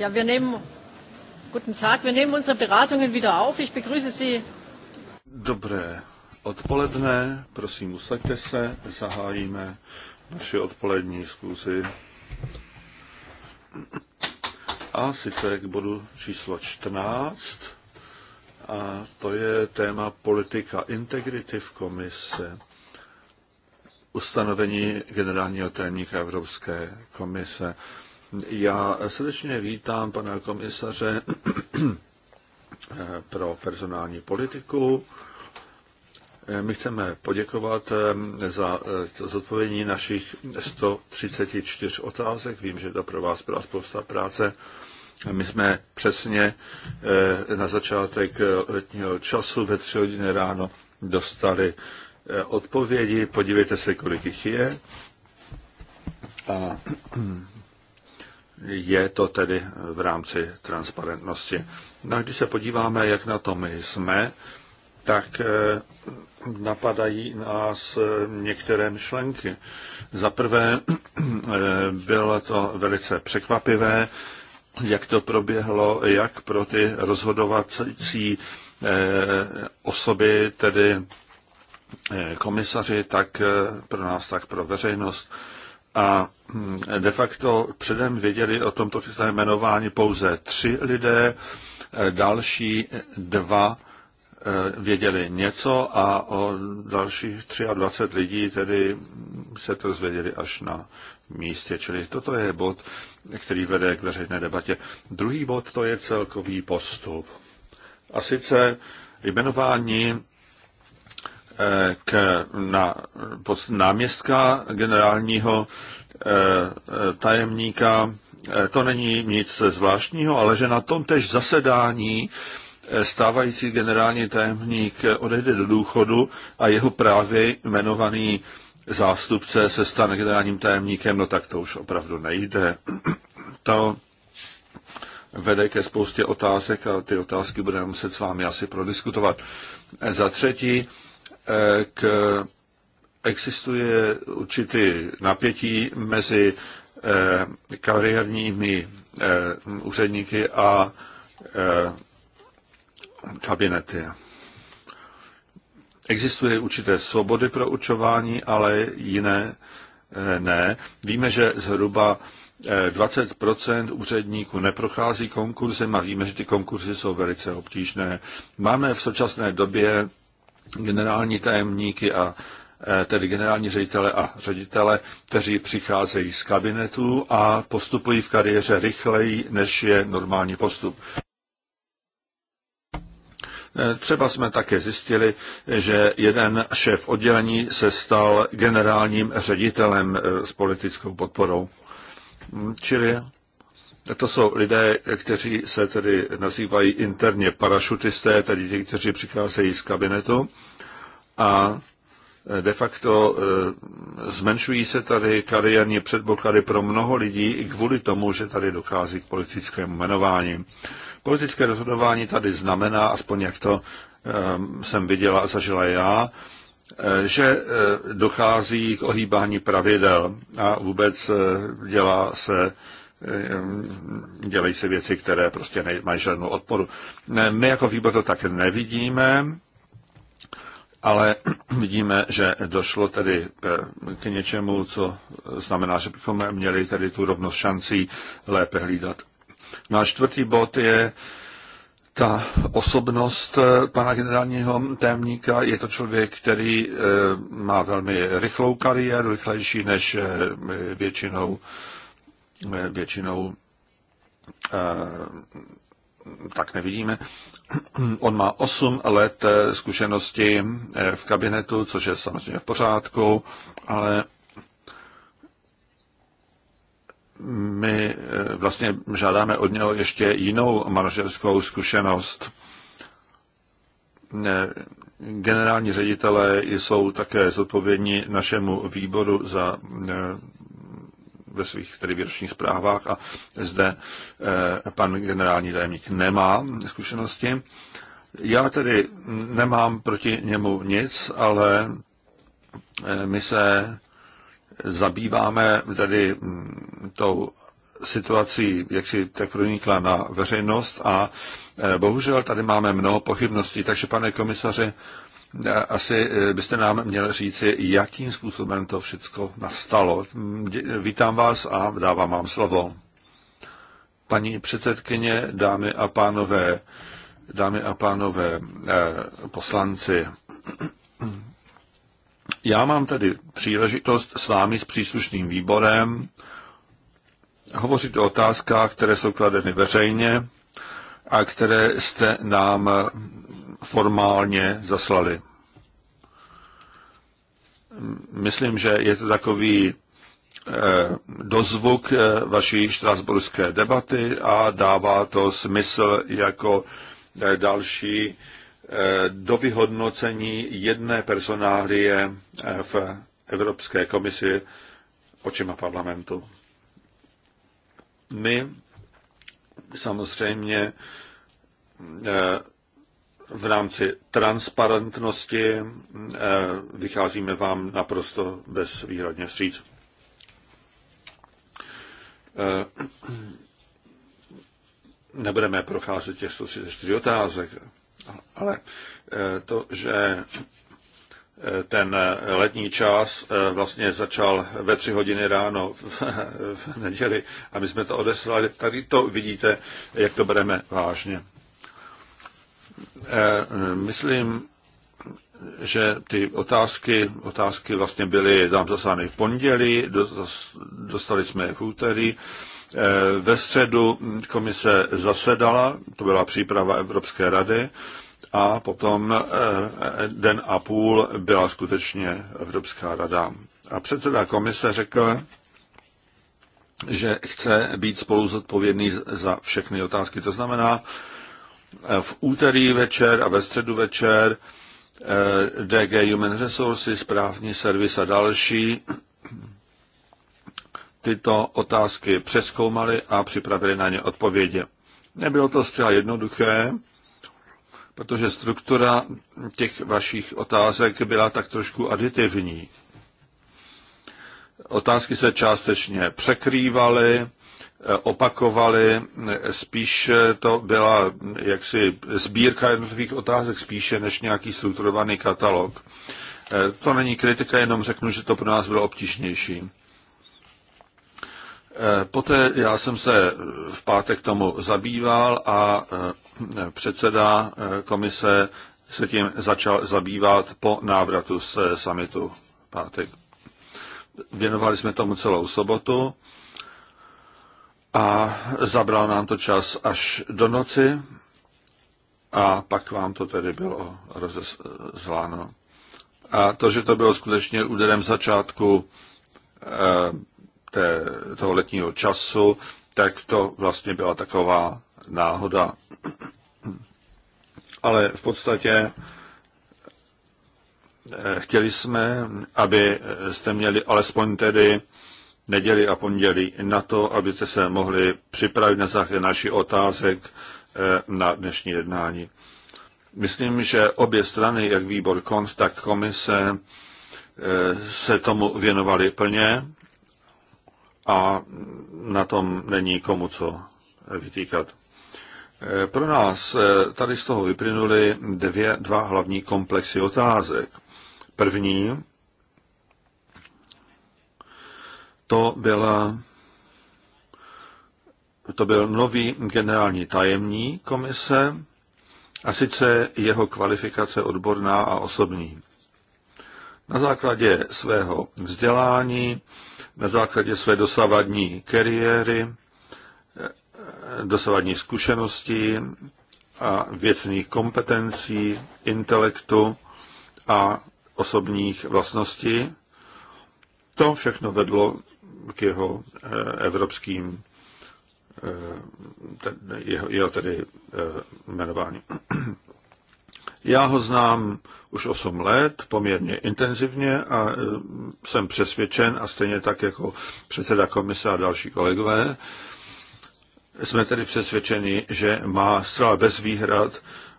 Ja, wir nehmen, guten Tag, wir nehmen unsere Beratungen wieder auf. Ich begrüße Sie. Dobré odpoledne, prosím, usaďte se, zahájíme naši odpolední zkusy. A sice k bodu číslo 14, a to je téma politika integrity v komise ustanovení generálního tajemníka Evropské komise. Já srdečně vítám pana komisaře pro personální politiku. My chceme poděkovat za eh, zodpovědění našich 134 otázek. Vím, že to pro vás byla spousta práce. My jsme přesně eh, na začátek eh, letního času ve tři hodiny ráno dostali odpovědi. Podívejte se, kolik jich je. A je to tedy v rámci transparentnosti. No a když se podíváme, jak na to my jsme, tak eh, napadají nás eh, některé myšlenky. Za prvé eh, bylo to velice překvapivé, jak to proběhlo, jak pro ty rozhodovací osoby, tedy komisaři, tak pro nás, tak pro veřejnost a hm, de facto předem věděli o tomto chystaném jmenování pouze tři lidé, e, další dva e, věděli něco a o dalších 23 lidí tedy se to zvěděli až na místě. Čili toto je bod, který vede k veřejné debatě. Druhý bod to je celkový postup. A sice jmenování k, na pod náměstka generálního eh, eh, tajemníka. Eh, to není nic zvláštního, ale že na tom tež zasedání stávající generální tajemník odejde do důchodu a jeho právě jmenovaný zástupce se stane generálním tajemníkem, no tak to už opravdu nejde. To vede ke spoustě otázek a ty otázky budeme muset s vámi asi prodiskutovat. Za třetí, Eh, k existuje určitý napětí mezi eh, kariérními eh, úředníky a kabinety. Existuje určité svobody pro učování, ale jiné ne. Víme, že zhruba 20 úředníků neprochází konkurzem a víme, že ty konkurzy jsou velice obtížné. Máme v současné době generální tajemníky a e, tedy generální ředitele a ředitele, kteří přicházejí z kabinetu a postupují v kariéře rychleji, než je normální postup. E, třeba jsme také zjistili, že jeden šéf oddělení se stal generálním ředitelem e, s politickou podporou. Čili to jsou lidé, kteří se tedy nazývají interně parašutisté, tedy ti, kteří přicházejí z kabinetu a de facto eh, zmenšují se tady kariérní předpoklady pro mnoho lidí i kvůli tomu, že tady dochází k politickému jmenování. Politické rozhodování tady znamená, aspoň jak to eh, jsem viděla a zažila já, eh, že dochází k ohýbání pravidel a vůbec dělá se Eh, eh, dělají se věci, které prostě nemají žádnou odporu. My jako výbor to tak nevidíme, ale vidíme, že došlo tedy eh, k něčemu, co znamená, že bychom měli tedy tu rovnost šancí lépe hlídat. No a čtvrtý bod je ta osobnost pana generálního témníka. Je to člověk, který má velmi rychlou kariéru, rychlejší než většinou většinou eh, tak nevidíme. On má 8 let eh, zkušenosti eh, v kabinetu, což je samozřejmě v pořádku, ale my vlastně žádáme od něho ještě jinou manažerskou zkušenost. Generální ředitelé jsou také zodpovědní našemu výboru za ve svých tedy výročních zprávách a zde eh, pan generální tajemník nemá zkušenosti. Já tedy nemám proti němu nic, ale eh, my se zabýváme tedy mm, tou situací, jak si tak pronikla na veřejnost a eh, bohužel tady máme mnoho pochybností, takže pane komisaři, asi eh, byste nám měl říci, jakým způsobem to všechno nastalo. Vítám vás a dávám vám slovo. Paní předsedkyně, dámy a pánové, dámy a pánové eh, poslanci, já mám tedy příležitost s vámi, s příslušným výborem, hovořit o otázkách, které jsou kladeny veřejně a které jste nám formálně zaslali. Myslím, že je to takový eh, dozvuk eh, vaší štrasburské debaty a dává to smysl jako eh, další do vyhodnocení jedné personálie v Evropské komisi očima parlamentu. My samozřejmě v rámci transparentnosti eh, vycházíme vám naprosto bezvýhradně vstříc. Eh, nebudeme procházet těch 134 otázek, ale eh, to, že ten letní čas vlastně začal ve tři hodiny ráno v, v neděli a my jsme to odeslali. Tady to vidíte, jak to bereme vážně. Eh, myslím, že ty otázky, otázky vlastně byly nám zaslány v pondělí, dostali jsme je v úterý. Eh, ve středu komise zasedala, to byla příprava Evropské rady, a potom eh, den a půl byla skutečně Evropská rada. A předseda komise řekl, že chce být spolu zodpovědný za všechny otázky. To znamená, Eh, v úterý večer a ve středu večer eh, DG Human Resources, správní servis a další tyto otázky přeskoumali a připravili na ně odpovědi. Nebylo to zcela jednoduché, protože struktura těch vašich otázek byla tak trošku aditivní. Otázky se částečně překrývaly, opakovali, spíše to byla jaksi sbírka jednotlivých otázek, spíše než nějaký strukturovaný katalog. To není kritika, jenom řeknu, že to pro nás bylo obtížnější. Poté já jsem se v pátek tomu zabýval a předseda komise se tím začal zabývat po návratu z samitu v pátek. Věnovali jsme tomu celou sobotu a zabral nám to čas až do noci a pak vám to tedy bylo rozesláno. A to, že to bylo skutečně úderem začátku eh, té, toho letního času, tak to vlastně byla taková náhoda. Ale v podstatě eh, chtěli jsme, aby jste měli alespoň tedy neděli a pondělí na to, abyste se mohli připravit na základě našich otázek eh, na dnešní jednání. Myslím, že obě strany, jak výbor KONT, tak komise, eh, se tomu věnovali plně a na tom není komu co vytýkat. Eh, pro nás tady z toho vyplynuly dvě, dva hlavní komplexy otázek. První, to byla to byl nový generální tajemní komise, a sice jeho kvalifikace odborná a osobní. Na základě svého vzdělání, na základě své dosavadní kariéry, dosavadní zkušenosti a věcných kompetencí, intelektu a osobních vlastností. To všechno vedlo k jeho eh, evropským eh, jeho, jeho tedy eh, jmenování. Já ho znám už 8 let, poměrně intenzivně a jsem přesvědčen, a stejně tak jako předseda komise a další kolegové, jsme tedy přesvědčeni, že má zcela bez výhrad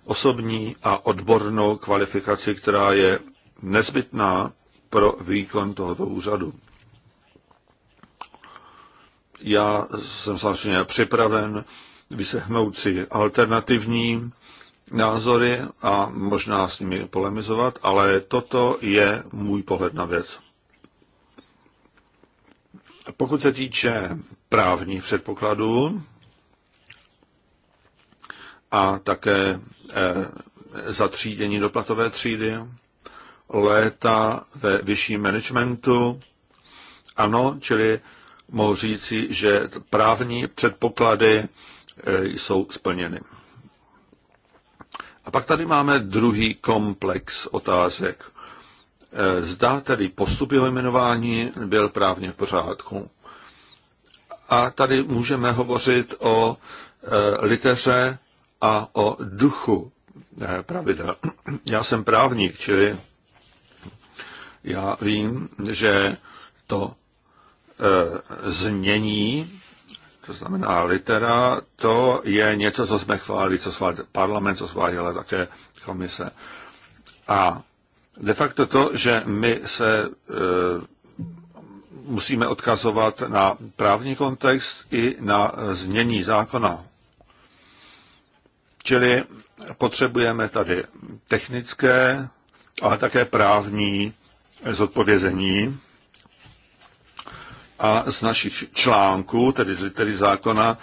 osobní a odbornou kvalifikaci, která je nezbytná pro výkon tohoto úřadu. Já jsem samozřejmě připraven vysehnout si alternativní názory a možná s nimi polemizovat, ale toto je můj pohled na věc. Pokud se týče právních předpokladů a také eh, zatřídění do platové třídy, léta ve vyšším managementu, ano, čili mohu říci, že právní předpoklady e, jsou splněny. A pak tady máme druhý komplex otázek. E, zda tedy postup jeho jmenování byl právně v pořádku. A tady můžeme hovořit o e, liteře a o duchu pravidel. Já jsem právník, čili já vím, že to Eh, znění, to znamená litera, to je něco, co jsme chválili, co schválil parlament, co ale také komise. A de facto to, že my se eh, musíme odkazovat na právní kontext i na znění zákona. Čili potřebujeme tady technické, ale také právní zodpovězení a z našich článků, tedy z litery zákona,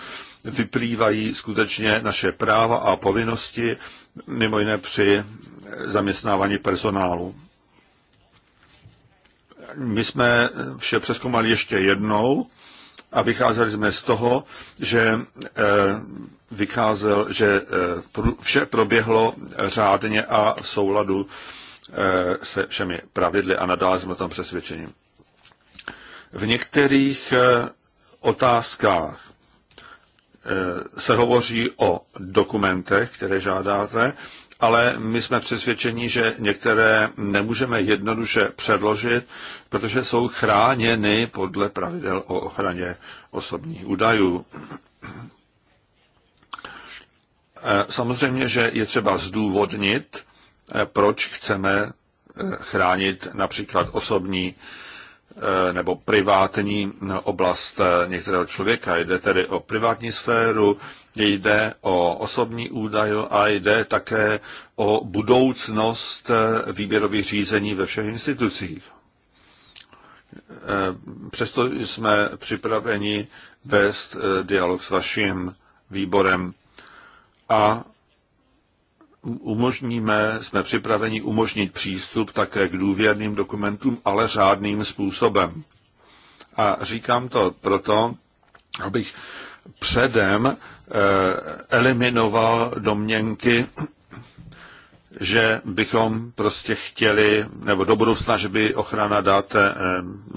vyplývají skutečně naše práva a povinnosti, mimo jiné při zaměstnávání personálu. My jsme vše přeskoumali ještě jednou a vycházeli jsme z toho, že eh, vycházel, že eh, vše proběhlo řádně a v souladu eh, se všemi pravidly a nadále jsme tam přesvědčením. V některých eh, otázkách eh, se hovoří o dokumentech, které žádáte, ale my jsme přesvědčeni, že některé nemůžeme jednoduše předložit, protože jsou chráněny podle pravidel o ochraně osobních údajů. Eh, samozřejmě, že je třeba zdůvodnit, proč chceme chránit například osobní Eh, nebo privátní oblast eh, některého člověka. Jde tedy o privátní sféru, jde o osobní údaje a jde také o budoucnost eh, výběrových řízení ve všech institucích. Přesto jsme připraveni vést dialog s vaším výborem a umožníme, jsme připraveni umožnit přístup také k důvěrným dokumentům, ale řádným způsobem. A říkám to proto, abych předem eh, eliminoval domněnky, že bychom prostě chtěli, nebo do budoucna, že by ochrana dat eh,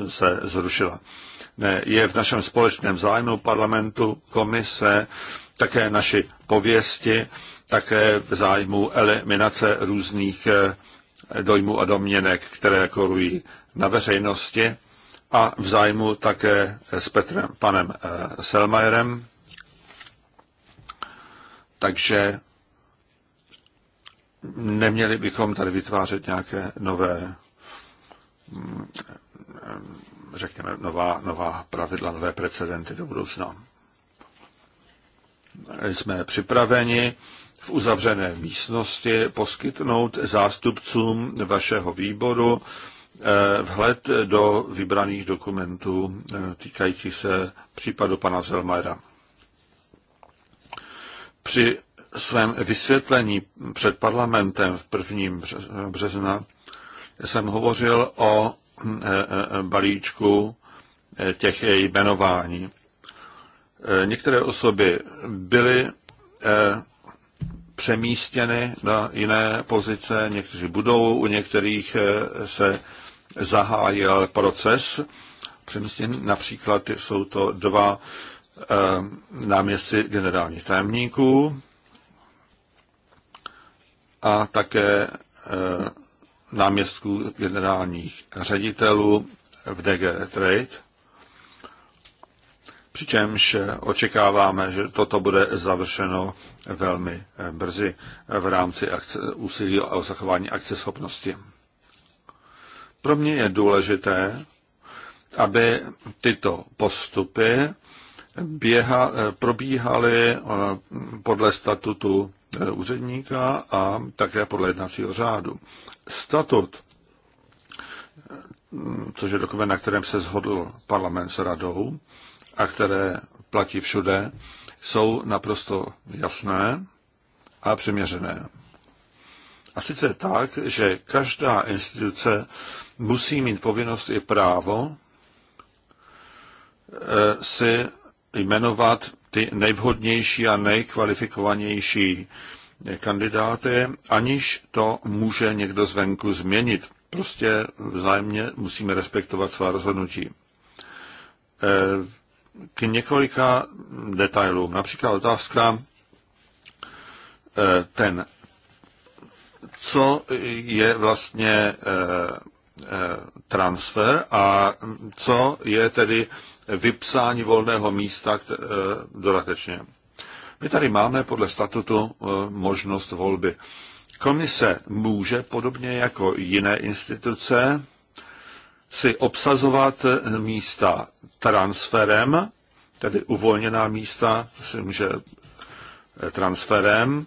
se zrušila. Ne, je v našem společném zájmu parlamentu, komise, také naši pověsti, také v zájmu eliminace různých eh, dojmů a domněnek, které korují na veřejnosti a v zájmu také s Petrem, panem eh, Selmajerem. Takže neměli bychom tady vytvářet nějaké nové, mm, řekněme, nová, nová pravidla, nové precedenty do budoucna. Jsme připraveni v uzavřené místnosti poskytnout zástupcům vašeho výboru eh, vhled do vybraných dokumentů eh, týkající se případu pana Zelmajera. Při svém vysvětlení před parlamentem v 1. března jsem hovořil o eh, balíčku těch jmenování. Některé osoby byly přemístěny na jiné pozice, někteří budou, u některých eh, se zahájil proces přemístěn. Například jsou to dva eh, náměstci generálních tajemníků a také eh, náměstků generálních ředitelů v DG Trade. Přičemž očekáváme, že toto bude završeno velmi brzy v rámci akce, úsilí o zachování akceschopnosti. Pro mě je důležité, aby tyto postupy běha, probíhaly eh, podle statutu eh, úředníka a také podle jednacího řádu. Statut, eh, což je dokument, na kterém se shodl parlament s radou, a které platí všude, jsou naprosto jasné a přiměřené. A sice tak, že každá instituce musí mít povinnost i právo eh, si jmenovat ty nejvhodnější a nejkvalifikovanější kandidáty, aniž to může někdo zvenku změnit. Prostě vzájemně musíme respektovat svá rozhodnutí. Eh, k několika detailům. Například otázka eh, ten, co je vlastně eh, eh, transfer a co je tedy vypsání volného místa dodatečně. My tady máme podle statutu možnost volby. Komise může, podobně jako jiné instituce, si obsazovat místa transferem, tedy uvolněná místa, myslím, že eh, transferem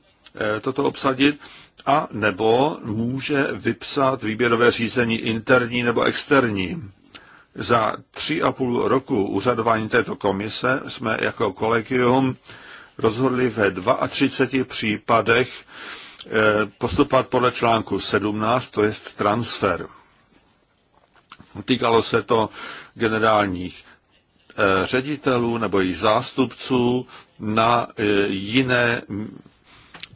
eh, toto obsadit, a nebo může vypsat výběrové řízení interní nebo externí. Za tři a půl roku úřadování této komise jsme jako kolegium rozhodli ve 32 případech eh, postupovat podle článku 17, to je transfer. Týkalo se to generálních eh, ředitelů nebo jejich zástupců na eh, jiné, mm,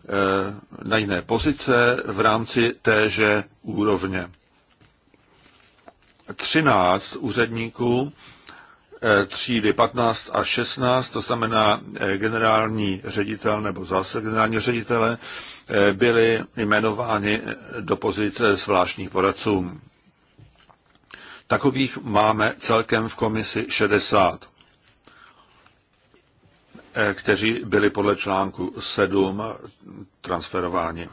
eh, na jiné pozice v rámci téže úrovně. 13 úředníků třídy 15 a 16, to znamená generální ředitel nebo zase generální ředitele, byli jmenováni do pozice zvláštních poradců. Takových máme celkem v komisi 60, eh, kteří byli podle článku 7 transferováni.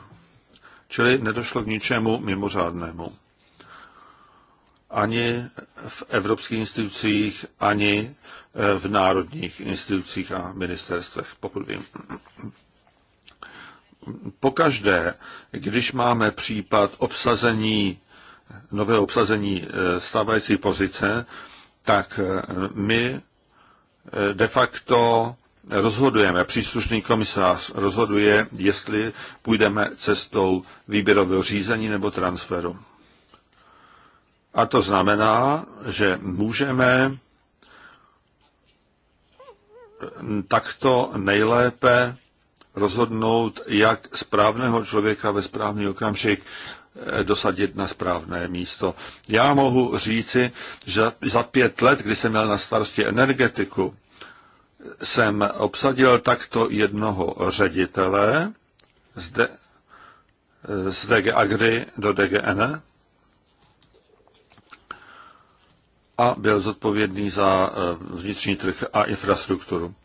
Čili nedošlo k ničemu mimořádnému. Ani v evropských institucích, ani eh, v národních institucích a ministerstvech, pokud vím. Pokaždé, když máme případ obsazení Nové obsazení eh, stávající pozice, tak eh, my eh, de facto rozhodujeme, příslušný komisář rozhoduje, jestli půjdeme cestou výběrového řízení nebo transferu. A to znamená, že můžeme takto nejlépe rozhodnout, jak správného člověka ve správný okamžik Eh, dosadit na správné místo. Já mohu říci, že za pět let, kdy jsem měl na starosti energetiku, jsem obsadil takto jednoho ředitele zde, z DG eh, Agri do DGN a byl zodpovědný za eh, vnitřní trh a infrastrukturu.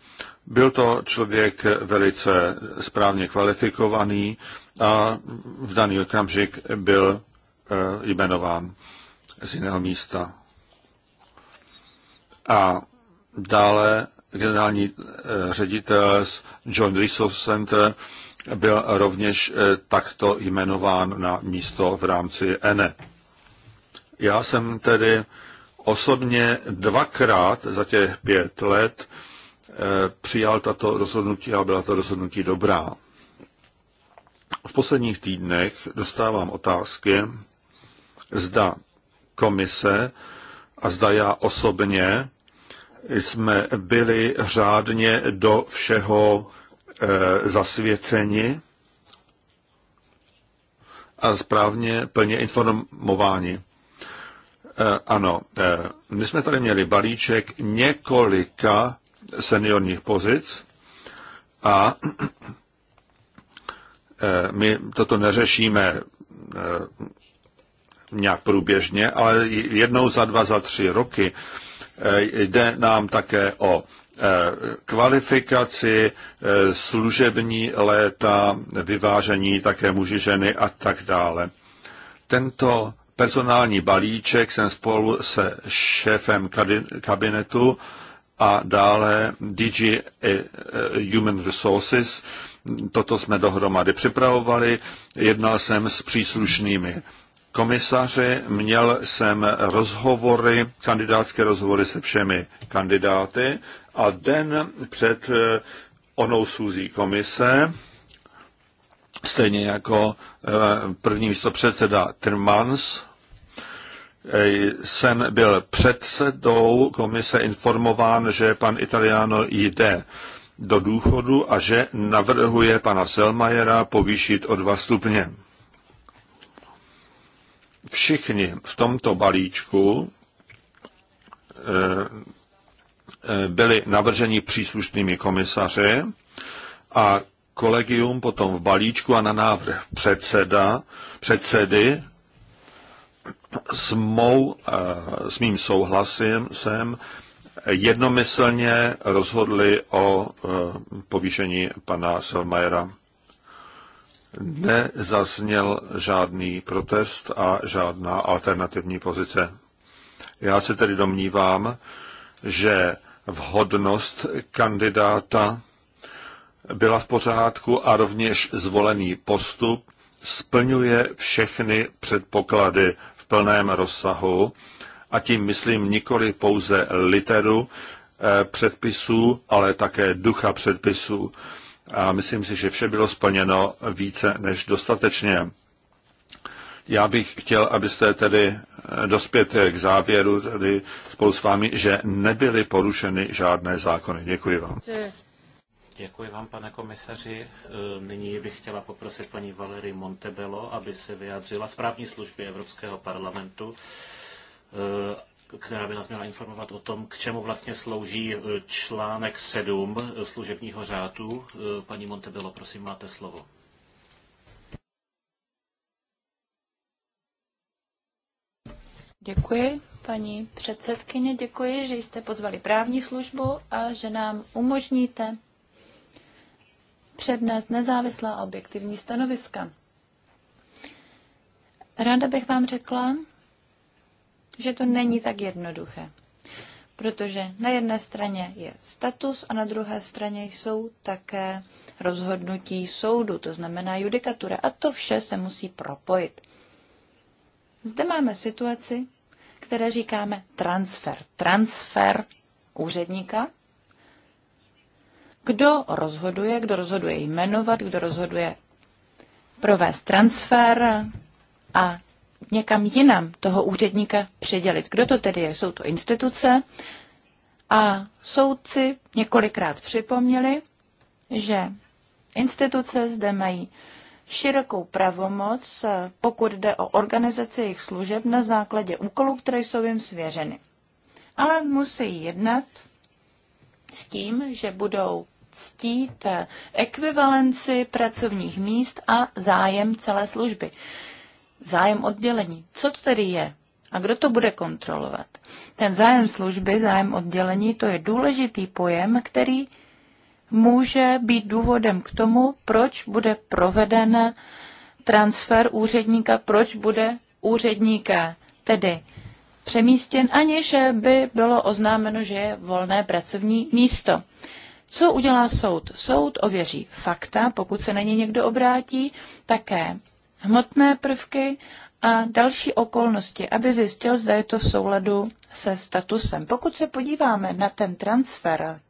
Byl to člověk velice správně kvalifikovaný a v daný okamžik byl eh, jmenován z jiného místa. A dále generální eh, ředitel z John Resource Center byl rovněž eh, takto jmenován na místo v rámci ENE. Já jsem tedy osobně dvakrát za těch pět let Eh, přijal tato rozhodnutí a byla to rozhodnutí dobrá. V posledních týdnech dostávám otázky, zda komise a zda já osobně jsme byli řádně do všeho eh, zasvěceni a správně plně informováni. Eh, ano, my jsme tady měli balíček několika seniorních pozic a eh, my toto neřešíme eh, nějak průběžně, ale jednou za dva, za tři roky eh, jde nám také o kvalifikaci, služební léta, vyvážení také muži, ženy a tak dále. Tento personální balíček jsem spolu se šéfem kabinetu a dále DG eh, eh, Human Resources. Toto jsme dohromady připravovali. Jednal jsem s příslušnými komisaři, měl jsem rozhovory, kandidátské rozhovory se všemi kandidáty a den před eh, onou sluzí komise, stejně jako první místo předseda Trmans, jsem byl předsedou komise informován, že pan Italiano jde do důchodu a že navrhuje pana Selmajera povýšit o dva stupně. Všichni v tomto balíčku eh, eh, byli navrženi příslušnými komisaři a kolegium potom v balíčku a na návrh předseda, předsedy s, mou, eh, s mým souhlasem jsem jednomyslně rozhodli o eh, povýšení pana Selmayera. Nezazněl žádný protest a žádná alternativní pozice. Já se tedy domnívám, že vhodnost kandidáta byla v pořádku a rovněž zvolený postup, splňuje všechny předpoklady v plném rozsahu a tím myslím nikoli pouze literu eh, předpisů, ale také ducha předpisů. A myslím si, že vše bylo splněno více než dostatečně. Já bych chtěl, abyste tedy eh, dospět k závěru tedy spolu s vámi, že nebyly porušeny žádné zákony. Děkuji vám. Děkuji vám, pane komisaři. E, nyní bych chtěla poprosit paní Valerii Montebello, aby se vyjádřila správní služby Evropského parlamentu e, která by nás měla informovat o tom, k čemu vlastně slouží e, článek 7 služebního řádu. Paní Montebello, prosím, máte slovo. Děkuji, paní předsedkyně, děkuji, že jste pozvali právní službu a že nám umožníte přednést nezávislá objektivní stanoviska. Ráda bych vám řekla, že to není tak jednoduché, protože na jedné straně je status a na druhé straně jsou také rozhodnutí soudu, to znamená judikatura, a to vše se musí propojit. Zde máme situaci, které říkáme transfer. Transfer úředníka kdo rozhoduje, kdo rozhoduje jmenovat, kdo rozhoduje provést transfer a někam jinam toho úředníka předělit. Kdo to tedy je? Jsou to instituce. A soudci několikrát připomněli, že instituce zde mají širokou pravomoc, pokud jde o organizaci jejich služeb na základě úkolů, které jsou jim svěřeny. Ale musí jednat s tím, že budou ctít ekvivalenci pracovních míst a zájem celé služby. Zájem oddělení. Co to tedy je? A kdo to bude kontrolovat? Ten zájem služby, zájem oddělení, to je důležitý pojem, který může být důvodem k tomu, proč bude proveden transfer úředníka, proč bude úředníka tedy přemístěn, aniž by bylo oznámeno, že je volné pracovní místo. Co udělá soud? Soud ověří fakta, pokud se na ně někdo obrátí, také hmotné prvky a další okolnosti, aby zjistil, zda je to v souladu se statusem. Pokud se podíváme na ten transfer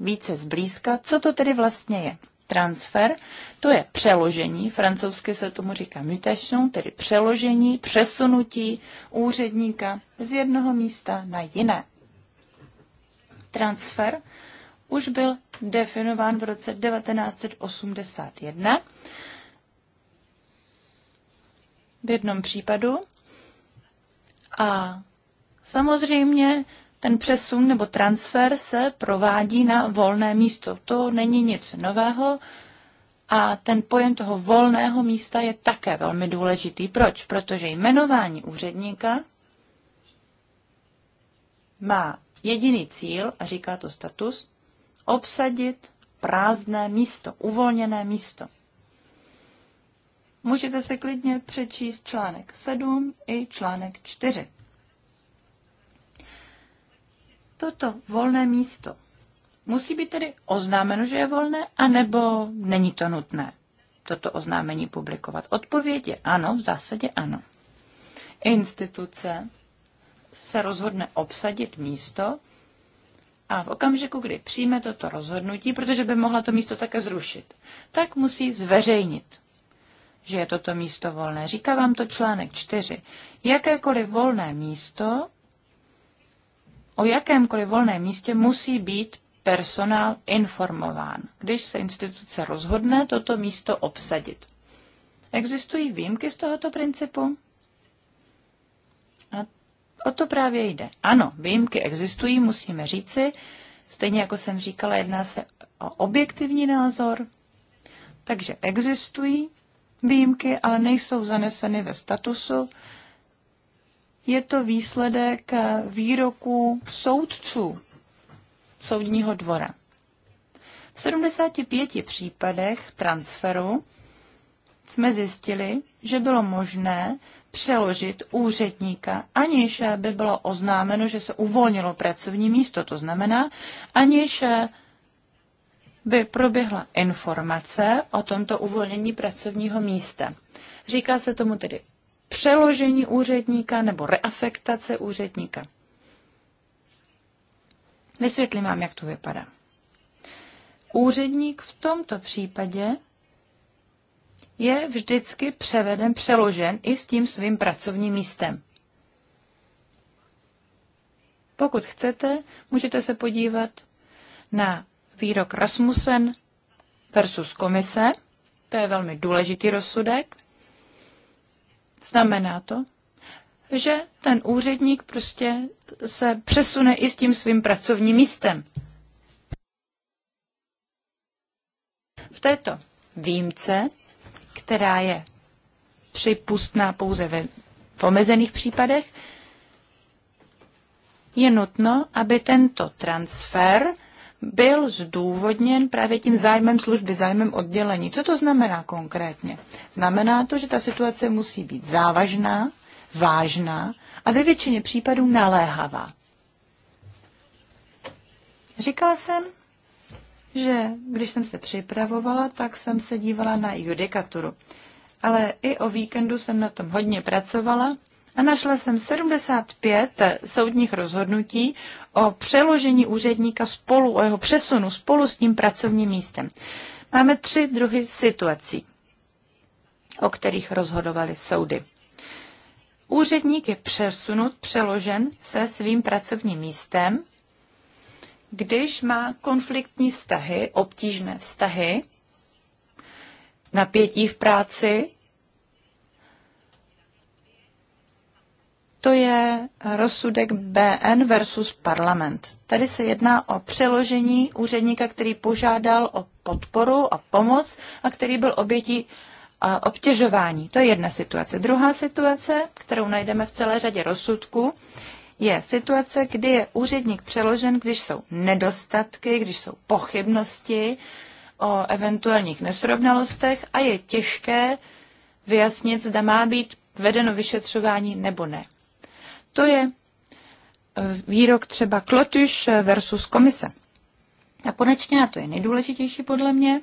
více zblízka, co to tedy vlastně je? Transfer, to je přeložení, francouzsky se tomu říká mutation, tedy přeložení, přesunutí úředníka z jednoho místa na jiné. Transfer už byl definován v roce 1981. V jednom případu. A samozřejmě ten přesun nebo transfer se provádí na volné místo. To není nic nového. A ten pojem toho volného místa je také velmi důležitý. Proč? Protože jmenování úředníka má jediný cíl, a říká to status, obsadit prázdné místo, uvolněné místo. Můžete si klidně přečíst článek 7 i článek 4. Toto volné místo musí být tedy oznámeno, že je volné, anebo není to nutné toto oznámení publikovat. Odpověď je ano, v zásadě ano. Instituce se rozhodne obsadit místo, a v okamžiku, kdy přijme toto rozhodnutí, protože by mohla to místo také zrušit, tak musí zveřejnit, že je toto místo volné. Říká vám to článek 4. Jakékoliv volné místo, o jakémkoliv volném místě musí být personál informován, když se instituce rozhodne toto místo obsadit. Existují výjimky z tohoto principu? A O to právě jde. Ano, výjimky existují, musíme říci. Stejně jako jsem říkala, jedná se o objektivní názor. Takže existují výjimky, ale nejsou zaneseny ve statusu. Je to výsledek výroku soudců soudního dvora. V 75 případech transferu jsme zjistili, že bylo možné přeložit úředníka, aniž by bylo oznámeno, že se uvolnilo pracovní místo. To znamená, aniž by proběhla informace o tomto uvolnění pracovního místa. Říká se tomu tedy přeložení úředníka nebo reafektace úředníka. Vysvětlím vám, jak to vypadá. Úředník v tomto případě je vždycky převeden, přeložen i s tím svým pracovním místem. Pokud chcete, můžete se podívat na výrok Rasmussen versus komise. To je velmi důležitý rozsudek. Znamená to, že ten úředník prostě se přesune i s tím svým pracovním místem. V této výjimce která je připustná pouze ve, v omezených případech, je nutno, aby tento transfer byl zdůvodněn právě tím zájmem služby, zájmem oddělení. Co to znamená konkrétně? Znamená to, že ta situace musí být závažná, vážná a ve většině případů naléhavá. Říkala jsem, že když jsem se připravovala, tak jsem se dívala na judikaturu. Ale i o víkendu jsem na tom hodně pracovala a našla jsem 75 soudních rozhodnutí o přeložení úředníka spolu, o jeho přesunu spolu s tím pracovním místem. Máme tři druhy situací, o kterých rozhodovaly soudy. Úředník je přesunut, přeložen se svým pracovním místem když má konfliktní vztahy, obtížné vztahy, napětí v práci, to je rozsudek BN versus parlament. Tady se jedná o přeložení úředníka, který požádal o podporu a pomoc a který byl obětí obtěžování. To je jedna situace. Druhá situace, kterou najdeme v celé řadě rozsudků, je situace, kdy je úředník přeložen, když jsou nedostatky, když jsou pochybnosti o eventuálních nesrovnalostech a je těžké vyjasnit, zda má být vedeno vyšetřování nebo ne. To je eh, výrok třeba Klotuš versus komise. A konečně, a to je nejdůležitější podle mě,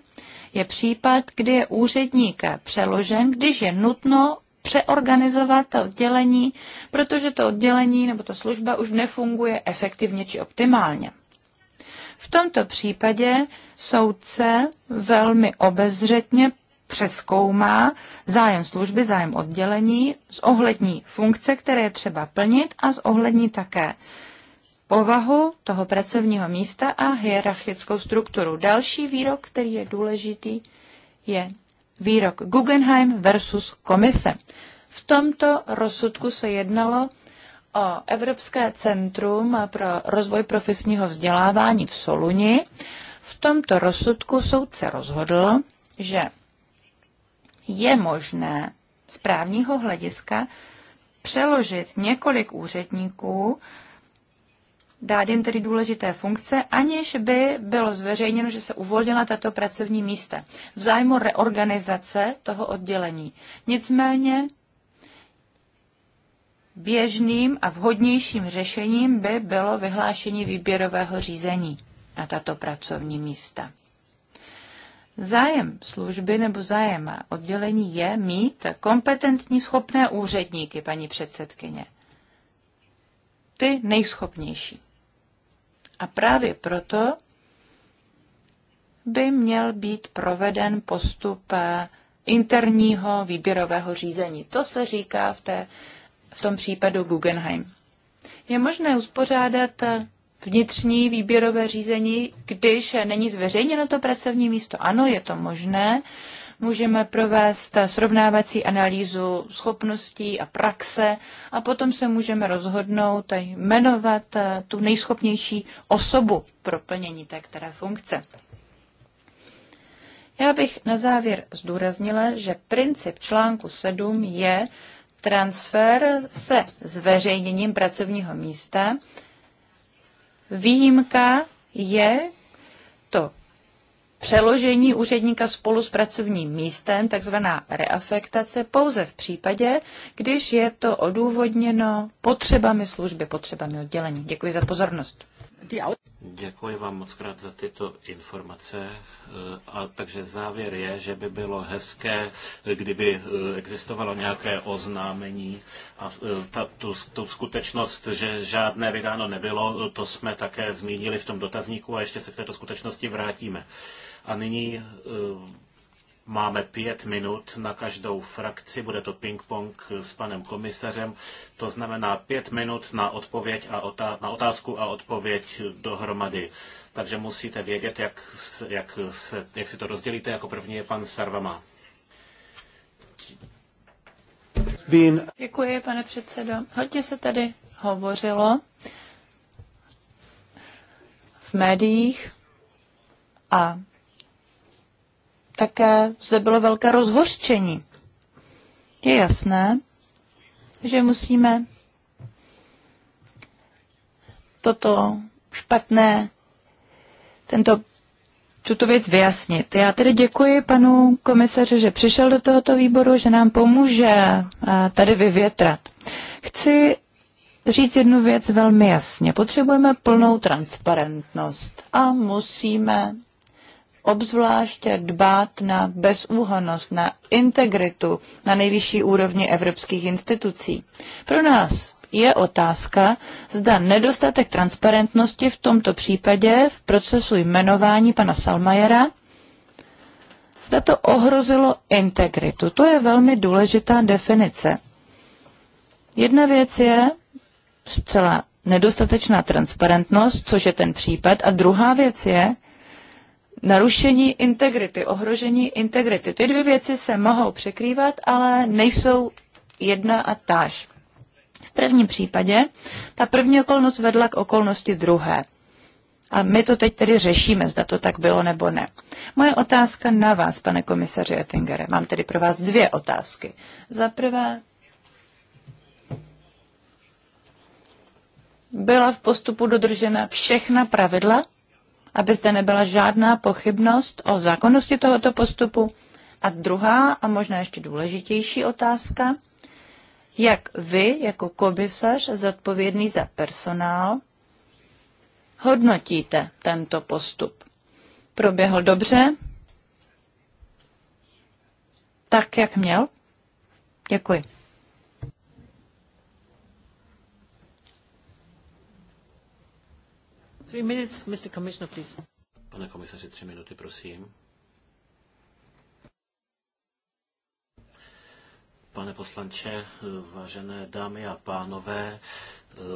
je případ, kdy je úředník přeložen, když je nutno přeorganizovat to oddělení, protože to oddělení nebo ta služba už nefunguje efektivně či optimálně. V tomto případě soudce velmi obezřetně přeskoumá zájem služby, zájem oddělení, zohlední funkce, které je třeba plnit a zohlední také povahu toho pracovního místa a hierarchickou strukturu. Další výrok, který je důležitý, je výrok Guggenheim versus komise. V tomto rozsudku se jednalo o Evropské centrum pro rozvoj profesního vzdělávání v Soluni. V tomto rozsudku soudce rozhodl, že je možné z právního hlediska přeložit několik úředníků dát jim tedy důležité funkce, aniž by bylo zveřejněno, že se uvolnila tato pracovní místa v zájmu reorganizace toho oddělení. Nicméně běžným a vhodnějším řešením by bylo vyhlášení výběrového řízení na tato pracovní místa. Zájem služby nebo zájem oddělení je mít kompetentní schopné úředníky, paní předsedkyně. Ty nejschopnější. A právě proto by měl být proveden postup eh, interního výběrového řízení. To se říká v, té, v tom případu Guggenheim. Je možné uspořádat eh, vnitřní výběrové řízení, když eh, není zveřejněno to pracovní místo. Ano, je to možné, můžeme provést srovnávací analýzu schopností a praxe a potom se můžeme rozhodnout a jmenovat eh, tu nejschopnější osobu pro plnění té které funkce. Já bych na závěr zdůraznila, že princip článku 7 je transfer se zveřejněním pracovního místa. Výjimka je to přeložení úředníka spolu s pracovním místem, takzvaná reafektace, pouze v případě, když je to odůvodněno potřebami služby, potřebami oddělení. Děkuji za pozornost. Děkuji vám moc krát za tyto informace. A takže závěr je, že by bylo hezké, kdyby eh, existovalo nějaké oznámení a eh, ta, tu, tu skutečnost, že žádné vydáno nebylo, to jsme také zmínili v tom dotazníku a ještě se k této skutečnosti vrátíme. A nyní eh, Máme pět minut na každou frakci, bude to ping-pong s panem komisařem, to znamená pět minut na, odpověď a otá- na otázku a odpověď dohromady. Takže musíte vědět, jak, jak, se, jak si to rozdělíte. Jako první je pan Sarvama. Děkuji, pane předsedo. Hodně se tady hovořilo v médiích a také zde bylo velké rozhořčení. Je jasné, že musíme toto špatné, tento, tuto věc vyjasnit. Já tedy děkuji panu komisaři, že přišel do tohoto výboru, že nám pomůže eh, tady vyvětrat. Chci říct jednu věc velmi jasně. Potřebujeme plnou transparentnost a musíme obzvláště dbát na bezúhonost, na integritu na nejvyšší úrovni evropských institucí. Pro nás je otázka, zda nedostatek transparentnosti v tomto případě v procesu jmenování pana Salmajera zda to ohrozilo integritu. To je velmi důležitá definice. Jedna věc je zcela nedostatečná transparentnost, což je ten případ, a druhá věc je narušení integrity, ohrožení integrity. Ty dvě věci se mohou překrývat, ale nejsou jedna a táž. V prvním případě ta první okolnost vedla k okolnosti druhé. A my to teď tedy řešíme, zda to tak bylo nebo ne. Moje otázka na vás, pane komisaři Ettingere. Mám tedy pro vás dvě otázky. Za prvé, byla v postupu dodržena všechna pravidla aby zde nebyla žádná pochybnost o zákonnosti tohoto postupu. A druhá a možná ještě důležitější otázka, jak vy jako komisař zodpovědný za personál hodnotíte tento postup? Proběhl dobře? Tak, jak měl? Děkuji. Pane komisaři, tři minuty, prosím. Pane poslanče, vážené dámy a pánové,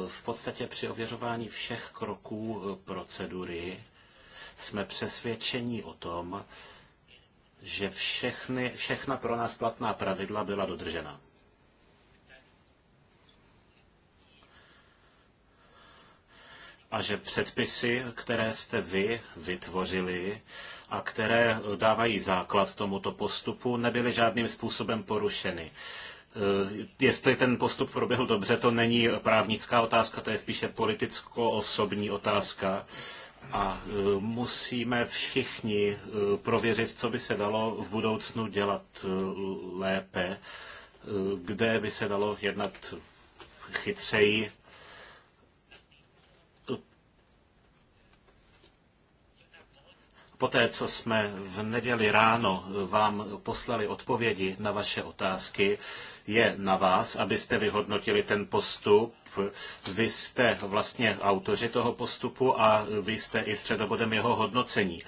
v podstatě při ověřování všech kroků procedury jsme přesvědčeni o tom, že všechny, všechna pro nás platná pravidla byla dodržena. a že předpisy, které jste vy vytvořili a které dávají základ tomuto postupu, nebyly žádným způsobem porušeny. Eh, jestli ten postup proběhl dobře, to není právnická otázka, to je spíše politicko-osobní otázka. A eh, musíme všichni eh, prověřit, co by se dalo v budoucnu dělat lépe, kde by se dalo jednat chytřeji Poté, co jsme v neděli ráno vám poslali odpovědi na vaše otázky, je na vás, abyste vyhodnotili ten postup. Vy jste vlastně autoři toho postupu a vy jste i středobodem jeho hodnocení.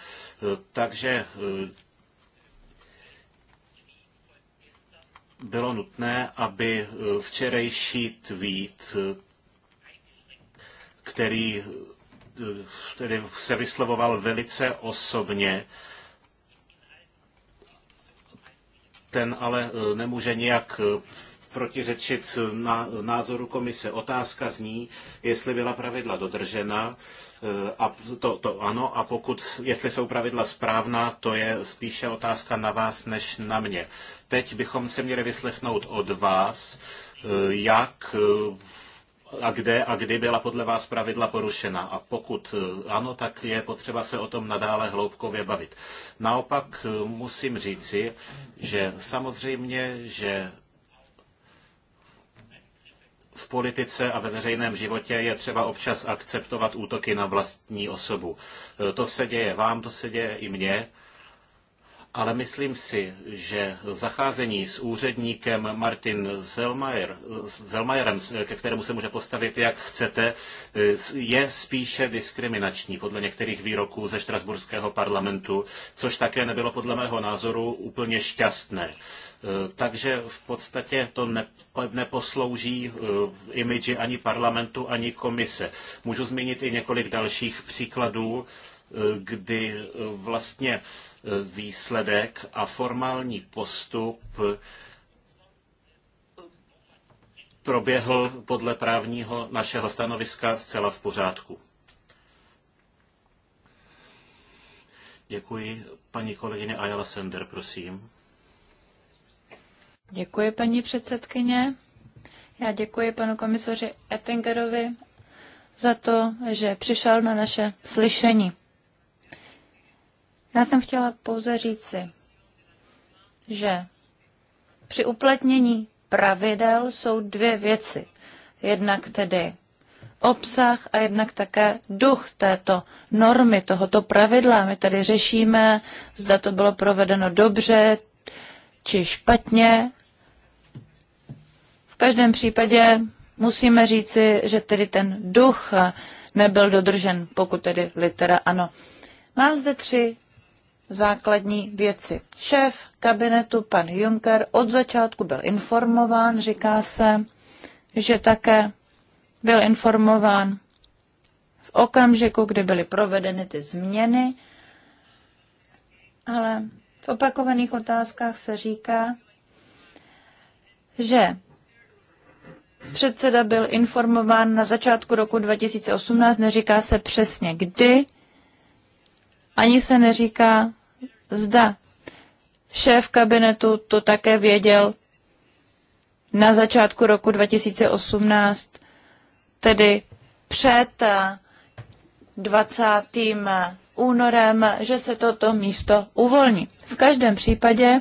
Takže bylo nutné, aby včerejší tweet, který Eh, tedy se vyslovoval velice osobně. Ten ale eh, nemůže nijak eh, protiřečit na názoru komise. Otázka zní, jestli byla pravidla dodržena, a to, to ano, a pokud, jestli jsou pravidla správná, to je spíše otázka na vás než na mě. Teď bychom se měli vyslechnout od vás, jak a kde a kdy byla podle vás pravidla porušena. A pokud eh, ano, tak je potřeba se o tom nadále hloubkově bavit. Naopak eh, musím říci, že samozřejmě, že v politice a ve veřejném životě je třeba občas akceptovat útoky na vlastní osobu. Eh, to se děje vám, to se děje i mně ale myslím si, že zacházení s úředníkem Martin Zellmayer, Zellmayerem, ke kterému se může postavit jak chcete, je spíše diskriminační podle některých výroků ze Štrasburského parlamentu, což také nebylo podle mého názoru úplně šťastné. Takže v podstatě to neposlouží eh, imidži ani parlamentu, ani komise. Můžu zmínit i několik dalších příkladů kdy vlastně výsledek a formální postup proběhl podle právního našeho stanoviska zcela v pořádku. Děkuji. Paní kolegyně Ayala Sender, prosím. Děkuji, paní předsedkyně. Já děkuji panu komisaři Ettingerovi za to, že přišel na naše slyšení. Já jsem chtěla pouze si, že při uplatnění pravidel jsou dvě věci. Jednak tedy obsah a jednak také duch této normy, tohoto pravidla. My tady řešíme, zda to bylo provedeno dobře či špatně. V každém případě musíme říci, že tedy ten duch nebyl dodržen, pokud tedy litera ano. Mám zde tři základní věci. Šéf kabinetu, pan Juncker, od začátku byl informován, říká se, že také byl informován v okamžiku, kdy byly provedeny ty změny, ale v opakovaných otázkách se říká, že předseda byl informován na začátku roku 2018, neříká se přesně kdy, ani se neříká, zda šéf kabinetu to také věděl na začátku roku 2018, tedy před 20. Eh, eh, únorem, že se toto místo uvolní. V každém případě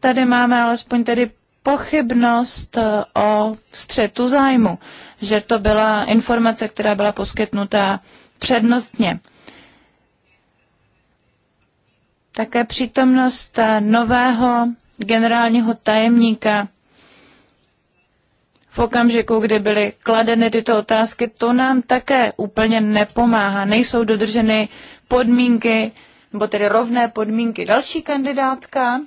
tady máme alespoň tedy pochybnost eh, o střetu zájmu, že to byla informace, která byla poskytnuta přednostně také přítomnost eh, nového generálního tajemníka v okamžiku, kdy byly kladeny tyto otázky, to nám také úplně nepomáhá. Nejsou dodrženy podmínky, nebo tedy rovné podmínky. Další kandidátka,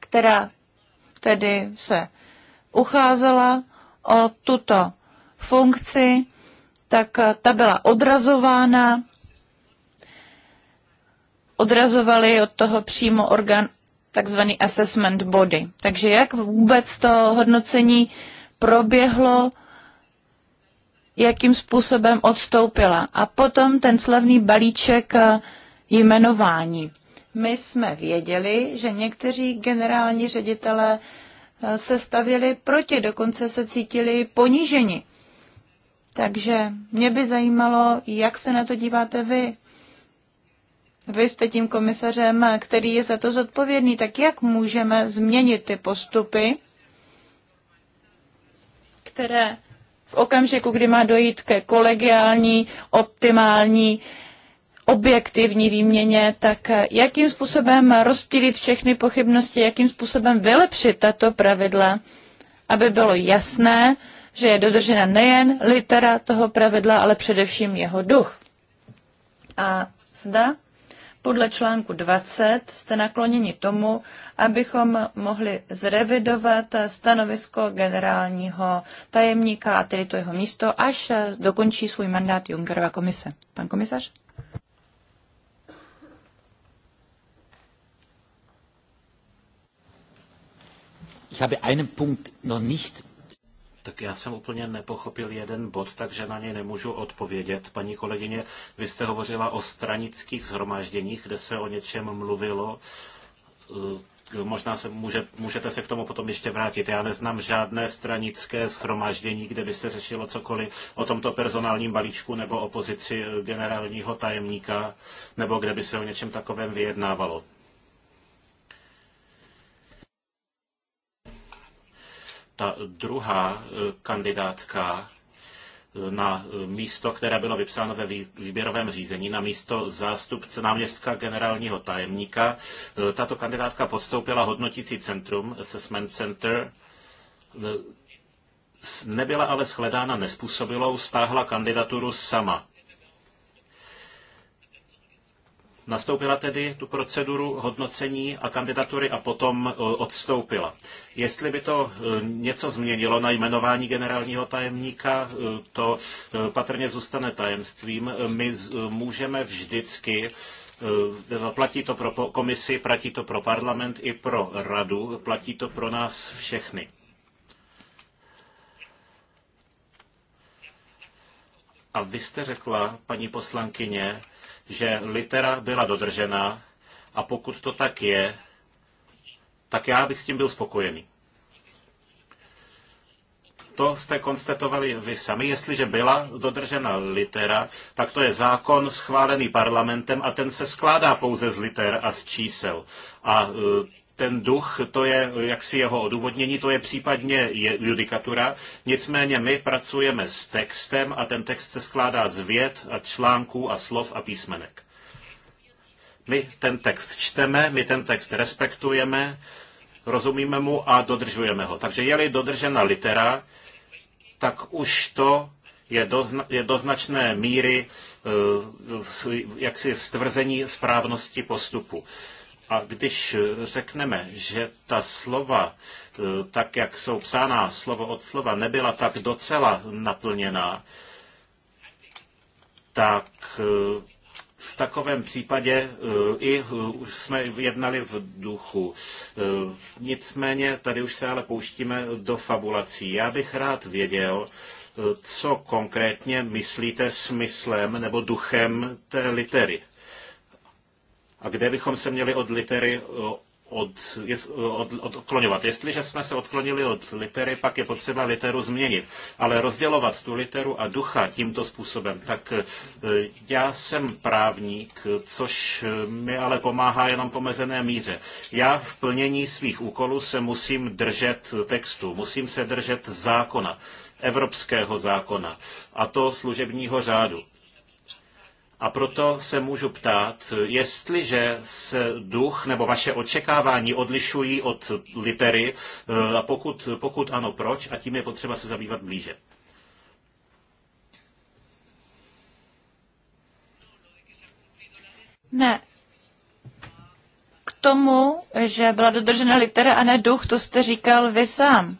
která tedy se ucházela o tuto funkci, tak ta byla odrazována odrazovali od toho přímo orgán takzvaný assessment body. Takže jak vůbec to hodnocení proběhlo, jakým způsobem odstoupila. A potom ten slavný balíček eh, jmenování. My jsme věděli, že někteří generální ředitele eh, se stavili proti, dokonce se cítili poníženi. Takže mě by zajímalo, jak se na to díváte vy. Vy jste tím komisařem, který je za to zodpovědný, tak jak můžeme změnit ty postupy, které v okamžiku, kdy má dojít ke kolegiální, optimální, objektivní výměně, tak jakým způsobem rozptýlit všechny pochybnosti, jakým způsobem vylepšit tato pravidla, aby bylo jasné, že je dodržena nejen litera toho pravidla, ale především jeho duch. A zda podle článku 20 jste nakloněni tomu, abychom mohli zrevidovat stanovisko generálního tajemníka a tedy to jeho místo, až dokončí svůj mandát Junckerova komise. Pan komisař? Ich habe einen Punkt noch nicht tak já jsem úplně nepochopil jeden bod, takže na něj nemůžu odpovědět. Paní kolegyně, vy jste hovořila o stranických zhromážděních, kde se o něčem mluvilo eh, možná se může, můžete se k tomu potom ještě vrátit. Já neznám žádné stranické schromáždění, kde by se řešilo cokoliv o tomto personálním balíčku nebo o pozici generálního tajemníka, nebo kde by se o něčem takovém vyjednávalo. Ta druhá e, kandidátka e, na e, místo, které bylo vypsáno ve výběrovém řízení, na místo zástupce náměstka generálního tajemníka. Tato kandidátka podstoupila hodnotící centrum, Assessment Center, nebyla ale shledána nespůsobilou, stáhla kandidaturu sama. Nastoupila tedy tu proceduru hodnocení a kandidatury a potom e, odstoupila. Jestli by to e, něco změnilo na jmenování generálního tajemníka, e, to patrně zůstane tajemstvím. My můžeme vždycky Platí to pro komisi, platí to pro parlament i pro radu, platí to pro nás všechny. A vy jste řekla, paní poslankyně, že litera byla dodržena a pokud to tak je, tak já bych s tím byl spokojený. To jste konstatovali vy sami. Jestliže byla dodržena litera, tak to je zákon schválený parlamentem a ten se skládá pouze z liter a z čísel. A e, ten duch, to je jaksi jeho odůvodnění, to je případně judikatura. Nicméně my pracujeme s textem a ten text se skládá z věd a článků a slov a písmenek. My ten text čteme, my ten text respektujeme, rozumíme mu a dodržujeme ho. Takže je-li dodržena litera, tak už to je do, je do značné míry eh, jaksi stvrzení správnosti postupu. A když řekneme, že ta slova, e, tak jak jsou psána slovo od slova, nebyla tak docela naplněná, tak e, v takovém případě e, i jsme jednali v duchu. Nicméně tady už se ale pouštíme do fabulací. Já bych rád věděl, co konkrétně myslíte smyslem nebo duchem té litery a kde bychom se měli od litery eh, eh, od, od, od, odklonovat. Jestliže jsme se odklonili od litery, pak je potřeba literu změnit. Ale rozdělovat tu literu a ducha tímto způsobem, tak eh, já jsem právník, což mi ale pomáhá jenom po mezené míře. Já v plnění svých úkolů se musím držet textu, musím se držet zákona, evropského zákona, a to služebního řádu. A proto se můžu ptát, jestliže se duch nebo vaše očekávání odlišují od litery, eh, a pokud, pokud ano, proč, a tím je potřeba se zabývat blíže. Ne, k tomu, že byla dodržena litera a ne duch, to jste říkal vy sám.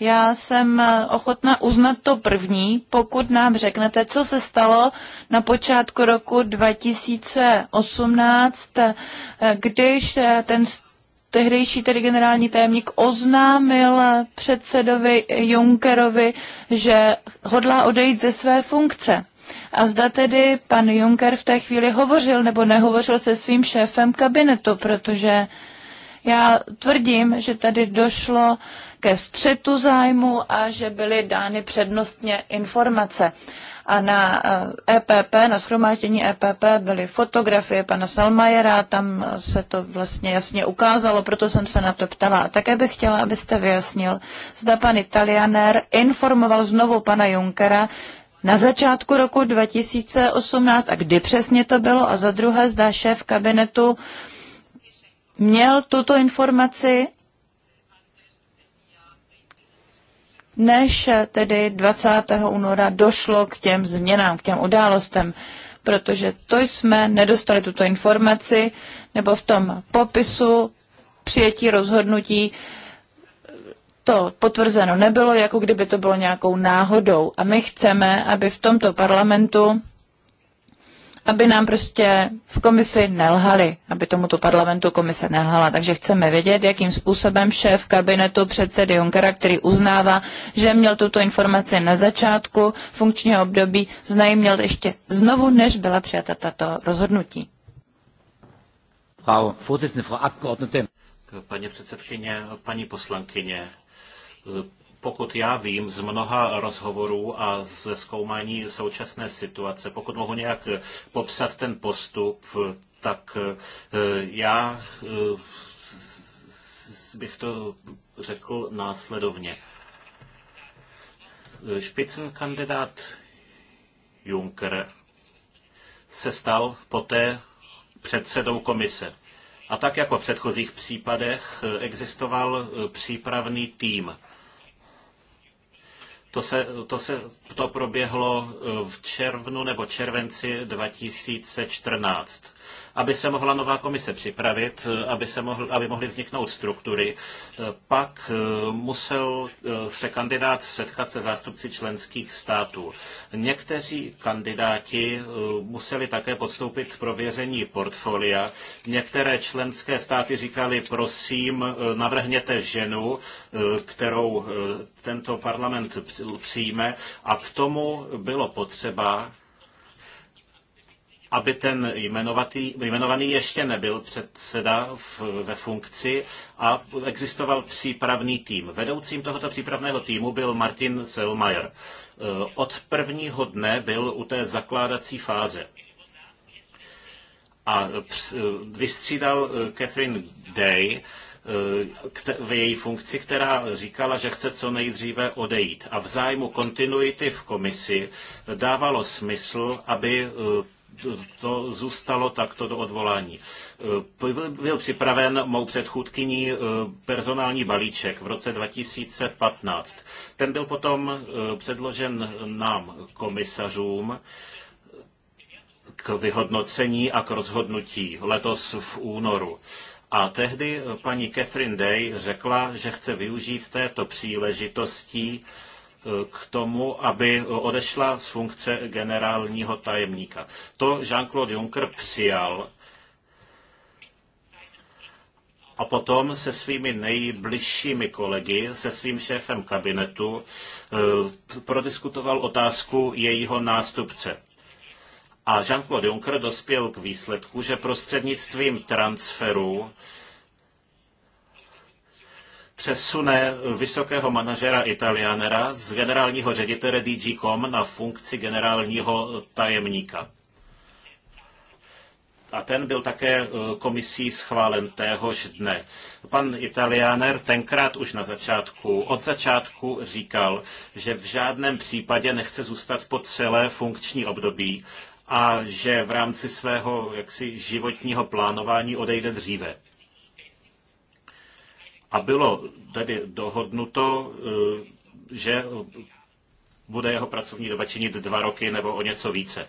Já jsem eh, ochotna uznat to první, pokud nám řeknete, co se stalo na počátku roku 2018, eh, když eh, ten tehdejší tedy generální tajemník oznámil předsedovi Junckerovi, že hodlá odejít ze své funkce. A zda tedy pan Juncker v té chvíli hovořil nebo nehovořil se svým šéfem kabinetu, protože já tvrdím, že tady došlo ke střetu zájmu a že byly dány přednostně informace. A na EPP, eh, e na schromáždění EPP byly fotografie pana Salmajera, tam se to vlastně jasně ukázalo, proto jsem se na to ptala. A také bych chtěla, abyste vyjasnil, zda pan Italianer informoval znovu pana Junkera, na začátku roku 2018 a kdy přesně to bylo a za druhé zda šéf kabinetu měl tuto informaci než tedy 20. února došlo k těm změnám, k těm událostem, protože to jsme nedostali tuto informaci, nebo v tom popisu přijetí rozhodnutí to potvrzeno nebylo, jako kdyby to bylo nějakou náhodou. A my chceme, aby v tomto parlamentu aby nám prostě v komisi nelhali, aby tomuto parlamentu komise nelhala. Takže chceme vědět, jakým způsobem šéf kabinetu předsedy Junckera, který uznává, že měl tuto informaci na začátku funkčního období, znají měl ještě znovu, než byla přijata tato rozhodnutí. Frau Paní předsedkyně, paní poslankyně, pokud já vím z mnoha rozhovorů a ze zkoumání současné situace, pokud mohu nějak popsat ten postup, tak eh, já eh, bych to řekl následovně. kandidát Juncker se stal poté předsedou komise. A tak jako v předchozích případech eh, existoval přípravný tým to, se, to, se, to proběhlo eh, v červnu nebo červenci 2014 aby se mohla nová komise připravit, eh, aby, se mohl, aby mohly vzniknout struktury. Eh, pak eh, musel se kandidát setkat se zástupci členských států. Někteří kandidáti museli také podstoupit prověření portfolia. Některé členské státy říkali, prosím, navrhněte ženu, kterou tento parlament přijme a k tomu bylo potřeba aby ten jmenovatý, jmenovaný ještě nebyl předseda v, ve funkci a existoval přípravný tým. Vedoucím tohoto přípravného týmu byl Martin Selmayr. E, od prvního dne byl u té zakládací fáze a e, vystřídal e, Catherine Day v její funkci, která říkala, že chce co nejdříve odejít. A v zájmu kontinuity v komisi dávalo smysl, aby to zůstalo takto do odvolání. E, byl připraven mou předchůdkyní e, personální balíček v roce 2015. Ten byl potom e, předložen nám, komisařům, k vyhodnocení a k rozhodnutí letos v únoru. A tehdy paní Catherine Day řekla, že chce využít této příležitosti k tomu, aby odešla z funkce generálního tajemníka. To Jean-Claude Juncker přijal a potom se svými nejbližšími kolegy, se svým šéfem kabinetu, eh, prodiskutoval otázku jejího nástupce. A Jean-Claude Juncker dospěl k výsledku, že prostřednictvím transferu přesune vysokého manažera Italianera z generálního ředitele DG.com na funkci generálního tajemníka. A ten byl také eh, komisí schválen téhož dne. Pan Italianer tenkrát už na začátku, od začátku říkal, že v žádném případě nechce zůstat po celé funkční období a že v rámci svého jaksi životního plánování odejde dříve. A bylo tedy dohodnuto, eh, že bude jeho pracovní doba činit dva roky nebo o něco více.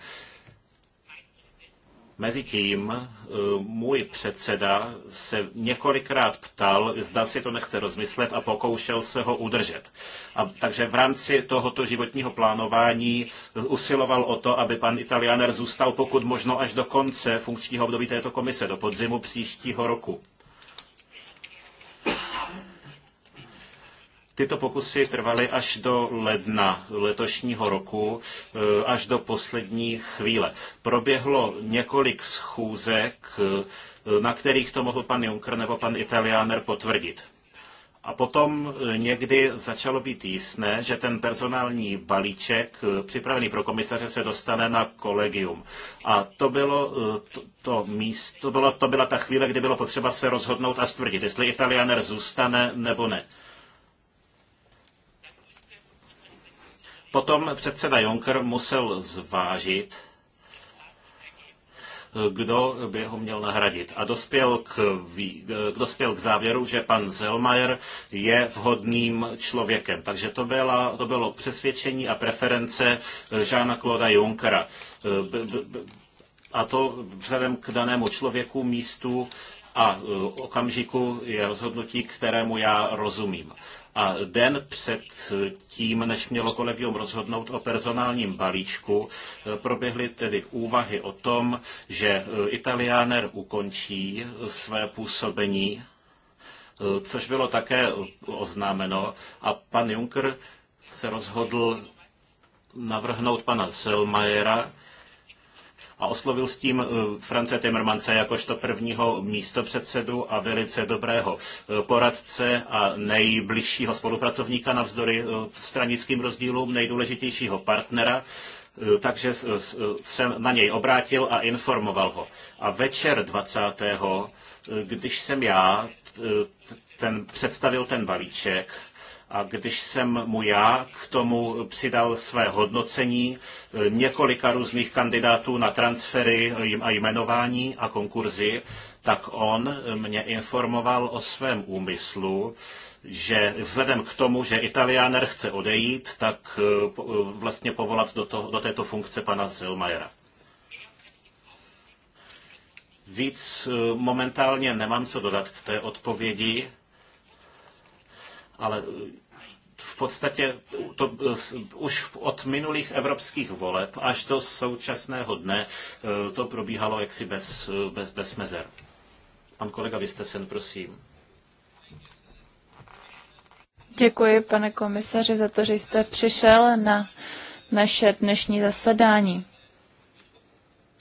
Mezitím eh, můj předseda se několikrát ptal, zda si to nechce rozmyslet a pokoušel se ho udržet. A, takže v rámci tohoto životního plánování eh, usiloval o to, aby pan Italianer zůstal pokud možno až do konce funkčního období této komise, do podzimu příštího roku. Tyto pokusy trvaly až do ledna letošního roku, eh, až do poslední chvíle. Proběhlo několik schůzek, eh, na kterých to mohl pan Juncker nebo pan Italianer potvrdit. A potom eh, někdy začalo být jasné, že ten personální balíček připravený pro komisaře se dostane na kolegium. A to bylo to, to místo, to, bylo, to byla ta chvíle, kdy bylo potřeba se rozhodnout a stvrdit, jestli Italianer zůstane nebo ne. Potom předseda Juncker musel zvážit, kdo by ho měl nahradit. A dospěl k, dospěl k závěru, že pan Zelmayer je vhodným člověkem. Takže to, byla, to bylo přesvědčení a preference Žána Clauda Junckera. A to vzhledem k danému člověku, místu a okamžiku je rozhodnutí, kterému já rozumím. A den před tím, než mělo kolegium rozhodnout o personálním balíčku, eh, proběhly tedy úvahy o tom, že eh, Italiáner ukončí své působení, eh, což bylo také oznámeno. A pan Juncker se rozhodl navrhnout pana Selmayera, a oslovil s tím eh, France Timmermanse jakožto prvního místopředsedu a velice dobrého eh, poradce a nejbližšího spolupracovníka navzdory eh, stranickým rozdílům, nejdůležitějšího partnera takže jsem na něj obrátil a informoval ho. A večer 20. když jsem já ten, představil ten balíček, a když jsem mu já k tomu přidal své hodnocení eh, několika různých kandidátů na transfery a jmenování a konkurzy, tak on mě informoval o svém úmyslu, že vzhledem k tomu, že Italianer chce odejít, tak eh, eh, vlastně povolat do, to, do této funkce pana Zilmajera. Víc momentálně nemám co dodat k té odpovědi ale eh, v podstatě to, eh, už od minulých evropských voleb až do současného dne eh, to probíhalo jaksi bez, bez, bez mezer. Pan kolega Vistesen, prosím. Děkuji, pane komisaři, za to, že jste přišel na naše dnešní zasedání.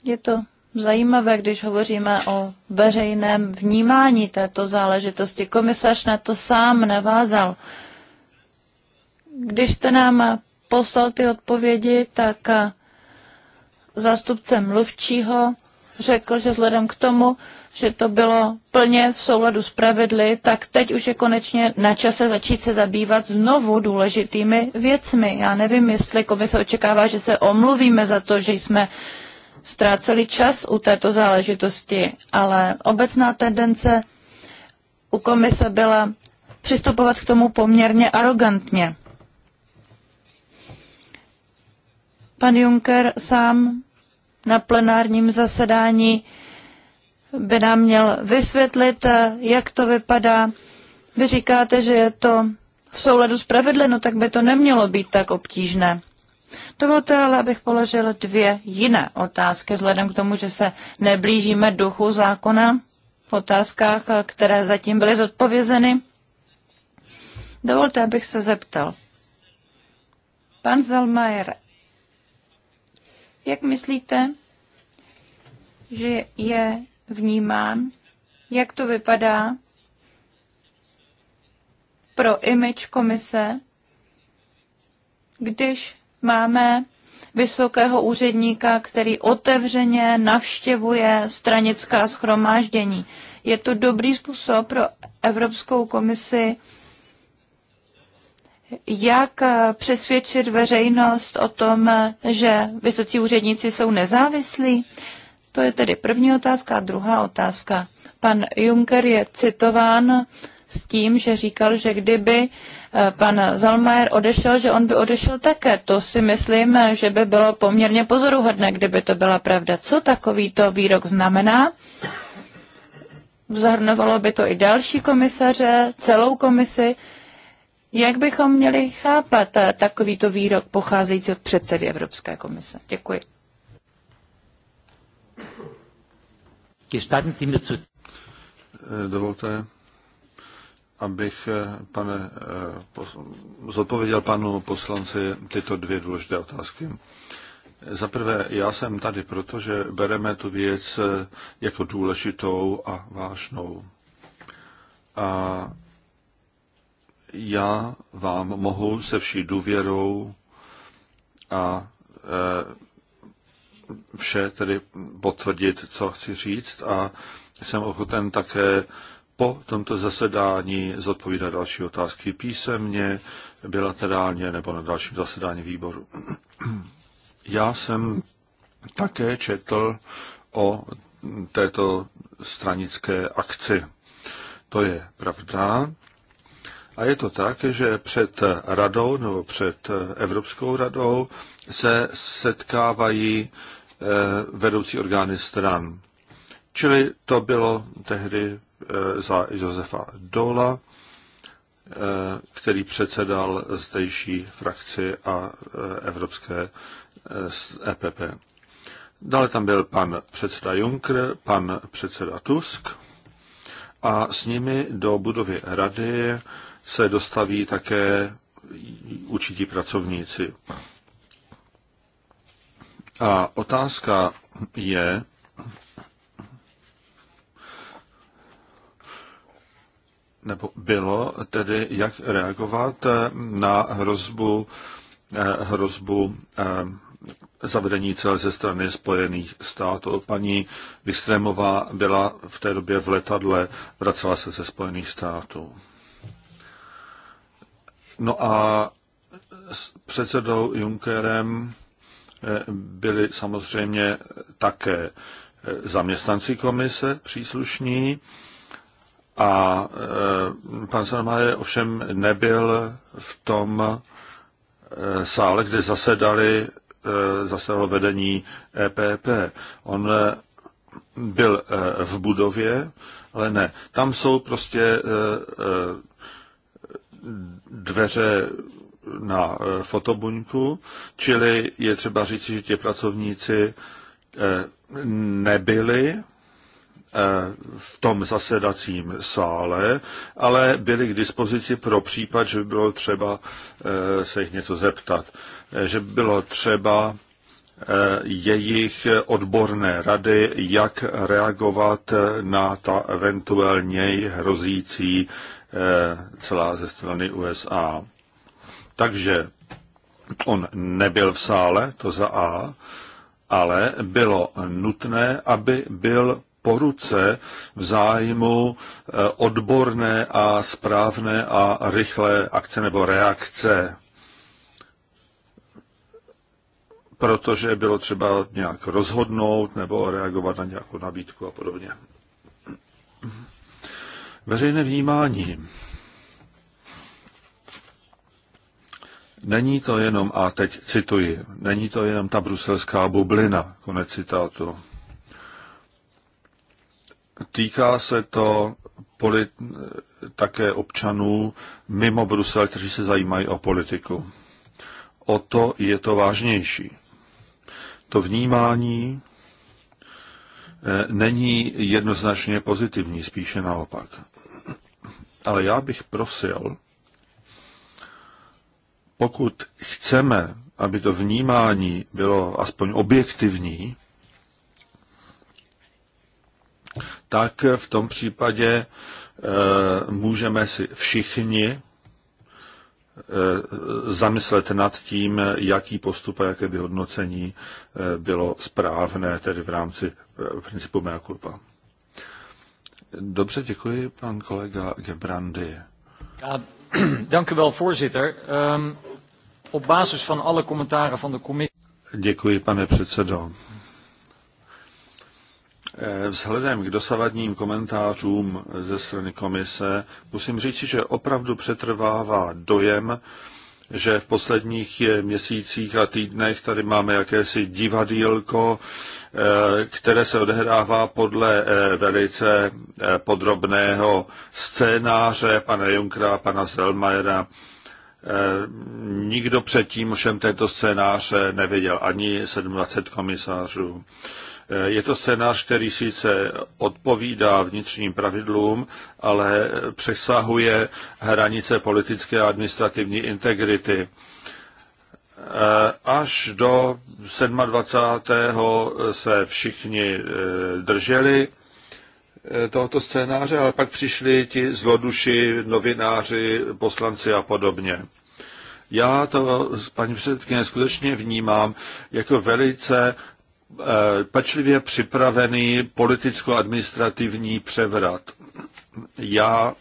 Je to zajímavé, když hovoříme o veřejném vnímání této záležitosti. Komisař na to sám navázal. Když jste nám poslal ty odpovědi, tak zástupce mluvčího řekl, že vzhledem k tomu, že to bylo plně v souladu s pravidly, tak teď už je konečně na čase začít se zabývat znovu důležitými věcmi. Já nevím, jestli komise očekává, že se omluvíme za to, že jsme uh, ztráceli čas u této záležitosti, ale obecná tendence u komise byla přistupovat k tomu poměrně arrogantně. Pan Juncker sám na plenárním zasedání by nám měl vysvětlit, jak to vypadá. Vy říkáte, že je to v souladu s pravidly, no tak by to nemělo být tak obtížné. Dovolte ale, abych položil dvě jiné otázky, vzhledem k tomu, že se neblížíme duchu zákona v otázkách, které zatím byly zodpovězeny. Dovolte, abych se zeptal. Pan Zalmajer, jak myslíte, že je vnímán, jak to vypadá pro image komise, když máme vysokého úředníka, který otevřeně navštěvuje stranická schromáždění. Je to dobrý způsob pro Evropskou komisi, jak přesvědčit veřejnost o tom, že vysocí úředníci jsou nezávislí? To je tedy první otázka. A druhá otázka. Pan Juncker je citován s tím, že říkal, že kdyby Eh, pan Zalmajer odešel, že on by odešel také. To si myslím, že by bylo poměrně pozoruhodné, kdyby to byla pravda. Co takovýto výrok znamená? Zahrnovalo by to i další komisaře, celou komisi. Jak bychom měli chápat eh, takovýto výrok pocházející od předsedy Evropské komise? Děkuji. Eh, dovolte, abych eh, pane, eh, zodpověděl panu poslanci tyto dvě důležité otázky. Za prvé, já jsem tady, protože bereme tu věc eh, jako důležitou a vážnou. A já vám mohu se vší důvěrou a vše tedy potvrdit, co chci říct a jsem ochoten také po tomto zasedání zodpovídá další otázky písemně, bilaterálně nebo na dalším zasedání výboru. Já jsem také četl o této stranické akci. To je pravda. A je to tak, že před radou nebo před Evropskou radou se setkávají eh, vedoucí orgány stran. Čili to bylo tehdy Eh, za Josefa Dola, eh, který předsedal zdejší frakci a eh, evropské EPP. E Dále tam byl pan předseda Juncker, pan předseda Tusk a s nimi do budovy rady se dostaví také určití pracovníci. A otázka je, nebo bylo tedy, jak reagovat na hrozbu, eh, hrozbu eh, zavedení celé ze strany Spojených států. Paní Vystrémová byla v té době v letadle, vracela se ze Spojených států. No a s předsedou Junckerem eh, byli samozřejmě také zaměstnanci komise příslušní a e, pan Salmaje ovšem nebyl v tom e, sále, kde zasedali, e, zasedalo vedení EPP. On byl v budově, ale ne. Tam jsou prostě dveře na fotobuňku, čili je třeba říci, že ti pracovníci nebyli Eh, v tom zasedacím sále, ale byly k dispozici pro případ, že by bylo třeba eh, se jich něco zeptat, eh, že by bylo třeba jejich odborné rady, jak reagovat na ta eventuálně hrozící celá ze strany USA. Takže on nebyl v sále, to za A, ale bylo nutné, aby byl po ruce v zájmu eh, odborné a správné a rychlé akce nebo reakce. Protože bylo třeba nějak rozhodnout nebo reagovat na nějakou nabídku a podobně. Veřejné vnímání. Není to jenom, a teď cituji, není to jenom ta bruselská bublina, konec citátu. Týká se to polit, také občanů mimo Brusel, kteří se zajímají o politiku. O to je to vážnější. To vnímání eh, není jednoznačně pozitivní, spíše naopak. Ale já bych prosil, pokud chceme, aby to vnímání bylo aspoň objektivní, tak v tom případě e, můžeme si všichni e, zamyslet nad tím, jaký postup a jaké vyhodnocení e, bylo správné, tedy v rámci e, principu mea culpa. Dobře, děkuji, pan kolega Gebrandy. Ja, dank u wel, voorzitter. Um, op basis van alle commentaren van de commissie... Děkuji, pane předsedo. Eh, vzhledem k dosavadním komentářům ze strany komise musím říct, že opravdu přetrvává dojem, že v posledních eh, měsících a týdnech tady máme jakési divadílko, eh, které se odehrává podle velice podrobného scénáře pana Junkra, pana Selmayera. Nikdo předtím všem tento scénáře neviděl, ani 27 komisářů. Eh, je to scénář, který sice odpovídá vnitřním pravidlům, ale přesahuje hranice politické a administrativní integrity. Eh, až do 27. se všichni eh, drželi tohoto scénáře, ale pak přišli ti zloduši, novináři, poslanci a podobně. Já to, paní předsedkyně, skutečně vnímám jako velice Eh, pečlivě připravený politicko-administrativní převrat. Já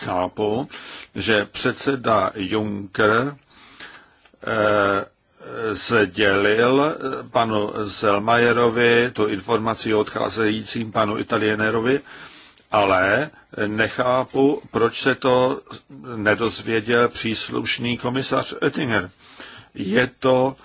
chápu, že předseda Juncker eh, sdělil panu Zelmajerovi tu informaci o odcházejícím panu Italienerovi, ale nechápu, proč se to nedozvěděl příslušný komisař Oettinger. Je to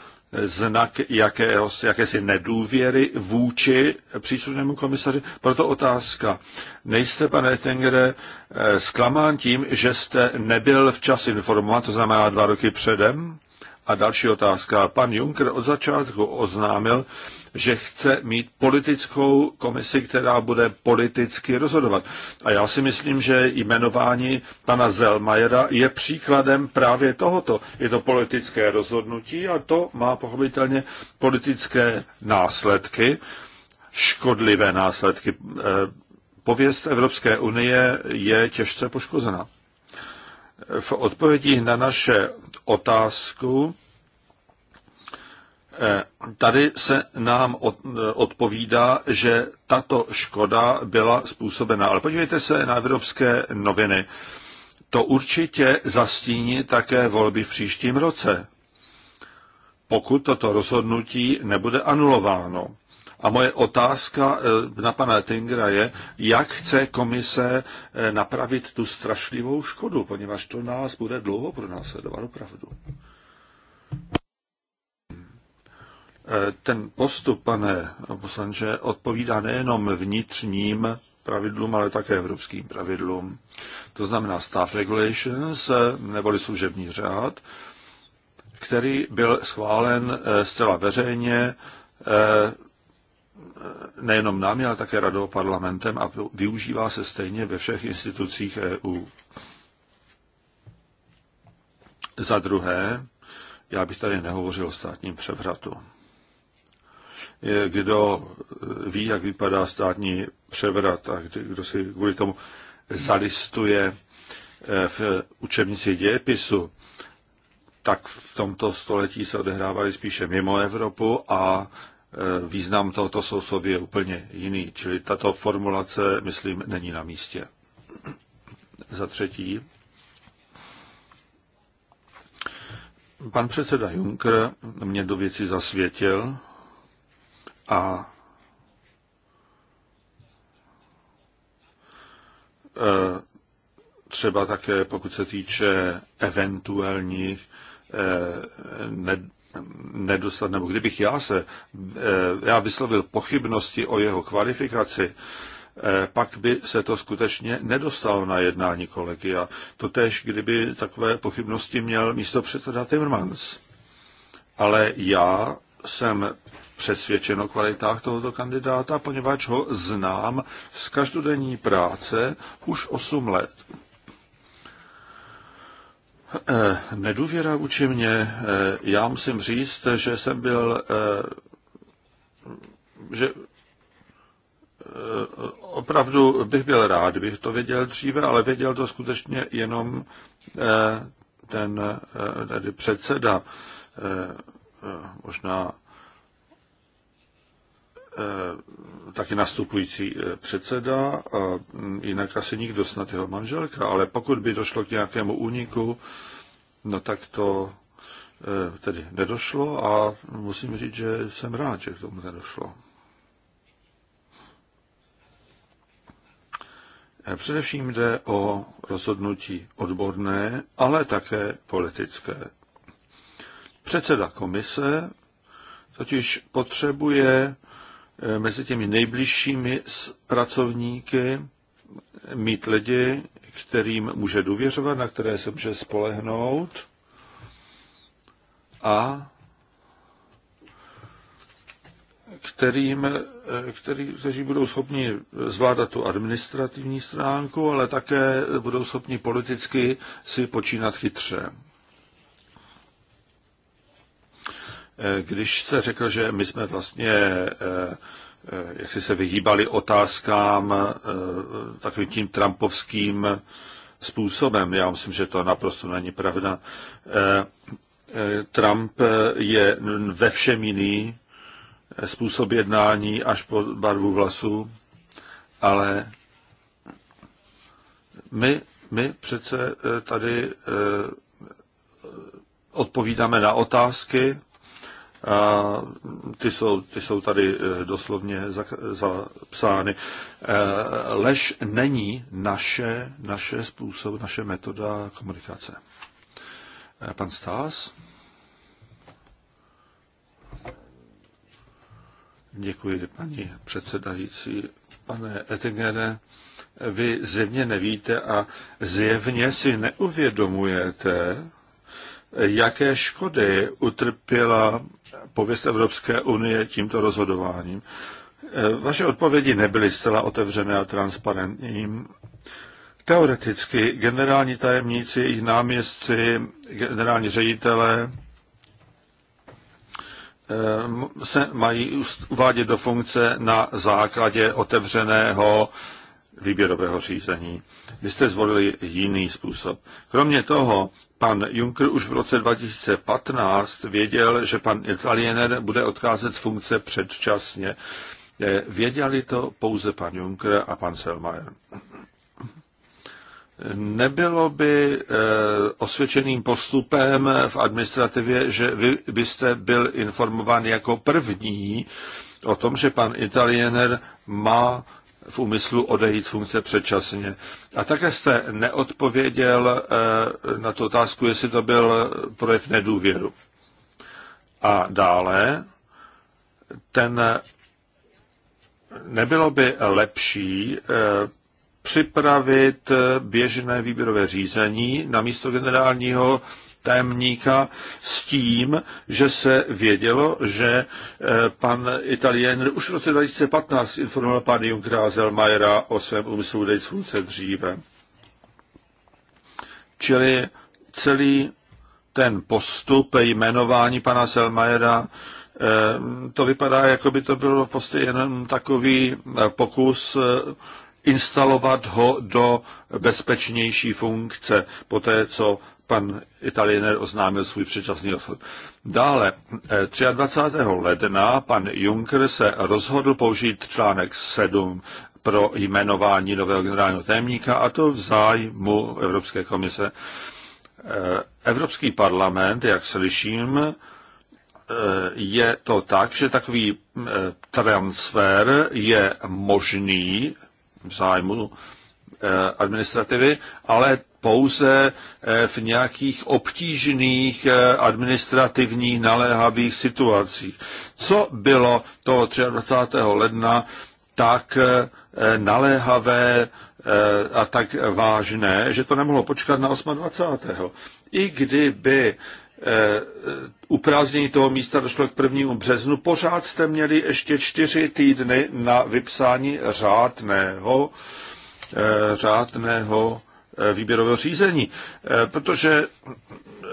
znak jakého, jakési nedůvěry vůči příslušnému komisaři. Proto otázka. Nejste, pane Tengere, eh, zklamán tím, že jste nebyl včas informován, to znamená dva roky předem? A další otázka. Pan Juncker od začátku oznámil, že chce mít politickou komisi, která bude politicky rozhodovat. A já si myslím, že jmenování pana Zelmajera je příkladem právě tohoto. Je to politické rozhodnutí a to má pochopitelně politické následky, škodlivé následky. E, pověst Evropské unie je těžce poškozena. V odpovědích na naše otázku Eh, tady se nám eh, odpovídá, že tato škoda byla způsobena. Ale podívejte se na evropské noviny. To určitě zastíní také volby v příštím roce, pokud toto rozhodnutí nebude anulováno. A moje otázka eh, na pana Tingra je, jak chce komise napravit tu strašlivou škodu, poněvadž to nás bude dlouho pronásledovat opravdu. Ten postup, pane poslanče, odpovídá nejenom vnitřním pravidlům, ale také evropským pravidlům. To znamená staff regulations eh, neboli služební řád, který byl schválen eh, zcela veřejně eh, nejenom námi, ale také radou parlamentem a využívá se stejně ve všech institucích EU. Za druhé, já bych tady nehovořil o státním převratu kdo ví, jak vypadá státní převrat a kdo si kvůli tomu zalistuje eh, v učebnici dějepisu, tak v tomto století se odehrávaly spíše mimo Evropu a eh, význam tohoto sousoví je úplně jiný. Čili tato formulace, myslím, není na místě. Za třetí, pan předseda Juncker mě do věci zasvětil a e, třeba také, pokud se týče eventuálních e, nedostat, nebo kdybych já se, e, já vyslovil pochybnosti o jeho kvalifikaci, pak by se to skutečně nedostalo na jednání kolegia. Totež, kdyby takové pochybnosti měl místo předseda Timmermans. Ale já jsem přesvědčen o kvalitách tohoto kandidáta, poněvadž ho znám z každodenní práce už 8 let. Eh, nedůvěra vůči mě, eh, já musím říct, že jsem byl, eh, že opravdu bych byl rád, bych to věděl dříve, ale věděl to skutečně jenom ten tady předseda, možná Eh, taky nastupující eh, předseda, a mm, jinak asi nikdo snad jeho manželka, ale pokud by došlo k nějakému úniku, no tak to eh, tedy nedošlo a musím říct, že jsem rád, že k tomu nedošlo. Především jde o rozhodnutí odborné, ale také politické. Předseda komise totiž potřebuje Eh, mezi těmi nejbližšími pracovníky, mít lidi, kterým může důvěřovat, na které se může spolehnout a kterým, eh, který, kteří budou schopni zvládat tu administrativní stránku, ale také budou schopni politicky si počínat chytře. když se řekl, že my jsme vlastně eh, eh, jak si se vyhýbali otázkám eh, takovým tím trumpovským způsobem. Já myslím, že to naprosto není pravda. Trump je ve všem jiný způsob jednání až po barvu vlasů, ale my, my přece tady odpovídáme na otázky a ty jsou, ty jsou tady eh, doslovně zapsány. Eh, lež není naše, naše způsob, naše metoda komunikace. Eh, pan Stás? Děkuji, paní předsedající. Pane Ettingere, vy zjevně nevíte a zjevně si neuvědomujete, jaké škody utrpěla pověst Evropské unie tímto rozhodováním. Vaše odpovědi nebyly zcela otevřené a transparentní. Teoreticky generální tajemníci, jejich náměstci, generální ředitele eh, se mají uvádět do funkce na základě otevřeného výběrového řízení. Vy jste zvolili jiný způsob. Kromě toho, pan Juncker už v roce 2015 věděl, že pan Italiener bude odcházet z funkce předčasně. Eh, věděli to pouze pan Juncker a pan Selmayr. Nebylo by e, osvědčeným postupem v administrativě, že vy byste byl informován jako první o tom, že pan Italiener má v úmyslu odejít z funkce předčasně. A také jste neodpověděl eh, na tu otázku, jestli to byl projev nedůvěru. A dále, ten nebylo by lepší eh, připravit eh, běžné výběrové řízení na místo generálního tajemníka s tím, že se vědělo, že eh, pan Italien už v roce 2015 informoval pan Junkera Zelmajera o svém úmyslu dejt funkce dříve. Čili celý ten postup jmenování pana Selmajera, eh, to vypadá, jako by to bylo prostě jenom takový eh, pokus instalovat ho do bezpečnější funkce, po té, co pan Italiener oznámil svůj předčasný odchod. Dále eh, 23. ledna pan Juncker se rozhodl použít článek 7 pro jmenování nového generálního témníka a to v zájmu Evropské komise. Eh, Evropský parlament, jak slyším, eh, je to tak, že takový transfer je možný v zájmu administrativy, ale pouze eh, v nějakých obtížných eh, administrativních naléhavých situacích. Co bylo toho 23. ledna tak eh, naléhavé a tak vážné, že to nemohlo počkat na 28. I kdyby uprázdnění toho místa došlo k 1. březnu, pořád jste měli ještě čtyři týdny na vypsání řádného, řádného Eh, výběrového řízení, eh, protože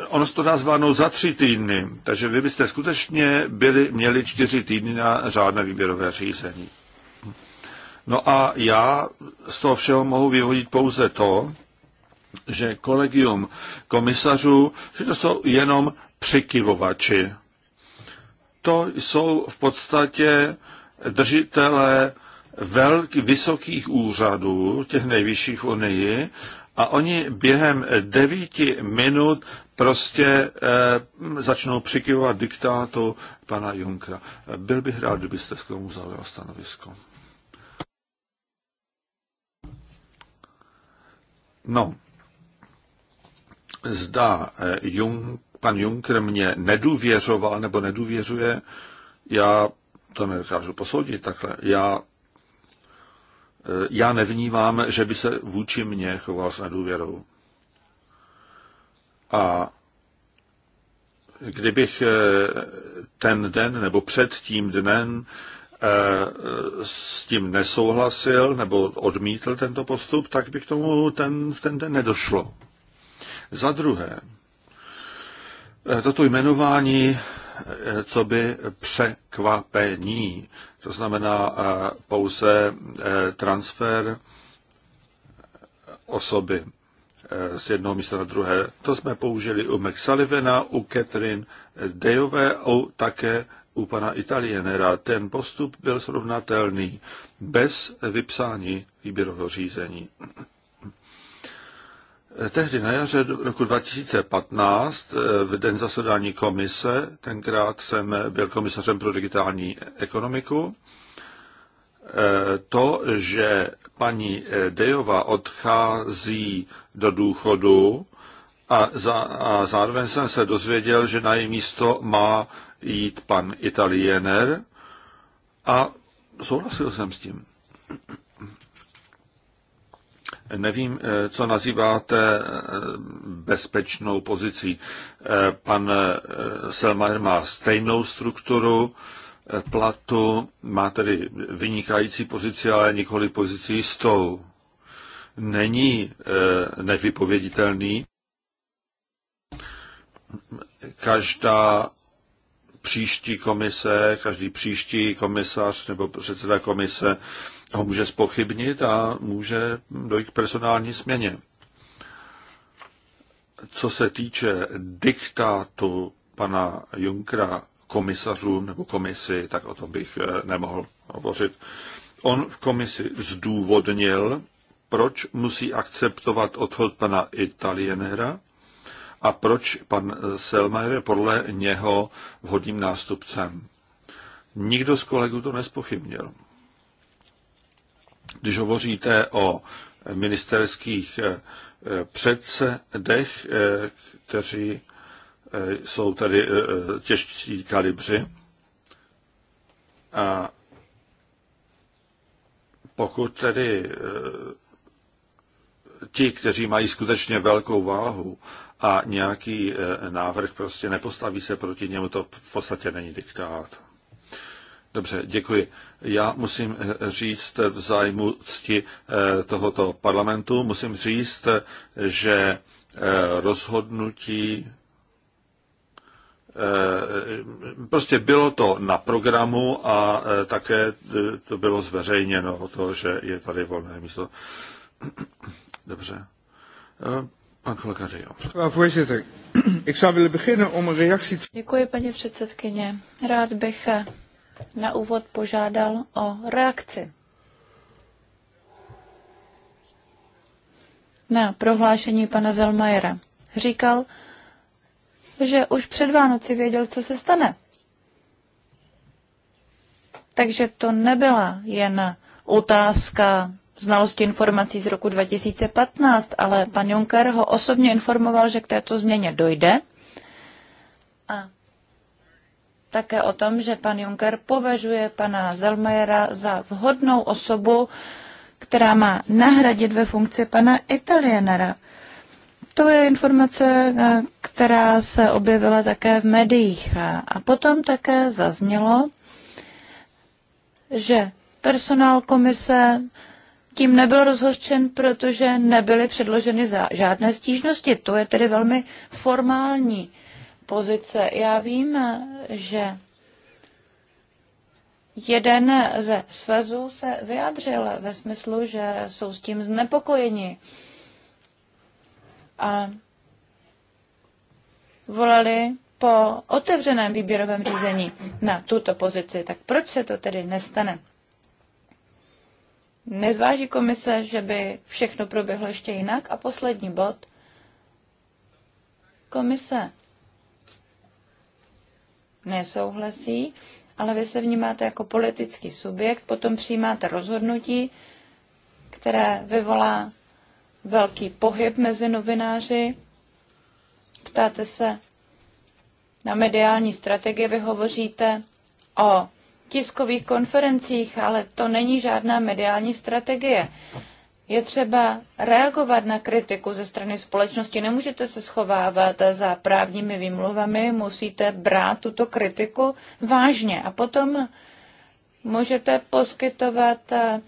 ono se to dá zvládnout za tři týdny, takže vy byste skutečně byli, měli čtyři týdny na řádné výběrové řízení. No a já z toho všeho mohu vyhodit pouze to, že kolegium komisařů, že to jsou jenom přikivovači. To jsou v podstatě držitelé velkých, vysokých úřadů, těch nejvyšších v Unii, a oni během devíti minut prostě e, začnou přikyvovat diktátu pana Junkra. Byl bych rád, kdybyste k tomu zaujal stanovisko. No, zda eh, Jung, pan Juncker mě nedůvěřoval nebo nedůvěřuje, já to nedokážu posoudit takhle. Já Eh, já nevnímám, že by se vůči mně choval s nedůvěrou. A kdybych eh, ten den nebo před tím dnem eh, s tím nesouhlasil nebo odmítl tento postup, tak by k tomu ten, ten den nedošlo. Za druhé, toto jmenování co by překvapení. To znamená eh, pouze eh, transfer osoby eh, z jednoho místa na druhé. To jsme použili u McSullivana, u Catherine Dejové a také u pana Italienera. Ten postup byl srovnatelný bez vypsání výběrového řízení. Tehdy na jaře roku 2015, eh, v den zasedání komise, tenkrát jsem eh, byl komisařem pro digitální ekonomiku, eh, to, že paní Dejová odchází do důchodu a, za, a zároveň jsem se dozvěděl, že na její místo má jít pan Italiener a souhlasil jsem s tím. Nevím, eh, co nazýváte eh, bezpečnou pozicí. Eh, pan Selmayr má stejnou strukturu platu, má tedy vynikající pozici, ale nikoli pozici jistou. Není nevypověditelný. Každá příští komise, každý příští komisař nebo předseda komise ho může spochybnit a může dojít k personální směně. Co se týče diktátu pana Junkra komisařům nebo komisi, tak o tom bych eh, nemohl hovořit. On v komisi zdůvodnil, proč musí akceptovat odchod pana Italienera a proč pan Selmayr je podle něho vhodným nástupcem. Nikdo z kolegů to nespochybnil. Když hovoříte o ministerských eh, předsedech, eh, kteří eh, jsou tady těžší kalibři, a pokud tedy ti, kteří mají skutečně velkou váhu a nějaký návrh prostě nepostaví se proti němu, to v podstatě není diktát. Dobře, děkuji já musím eh, říct v zájmu cti eh, tohoto parlamentu, musím říct, eh, že rozhodnutí prostě bylo to na programu a také to bylo zveřejněno o to, že je tady volné místo. Dobře. Pan kolega Děkuji, paní předsedkyně. Rád bych na úvod požádal o reakci na prohlášení pana Zelmajera. Říkal, že už před Vánoci věděl, co se stane. Takže to nebyla jen otázka znalosti informací z roku 2015, ale pan Juncker ho osobně informoval, že k této změně dojde. A také o tom, že pan Juncker považuje pana Zelmajera za vhodnou osobu, která má nahradit ve funkci pana Italianera. To je informace, eh, která se objevila také v médiích. A potom také zaznělo, že personál komise tím nebyl rozhořčen, protože nebyly předloženy žádné stížnosti. To je tedy velmi formální pozice. Já vím, že jeden ze svazů se vyjádřil ve smyslu, že jsou s tím znepokojeni. A volali po otevřeném výběrovém řízení na tuto pozici. Tak proč se to tedy nestane? Nezváží komise, že by všechno proběhlo ještě jinak? A poslední bod. Komise nesouhlasí, ale vy se vnímáte jako politický subjekt, potom přijímáte rozhodnutí, které vyvolá velký pohyb mezi novináři. Ptáte se na mediální strategie, vy hovoříte o tiskových konferencích, ale to není žádná mediální strategie. Je třeba reagovat na kritiku ze strany společnosti. Nemůžete se schovávat za právními výmluvami, musíte brát tuto kritiku vážně a potom můžete poskytovat eh,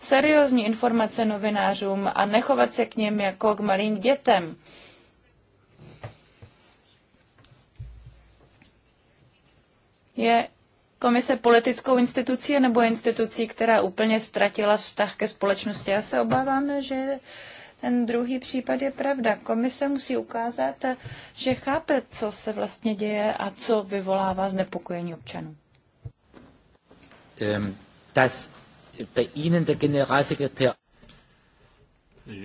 seriózní informace novinářům a nechovat se k něm jako k malým dětem. Je komise politickou institucí nebo institucí, která úplně ztratila vztah ke společnosti? Já se obávám, že ten druhý případ je pravda. Komise musí ukázat, že chápe, co se vlastně děje a co vyvolává znepokojení občanů.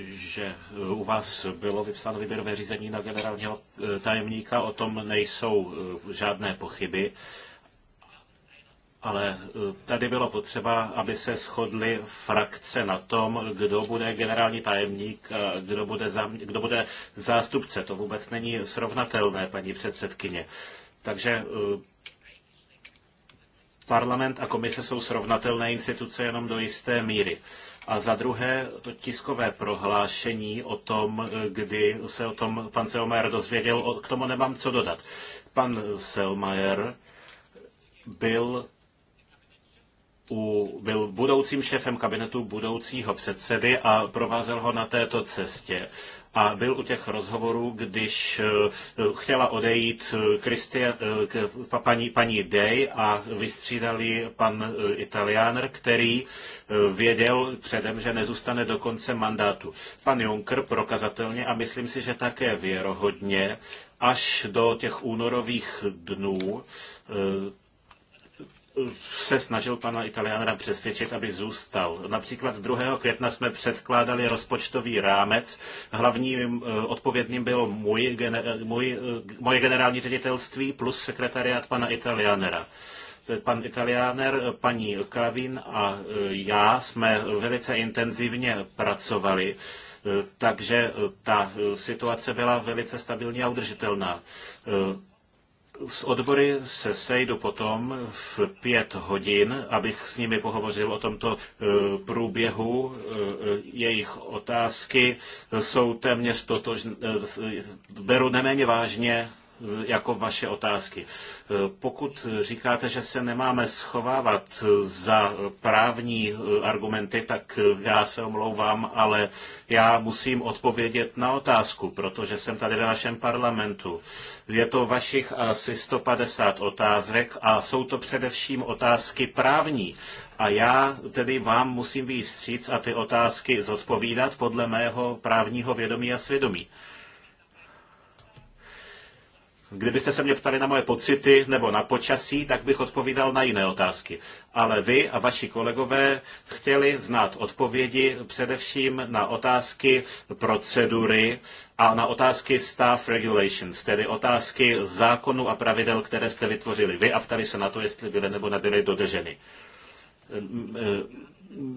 že e, u vás bylo vypsáno výběrové řízení na generálního e, tajemníka, o tom nejsou e, žádné pochyby ale e, tady bylo potřeba, aby se shodly frakce na tom, kdo bude generální tajemník, kdo bude, kdo bude zástupce. To vůbec není srovnatelné, paní předsedkyně. Takže e, parlament a komise jsou srovnatelné instituce jenom do jisté míry. A za druhé to tiskové prohlášení o tom, kdy se o tom pan Selmayr dozvěděl, k tomu nemám co dodat. Pan Selmayr byl u, byl budoucím šéfem kabinetu budoucího předsedy a provázel ho na této cestě. A byl u těch rozhovorů, když eh, chtěla odejít eh, Christian, eh, paní, paní Day a vystřídali pan Italianer, který věděl předem, že nezůstane do konce mandátu. Pan Juncker prokazatelně a myslím si, že také věrohodně až do těch únorových dnů se snažil pana Italiana přesvědčit, aby zůstal. Například 2. května jsme předkládali rozpočtový rámec. Hlavním eh, odpovědným byl můj, můj, eh, moje generální ředitelství plus sekretariát pana Italianera eh, pan Italianer, paní Klavin a já jsme velice intenzivně pracovali, takže ta situace byla velice stabilní a udržitelná s odbory se sejdu potom v pět hodin, abych s nimi pohovořil o tomto e, průběhu. E, jejich otázky jsou téměř totožné, e, beru neméně vážně jako vaše otázky. Pokud říkáte, že se nemáme schovávat za právní argumenty, tak já se omlouvám, ale já musím odpovědět na otázku, protože jsem tady ve našem parlamentu. Je to vašich asi 150 otázek a jsou to především otázky právní. A já tedy vám musím výstříc a ty otázky zodpovídat podle mého právního vědomí a svědomí. Kdybyste se mě ptali na moje pocity nebo na počasí, tak bych odpovídal na jiné otázky. Ale vy a vaši kolegové chtěli znát odpovědi především na otázky procedury a na otázky staff regulations, tedy otázky zákonu a pravidel, které jste vytvořili vy a ptali se na to, jestli byly nebo nebyly dodrženy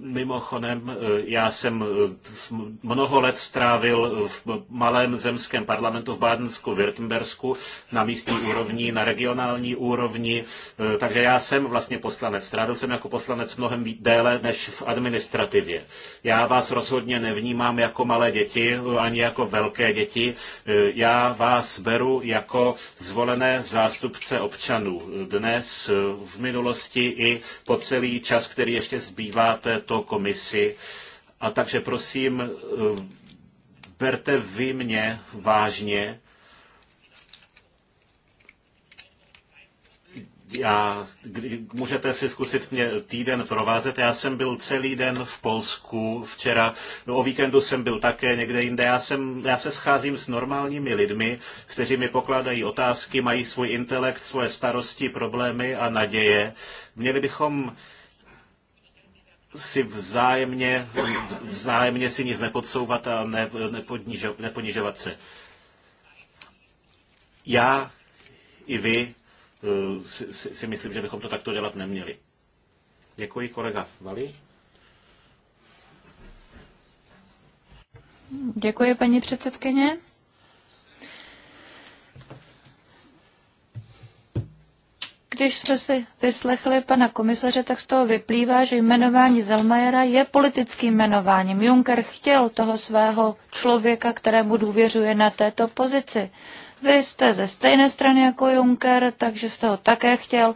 Mimochodem, eh, já jsem eh, mnoho let strávil v malém zemském parlamentu v Bádensku, Württembersku, na místní úrovni, na regionální úrovni, eh, takže já jsem vlastně poslanec. Strávil jsem jako poslanec mnohem déle než v administrativě. Já vás rozhodně nevnímám jako malé děti, ani jako velké děti. Já vás beru jako zvolené zástupce občanů. Dnes, v minulosti i po celý čas, který ještě zbývá této komisi. A takže prosím, eh, berte vy mě vážně. já, můžete si zkusit mě týden provázet. Já jsem byl celý den v Polsku včera, no, o víkendu jsem byl také někde jinde. Já, jsem, já se scházím s normálními lidmi, kteří mi pokládají otázky, mají svůj intelekt, svoje starosti, problémy a naděje. Měli bychom si vzájemně, vzájemně si nic nepodsouvat a ne, neponižovat se. Já i vy eh, si, si, si myslím, že bychom to takto dělat neměli. Děkuji, kolega Vali. Děkuji, paní předsedkyně. Když jsme si vyslechli pana komisaře, tak z toho vyplývá, že jmenování Zelmajera je politickým jmenováním. Juncker chtěl toho svého člověka, kterému důvěřuje na této pozici. Vy jste ze stejné strany jako Juncker, takže jste ho také chtěl.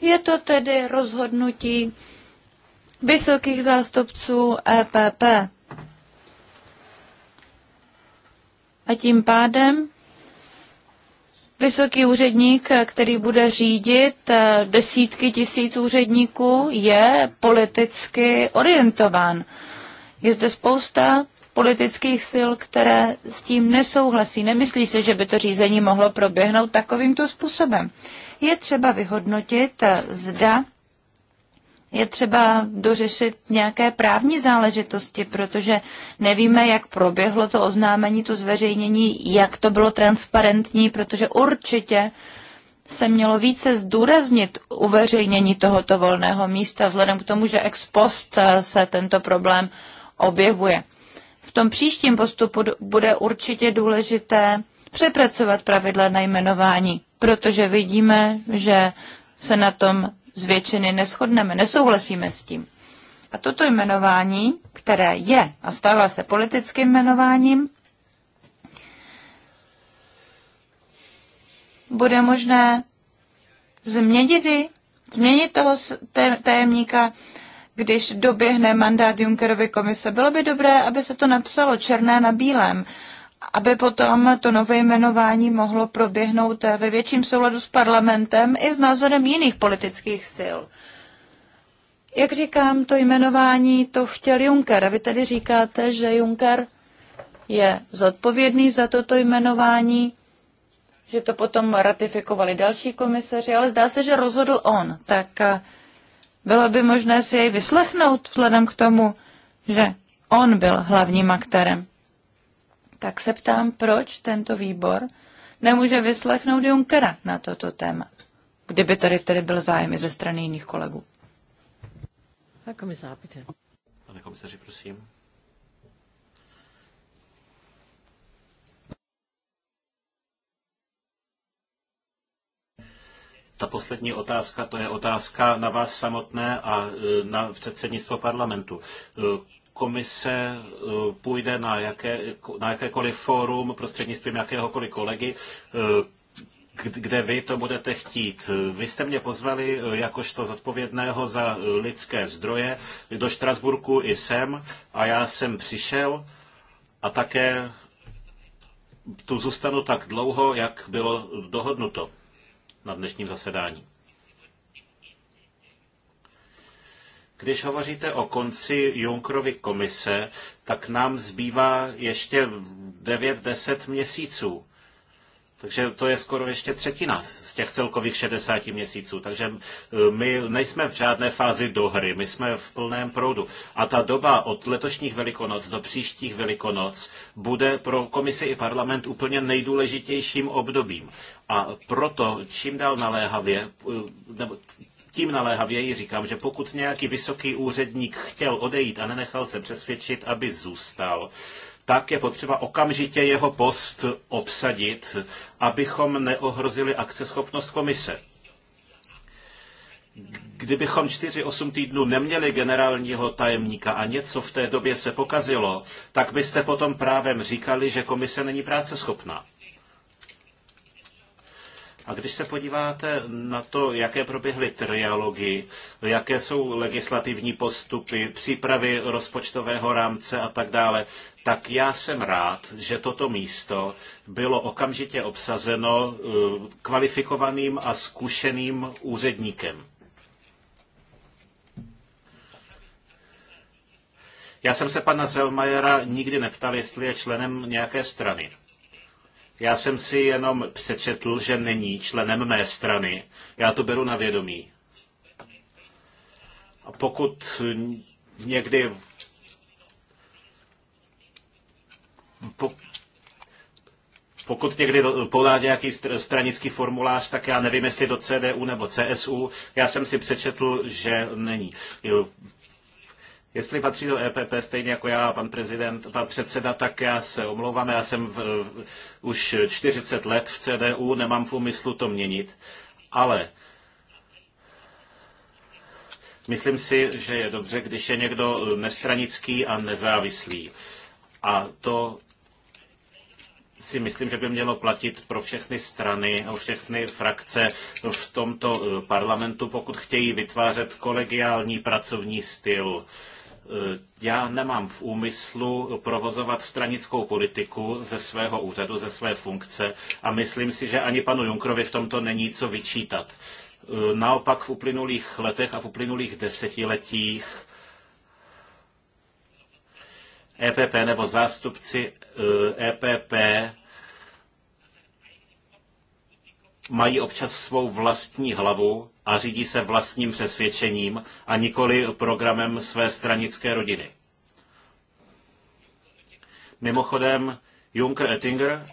Je to tedy rozhodnutí vysokých zástupců EPP. A tím pádem Vysoký úředník, který bude řídit eh, desítky tisíc úředníků, je politicky orientován. Je zde spousta politických sil, které s tím nesouhlasí. Nemyslí se, že by to řízení mohlo proběhnout takovýmto způsobem. Je třeba vyhodnotit, eh, zda je třeba dořešit nějaké právní záležitosti, protože nevíme, jak proběhlo to oznámení, to zveřejnění, jak to bylo transparentní, protože určitě se mělo více zdůraznit uveřejnění tohoto volného místa, vzhledem k tomu, že ex post eh, se tento problém objevuje. V tom příštím postupu bude určitě důležité přepracovat pravidla na jmenování, protože vidíme, že se na tom z většiny neschodneme, nesouhlasíme s tím. A toto jmenování, které je a stává se politickým jmenováním, bude možné změnit, změnit toho tajemníka, když doběhne mandát Junckerovy komise. Bylo by dobré, aby se to napsalo černé na bílém, aby potom to nové jmenování mohlo proběhnout ve větším souladu s parlamentem i s názorem jiných politických sil. Jak říkám, to jmenování to chtěl Juncker. A vy tedy říkáte, že Juncker je zodpovědný za toto jmenování, že to potom ratifikovali další komisaři, ale zdá se, že rozhodl on. Tak eh, bylo by možné si jej vyslechnout vzhledem k tomu, že on byl hlavním aktérem tak se ptám, proč tento výbor nemůže vyslechnout Junkera na toto téma, kdyby tady tedy byl zájem ze strany jiných kolegů. Pane komisáři, Pane komisaři, prosím. Ta poslední otázka, to je otázka na vás samotné a e, na předsednictvo parlamentu. E, komise eh, půjde na, jaké, na jakékoliv fórum prostřednictvím jakéhokoliv kolegy, eh, kde vy to budete chtít. Vy jste mě pozvali eh, jakožto zodpovědného za lidské zdroje do Štrasburku i sem a já jsem přišel a také tu zůstanu tak dlouho, jak bylo dohodnuto na dnešním zasedání. Když hovoříte o konci Junkrovy komise, tak nám zbývá ještě 9-10 měsíců. Takže to je skoro ještě třetina z těch celkových 60 měsíců. Takže my nejsme v žádné fázi do hry, my jsme v plném proudu. A ta doba od letošních velikonoc do příštích velikonoc bude pro komisi i parlament úplně nejdůležitějším obdobím. A proto čím dál naléhavě, nebo tím naléhavěji říkám, že pokud nějaký vysoký úředník chtěl odejít a nenechal se přesvědčit, aby zůstal, tak je potřeba okamžitě jeho post obsadit, abychom neohrozili akceschopnost komise. Kdybychom 4-8 týdnů neměli generálního tajemníka a něco v té době se pokazilo, tak byste potom právem říkali, že komise není práceschopná. A když se podíváte na to, jaké proběhly trialogy, jaké jsou legislativní postupy, přípravy rozpočtového rámce a tak dále, tak já jsem rád, že toto místo bylo okamžitě obsazeno eh, kvalifikovaným a zkušeným úředníkem. Já jsem se pana Zelmajera nikdy neptal, jestli je členem nějaké strany. Já jsem si jenom přečetl, že není členem mé strany. Já to beru na vědomí. A pokud někdy pokud někdy podá nějaký stranický formulář, tak já nevím, jestli do CDU nebo CSU. Já jsem si přečetl, že není. Jestli patří do EPP stejně jako já, pan prezident, pan předseda, tak já se omlouvám. Já jsem v, už 40 let v CDU, nemám v úmyslu to měnit, ale myslím si, že je dobře, když je někdo nestranický a nezávislý. A to si myslím, že by mělo platit pro všechny strany, všechny frakce v tomto eh, parlamentu, pokud chtějí vytvářet kolegiální pracovní styl. Já nemám v úmyslu provozovat stranickou politiku ze svého úřadu, ze své funkce a myslím si, že ani panu Junkrovi v tomto není co vyčítat. E, naopak v uplynulých letech a v uplynulých desetiletích EPP nebo zástupci EPP e mají občas svou vlastní hlavu a řídí se vlastním přesvědčením a nikoli programem své stranické rodiny. Mimochodem, Juncker Ettinger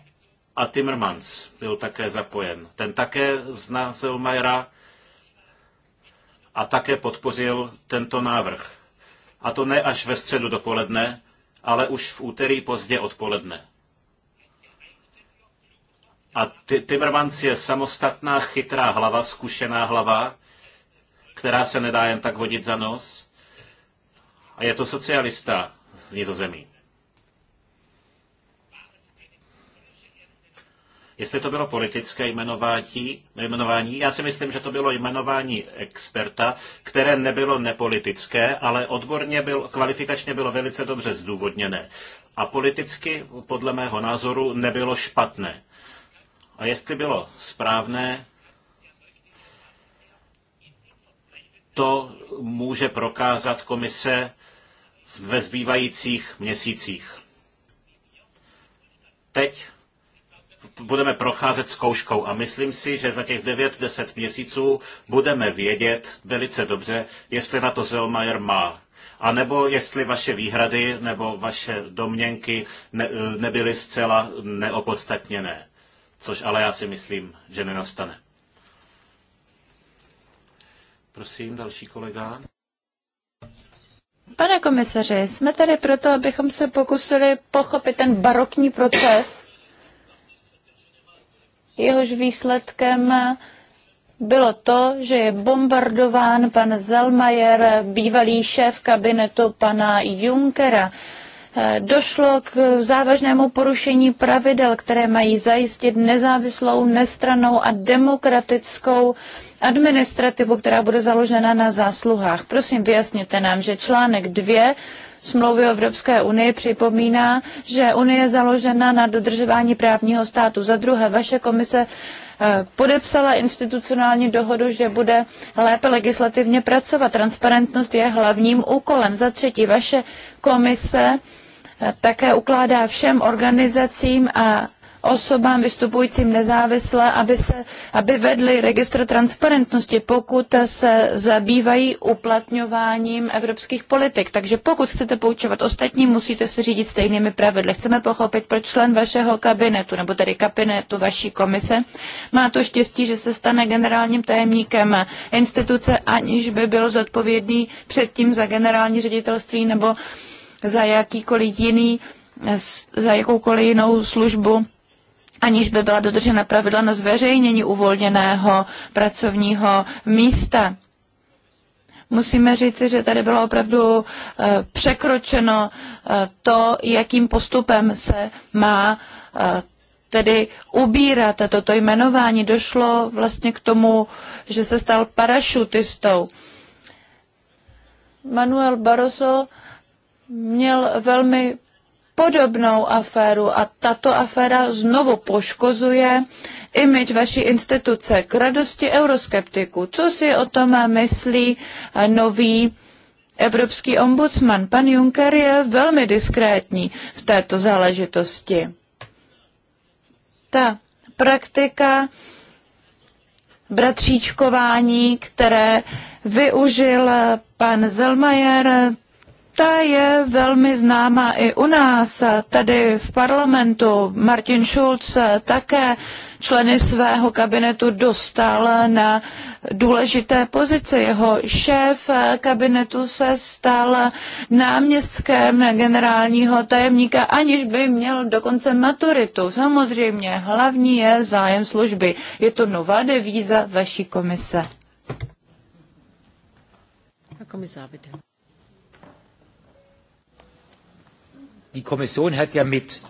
a Timmermans byl také zapojen. Ten také zná Zellmayera a také podpořil tento návrh. A to ne až ve středu dopoledne, ale už v úterý pozdě odpoledne. A ty Timmermans je samostatná chytrá hlava, zkušená hlava, která se nedá jen tak vodit za nos. A je to socialista z Nizozemí. Jestli to bylo politické jmenování, jmenování, já si myslím, že to bylo jmenování experta, které nebylo nepolitické, ale odborně byl, kvalifikačně bylo velice dobře zdůvodněné. A politicky, podle mého názoru, nebylo špatné a jestli bylo správné, to může prokázat komise ve zbývajících měsících. Teď budeme procházet zkouškou a myslím si, že za těch 9-10 měsíců budeme vědět velice dobře, jestli na to Zelmayer má. A nebo jestli vaše výhrady nebo vaše domněnky ne, nebyly zcela neopodstatněné což ale já si myslím, že nenastane. Prosím, další kolega. Pane komisaři, jsme tady proto, abychom se pokusili pochopit ten barokní proces, jehož výsledkem bylo to, že je bombardován pan Zelmayer, bývalý šéf kabinetu pana Junkera. Eh, došlo k závažnému porušení pravidel, které mají zajistit nezávislou, nestranou a demokratickou administrativu, která bude založena na zásluhách. Prosím, vyjasněte nám, že článek 2 smlouvy o Evropské unii připomíná, že Unie je založena na dodržování právního státu. Za druhé, vaše komise eh, podepsala institucionální dohodu, že bude lépe legislativně pracovat. Transparentnost je hlavním úkolem. Za třetí, vaše komise také ukládá všem organizacím a osobám vystupujícím nezávisle, aby, se, aby vedli registr transparentnosti, pokud se zabývají uplatňováním evropských politik. Takže pokud chcete poučovat ostatní, musíte se řídit stejnými pravidly. Chceme pochopit, proč člen vašeho kabinetu, nebo tedy kabinetu vaší komise, má to štěstí, že se stane generálním tajemníkem instituce, aniž by byl zodpovědný předtím za generální ředitelství nebo uh, za jakýkoliv jiný, za jakoukoliv jinou službu, aniž by byla dodržena pravidla na zveřejnění uvolněného pracovního místa. Musíme říci, že tady bylo opravdu eh, překročeno eh, to, jakým postupem se má eh, tedy ubírat toto jmenování. Došlo vlastně k tomu, že se stal parašutistou. Manuel Barroso měl velmi podobnou aféru a tato aféra znovu poškozuje imič vaší instituce k radosti euroskeptiku. Co si o tom myslí nový evropský ombudsman? Pan Juncker je velmi diskrétní v této záležitosti. Ta praktika bratříčkování, které využil pan Zelmajer, ta je velmi známá i u nás, tady v parlamentu. Martin Schulz také členy svého kabinetu dostal na důležité pozice. Jeho šéf kabinetu se stal náměstkem generálního tajemníka, aniž by měl dokonce maturitu. Samozřejmě hlavní je zájem služby. Je to nová devíza vaší komise. Herr Kommissar, bitte. Die Kommission hat ja mit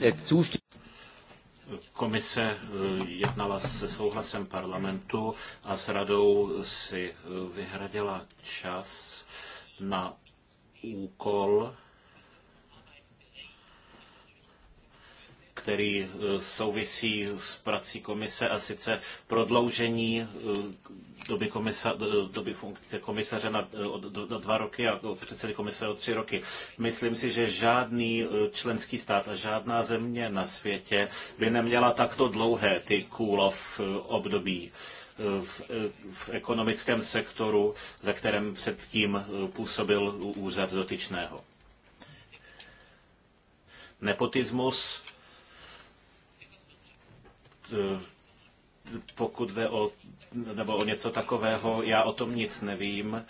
der äh, Zustimmung Komise äh, jednala se souhlasem parlamentu a s radou si äh, vyhradila čas na úkol který eh, souvisí s prací komise a sice prodloužení eh, doby, komisa, eh, doby funkce komisaře na, na dva roky a předsedy komise o tři roky. Myslím si, že žádný členský stát a žádná země na světě by neměla takto dlouhé ty kůlov období. V, v, ekonomickém sektoru, ve kterém předtím působil úřad dotyčného. Nepotismus Eh, pokud jde o, nebo o něco takového, já o tom nic nevím.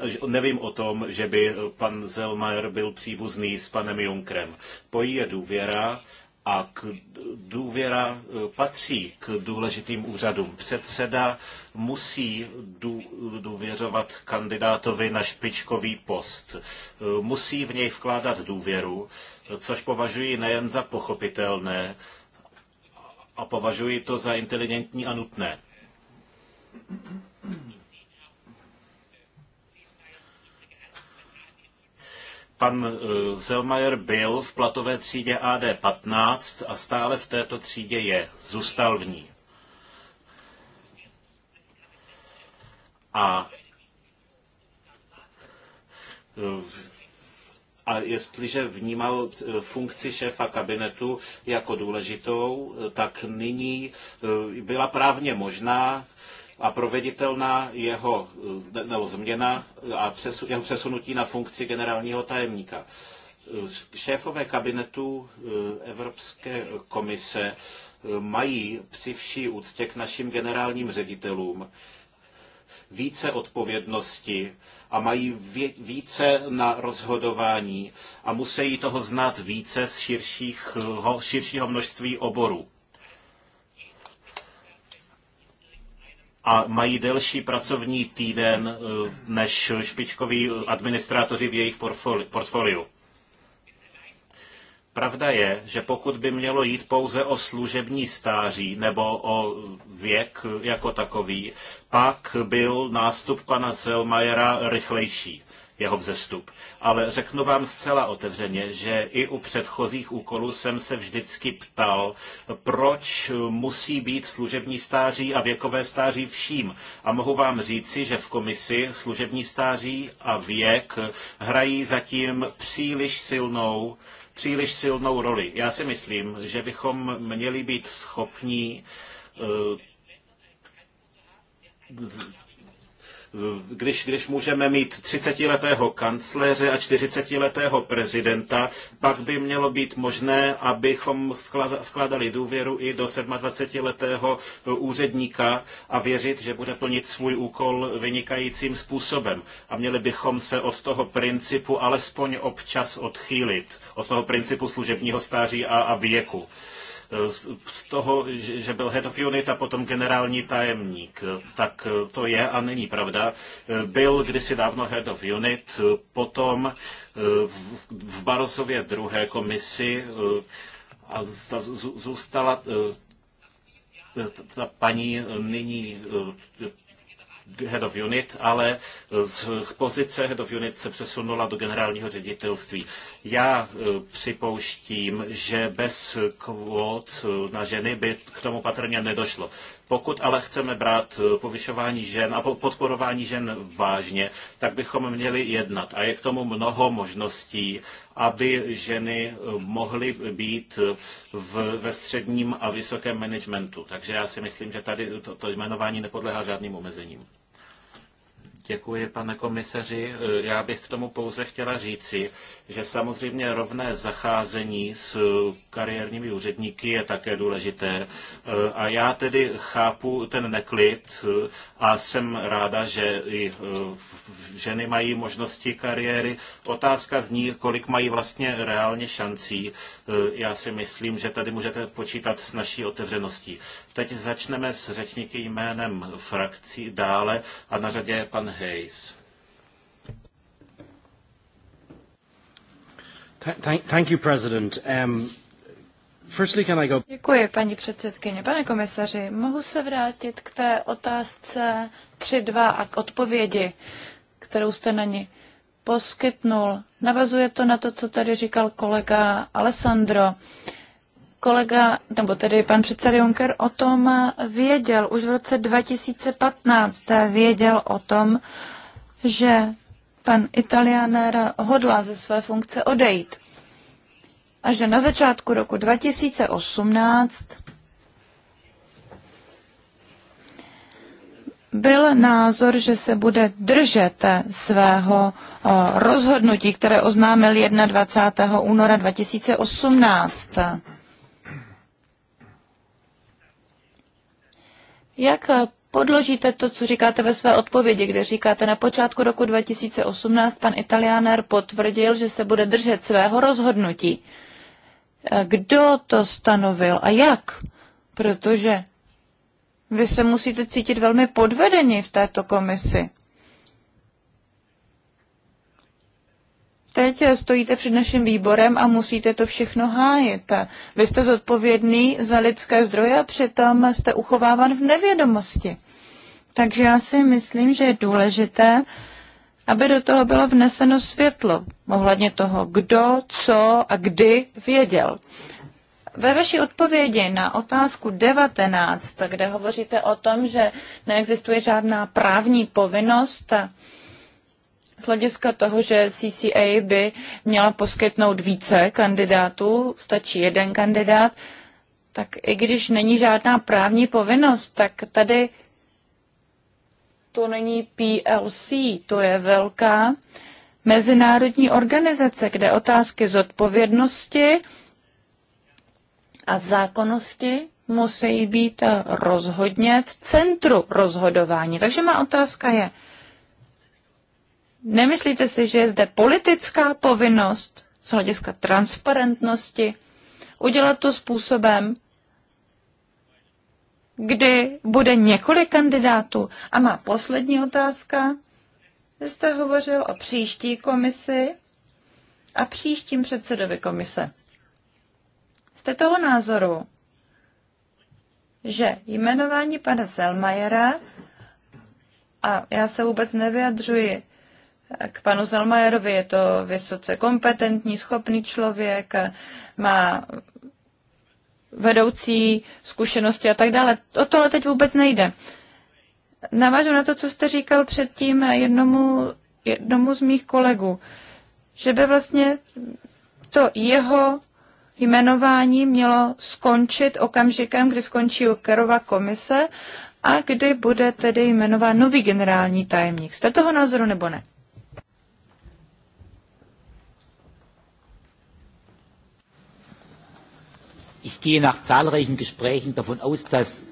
Eh, nevím o tom, že by pan Zelmayer byl příbuzný s panem Junkrem. Pojí je důvěra a k důvěra eh, patří k důležitým úřadům. Předseda musí důvěřovat kandidátovi na špičkový post. Musí v něj vkládat důvěru, což považuji nejen za pochopitelné, a považuji to za inteligentní a nutné. Pan eh, Zelmayer byl v platové třídě AD15 a stále v této třídě je. Zůstal v ní. A eh, a jestliže vnímal eh, funkci šéfa kabinetu jako důležitou, eh, tak nyní eh, byla právně možná a proveditelná jeho nebo změna a přesu, jeho přesunutí na funkci generálního tajemníka. Šéfové kabinetu Evropské komise mají při vší úctě k našim generálním ředitelům více odpovědnosti a mají více na rozhodování a musí toho znát více z širších, širšího množství oborů. a mají delší pracovní týden eh, než špičkoví administrátoři v jejich portfoliu. Pravda je, že pokud by mělo jít pouze o služební stáří nebo o věk jako takový, pak byl nástup pana Selmajera rychlejší jeho vzestup. Ale řeknu vám zcela otevřeně, že i u předchozích úkolů jsem se vždycky ptal, proč musí být služební stáří a věkové stáří vším. A mohu vám říci, že v komisi služební stáří a věk hrají zatím příliš silnou příliš silnou roli. Já si myslím, že bychom měli být schopní eh, když, když můžeme mít 30-letého kancléře a 40-letého prezidenta, pak by mělo být možné, abychom vkládali důvěru i do 27-letého úředníka a věřit, že bude plnit svůj úkol vynikajícím způsobem. A měli bychom se od toho principu alespoň občas odchýlit, od toho principu služebního stáří a, a věku z toho, že byl head of unit a potom generální tajemník. Tak to je a není pravda. Byl kdysi dávno head of unit, potom eh, v Barosově druhé komisi eh, a zůstala eh, ta paní nyní head of unit, ale z pozice head of unit se přesunula do generálního ředitelství. Já e, připouštím, že bez kvót e, na ženy by k tomu patrně nedošlo. Pokud ale chceme brát eh, povyšování žen a podporování žen vážně, tak bychom měli jednat. A je k tomu mnoho možností, aby ženy eh, mohly být eh, v, ve středním a vysokém managementu. Takže já si myslím, že tady to, to jmenování nepodléhá žádným omezením. Děkuji, pane komisaři. Eh, já bych k tomu pouze chtěla říci, že samozřejmě rovné zacházení s kariérními úředníky je také důležité. Eh, a já tedy chápu ten neklid eh, a jsem ráda, že i ženy mají možnosti kariéry. Otázka zní, kolik mají vlastně reálně šancí. Já si myslím, že tady můžete počítat s naší otevřeností. Teď začneme s řečníky jménem frakcí dále a na řadě je pan Hayes. Thank you, President. Um, firstly, can I go... Děkuji, paní předsedkyně. Pane komisaři, mohu se vrátit k té otázce 3.2 a k odpovědi, kterou jste na ní poskytnul. Navazuje to na to, co tady říkal kolega Alessandro. Uh, kolega, nebo tedy pan předseda Juncker o tom věděl už v roce 2015, věděl o tom, že pan Italianer hodlá ze své funkce odejít. A že na začátku roku 2018 byl názor, že se bude držet svého eh, rozhodnutí, které oznámil 21. února 2018. Jak eh, podložíte to, co říkáte ve své odpovědi, kde říkáte na počátku roku 2018 pan Italianer potvrdil, že se bude držet svého rozhodnutí. Eh, kdo to stanovil a jak? Protože vy se musíte cítit velmi podvedeni v této komisi. teď stojíte před naším výborem a musíte to všechno hájit. Vy jste zodpovědný za lidské zdroje a přitom jste uchováván v nevědomosti. Takže já si myslím, že je důležité, aby do toho bylo vneseno světlo ohledně toho, kdo, co a kdy věděl. Ve vaší odpovědi na otázku 19, kde hovoříte o tom, že neexistuje žádná právní povinnost, z hlediska toho, že CCA by měla poskytnout více kandidátů, stačí jeden kandidát, tak i když není žádná právní povinnost, tak tady to není PLC, to je velká mezinárodní organizace, kde otázky zodpovědnosti a zákonnosti musí být rozhodně v centru rozhodování. Takže má otázka je, Nemyslíte si, že je zde politická povinnost z hlediska transparentnosti udělat to způsobem, kdy bude několik kandidátů? A má poslední otázka. Vy jste hovořil o příští komisi a příštím předsedovi komise. Jste toho názoru, že jmenování pana Selmajera, a já se vůbec nevyjadřuji k panu Zalmajerovi. Je to vysoce kompetentní, schopný člověk, má vedoucí zkušenosti a tak dále. O tohle teď vůbec nejde. Navážu na to, co jste říkal předtím jednomu, jednomu z mých kolegů, že by vlastně to jeho jmenování mělo skončit okamžikem, kdy skončí Kerova komise a kdy bude tedy jmenován nový generální tajemník. Jste toho názoru nebo ne? Ich gehe nach zahlreichen Gesprächen davon aus, dass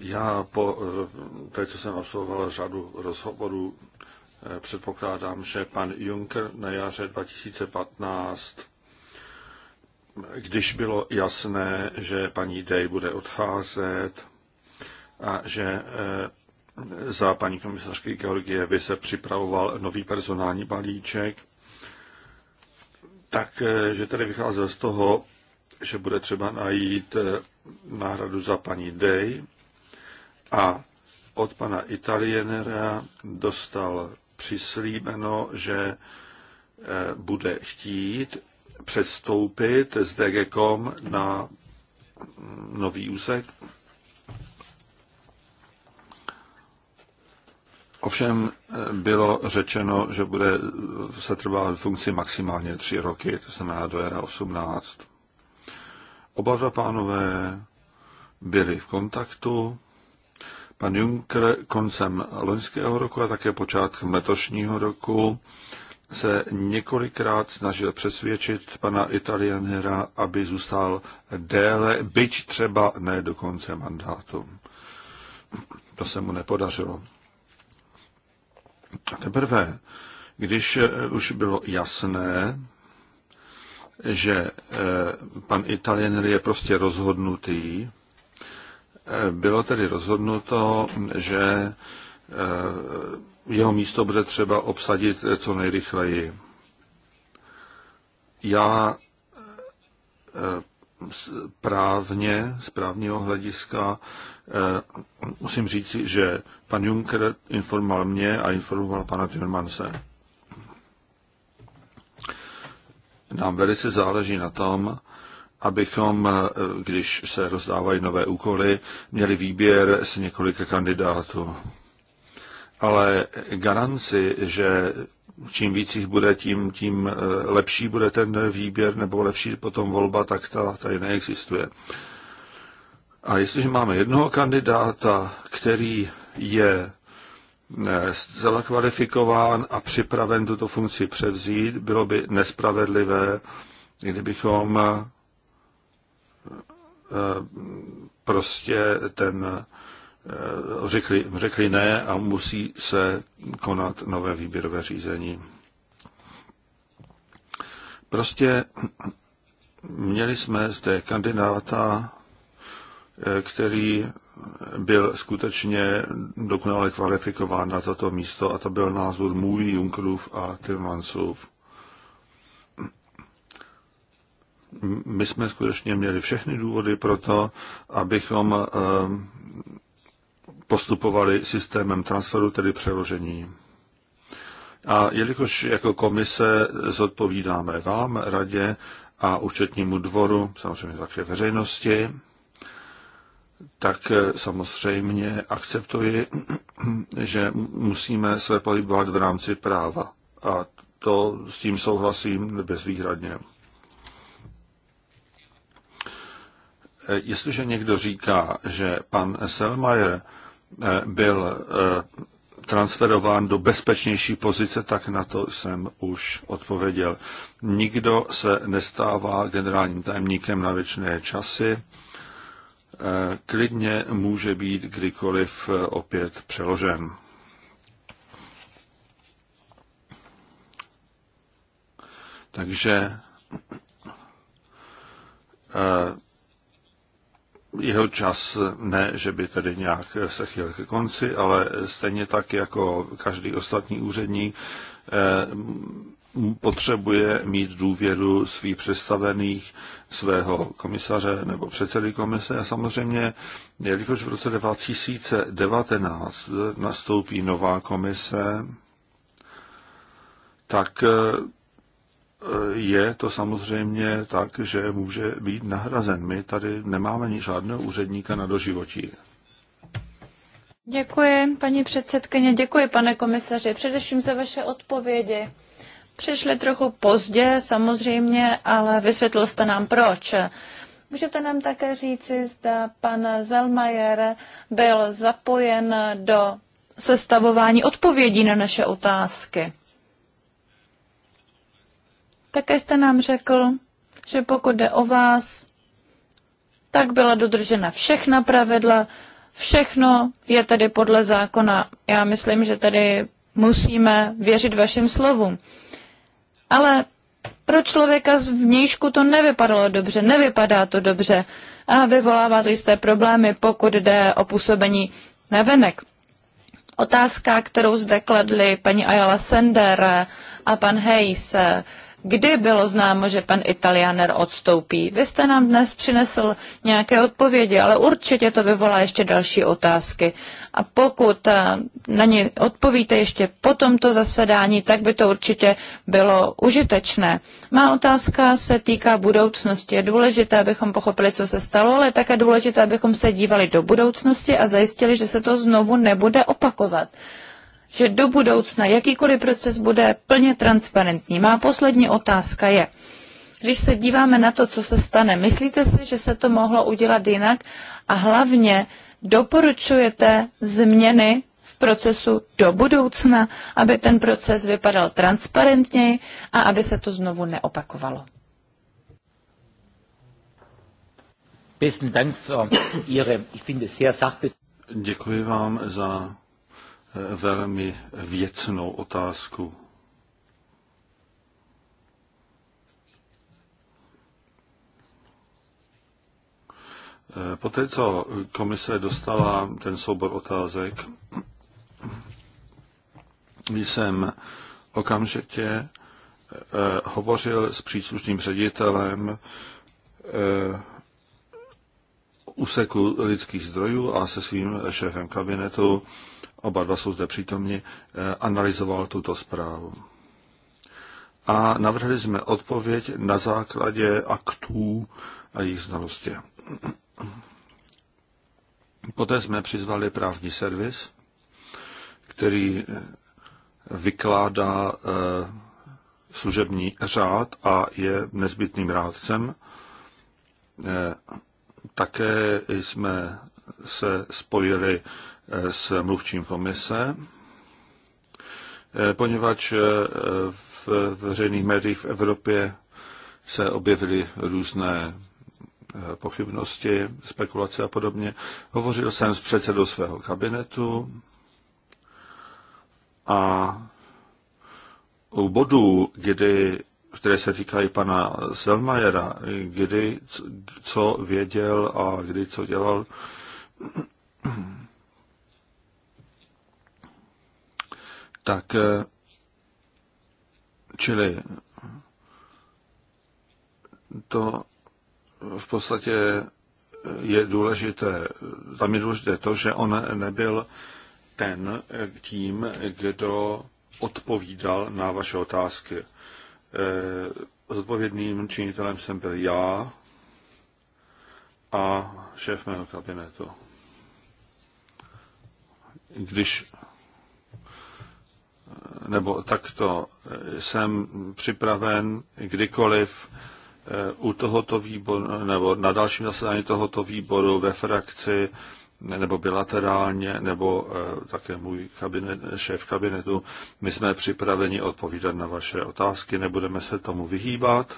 já po eh, té, co jsem absolvoval řadu rozhovorů, eh, předpokládám, že pan Juncker na jaře 2015, když bylo jasné, že paní Day bude odcházet a že eh, za paní komisařky by se připravoval nový personální balíček, tak že tedy vycházel z toho, že bude třeba najít eh, náhradu za paní Day a od pana Italienera dostal přislíbeno, že eh, bude chtít přestoupit z DGCOM na mm, nový úsek. Ovšem eh, bylo řečeno, že bude se trvat funkci maximálně tři roky, to znamená do 18. Oba dva pánové byli v kontaktu. Pan Juncker koncem loňského roku a také počátkem letošního roku se několikrát snažil přesvědčit pana Italianera, aby zůstal déle, byť třeba ne do konce mandátu. To se mu nepodařilo. A teprve, když už bylo jasné, že eh, pan Italien je prostě rozhodnutý. Eh, bylo tedy rozhodnuto, že eh, jeho místo bude třeba obsadit co nejrychleji. Já právně, z právního hlediska, musím říci, že pan Juncker informoval mě a informoval pana Timmermanse. nám velice záleží na tom, abychom, eh, když se rozdávají nové úkoly, měli výběr z několika kandidátů. Ale garanci, že čím víc jich bude, tím, tím eh, lepší bude ten výběr nebo lepší potom volba, tak ta tady neexistuje. A jestliže máme jednoho kandidáta, který je zcela kvalifikován a připraven tuto funkci převzít. Bylo by nespravedlivé, kdybychom eh, prostě ten eh, řekli, řekli ne a musí se konat nové výběrové řízení. Prostě měli jsme zde kandidáta, eh, který byl skutečně dokonale kvalifikován na toto místo a to byl názor můj, Junkerův a Tilmansův. My jsme skutečně měli všechny důvody pro to, abychom eh, postupovali systémem transferu, tedy přeložení. A jelikož jako komise zodpovídáme vám, radě a účetnímu dvoru, samozřejmě také veřejnosti, tak eh, samozřejmě akceptuji, že musíme se pohybovat v rámci práva. A to s tím souhlasím bezvýhradně. Eh, jestliže někdo říká, že pan Selmayr eh, byl transferován do bezpečnější pozice, tak na to jsem už odpověděl. Nikdo se nestává generálním tajemníkem na věčné časy Eh, klidně může být kdykoliv eh, opět přeložen. Takže eh, jeho čas ne, že by tedy nějak se chyl ke konci, ale stejně tak jako každý ostatní úředník potřebuje mít důvěru svých představených, svého komisaře nebo předsedy komise a samozřejmě, jelikož v roce 2019 nastoupí nová komise, tak e, je to samozřejmě tak, že může být nahrazen. My tady nemáme žádného úředníka na doživotí. Děkuji, paní předsedkyně, děkuji, pane komisaři, především za vaše odpovědi přišli trochu pozdě samozřejmě, ale vysvětlil jste nám proč. Můžete nám také říci, zda pan Zelmajer byl zapojen do sestavování odpovědí na naše otázky. Také jste nám řekl, že pokud jde o vás, tak byla dodržena všechna pravidla, všechno je tedy podle zákona. Já myslím, že tedy musíme věřit vašim slovům ale pro člověka z vnějšku to nevypadalo dobře, nevypadá to dobře a vyvolává to jisté problémy, pokud jde o působení venek. Otázka, kterou zde kladli paní Ayala Sender a pan Hayes, kdy bylo známo, že pan Italianer odstoupí. Vy jste nám dnes přinesl nějaké odpovědi, ale určitě to vyvolá ještě další otázky. A pokud eh, na ně odpovíte ještě po tomto zasedání, tak by to určitě bylo užitečné. Má otázka se týká budoucnosti. Je důležité, abychom pochopili, co se stalo, ale je také důležité, abychom se dívali do budoucnosti a zajistili, že se to znovu nebude opakovat že do budoucna jakýkoliv proces bude plně transparentní. Má poslední otázka je, když se díváme na to, co se stane, myslíte si, že se to mohlo udělat jinak a hlavně doporučujete změny v procesu do budoucna, aby ten proces vypadal transparentněji a aby se to znovu neopakovalo? Děkuji vám za velmi věcnou otázku. Poté, co komise dostala ten soubor otázek, jsem okamžitě eh, hovořil s příslušným ředitelem eh, úseku lidských zdrojů a se svým šéfem kabinetu oba dva jsou zde přítomni, eh, analyzoval tuto zprávu. A navrhli jsme odpověď na základě aktů a jejich znalosti. Poté jsme přizvali právní servis, který eh, vykládá eh, služební řád a je nezbytným rádcem. Také jsme se spojili s mluvčím komise, eh, poněvadž eh, v veřejných médiích v Evropě se objevily různé eh, pochybnosti, spekulace a podobně. Hovořil jsem s předsedou svého kabinetu a u bodů, kdy, které se týkají pana Selmajera, kdy co věděl a kdy co dělal, tak eh, čili to v podstatě je důležité, tam je důležité to, že on nebyl ten eh, tím, kdo odpovídal na vaše otázky. Eh, zodpovědným činitelem jsem byl já a šéf mého kabinetu. Když nebo takto eh, jsem připraven kdykoliv eh, u tohoto výboru nebo na dalším zasedání tohoto výboru ve frakci nebo bilaterálně, nebo eh, také můj kabinet, šéf kabinetu. My jsme připraveni odpovídat na vaše otázky, nebudeme se tomu vyhýbat,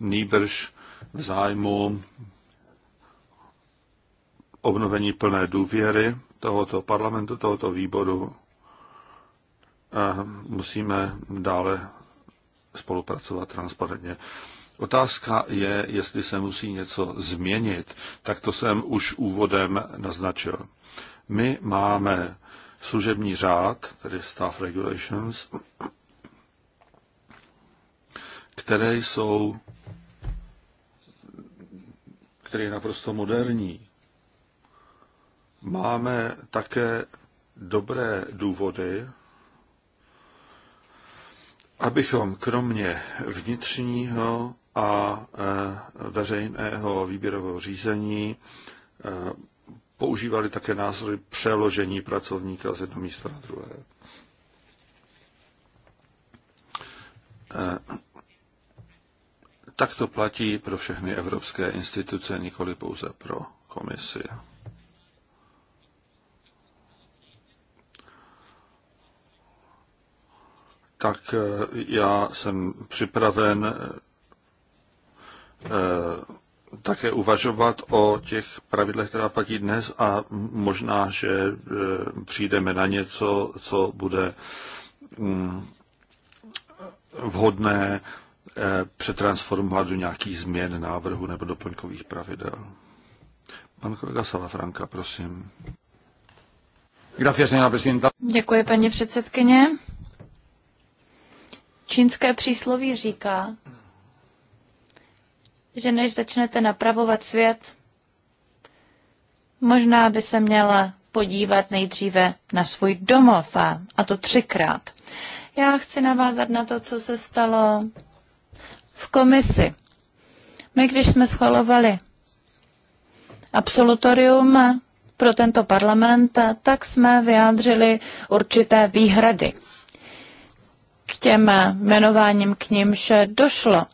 nýbrž v zájmu obnovení plné důvěry tohoto parlamentu, tohoto výboru musíme dále spolupracovat transparentně. Otázka je, jestli se musí něco změnit, tak to jsem už úvodem naznačil. My máme služební řád, tedy staff regulations, které jsou který je naprosto moderní. Máme také dobré důvody, abychom kromě vnitřního a e, veřejného výběrového řízení e, používali také názory přeložení pracovníka z jednoho místa na druhé. E, tak to platí pro všechny evropské instituce, nikoli pouze pro komisi. tak eh, já jsem připraven eh, také uvažovat o těch pravidlech, která platí dnes a možná, že eh, přijdeme na něco, co bude mm, vhodné přetransformovat do nějakých změn návrhu nebo doplňkových pravidel. Pan kolega Salafranka, prosím. Děkuji, paní předsedkyně. Čínské přísloví říká, že než začnete napravovat svět, možná by se měla podívat nejdříve na svůj domov a, a to třikrát. Já chci navázat na to, co se stalo v komisi. My, když jsme schvalovali absolutorium pro tento parlament, tak jsme vyjádřili určité výhrady těm jmenováním, k nímž došlo.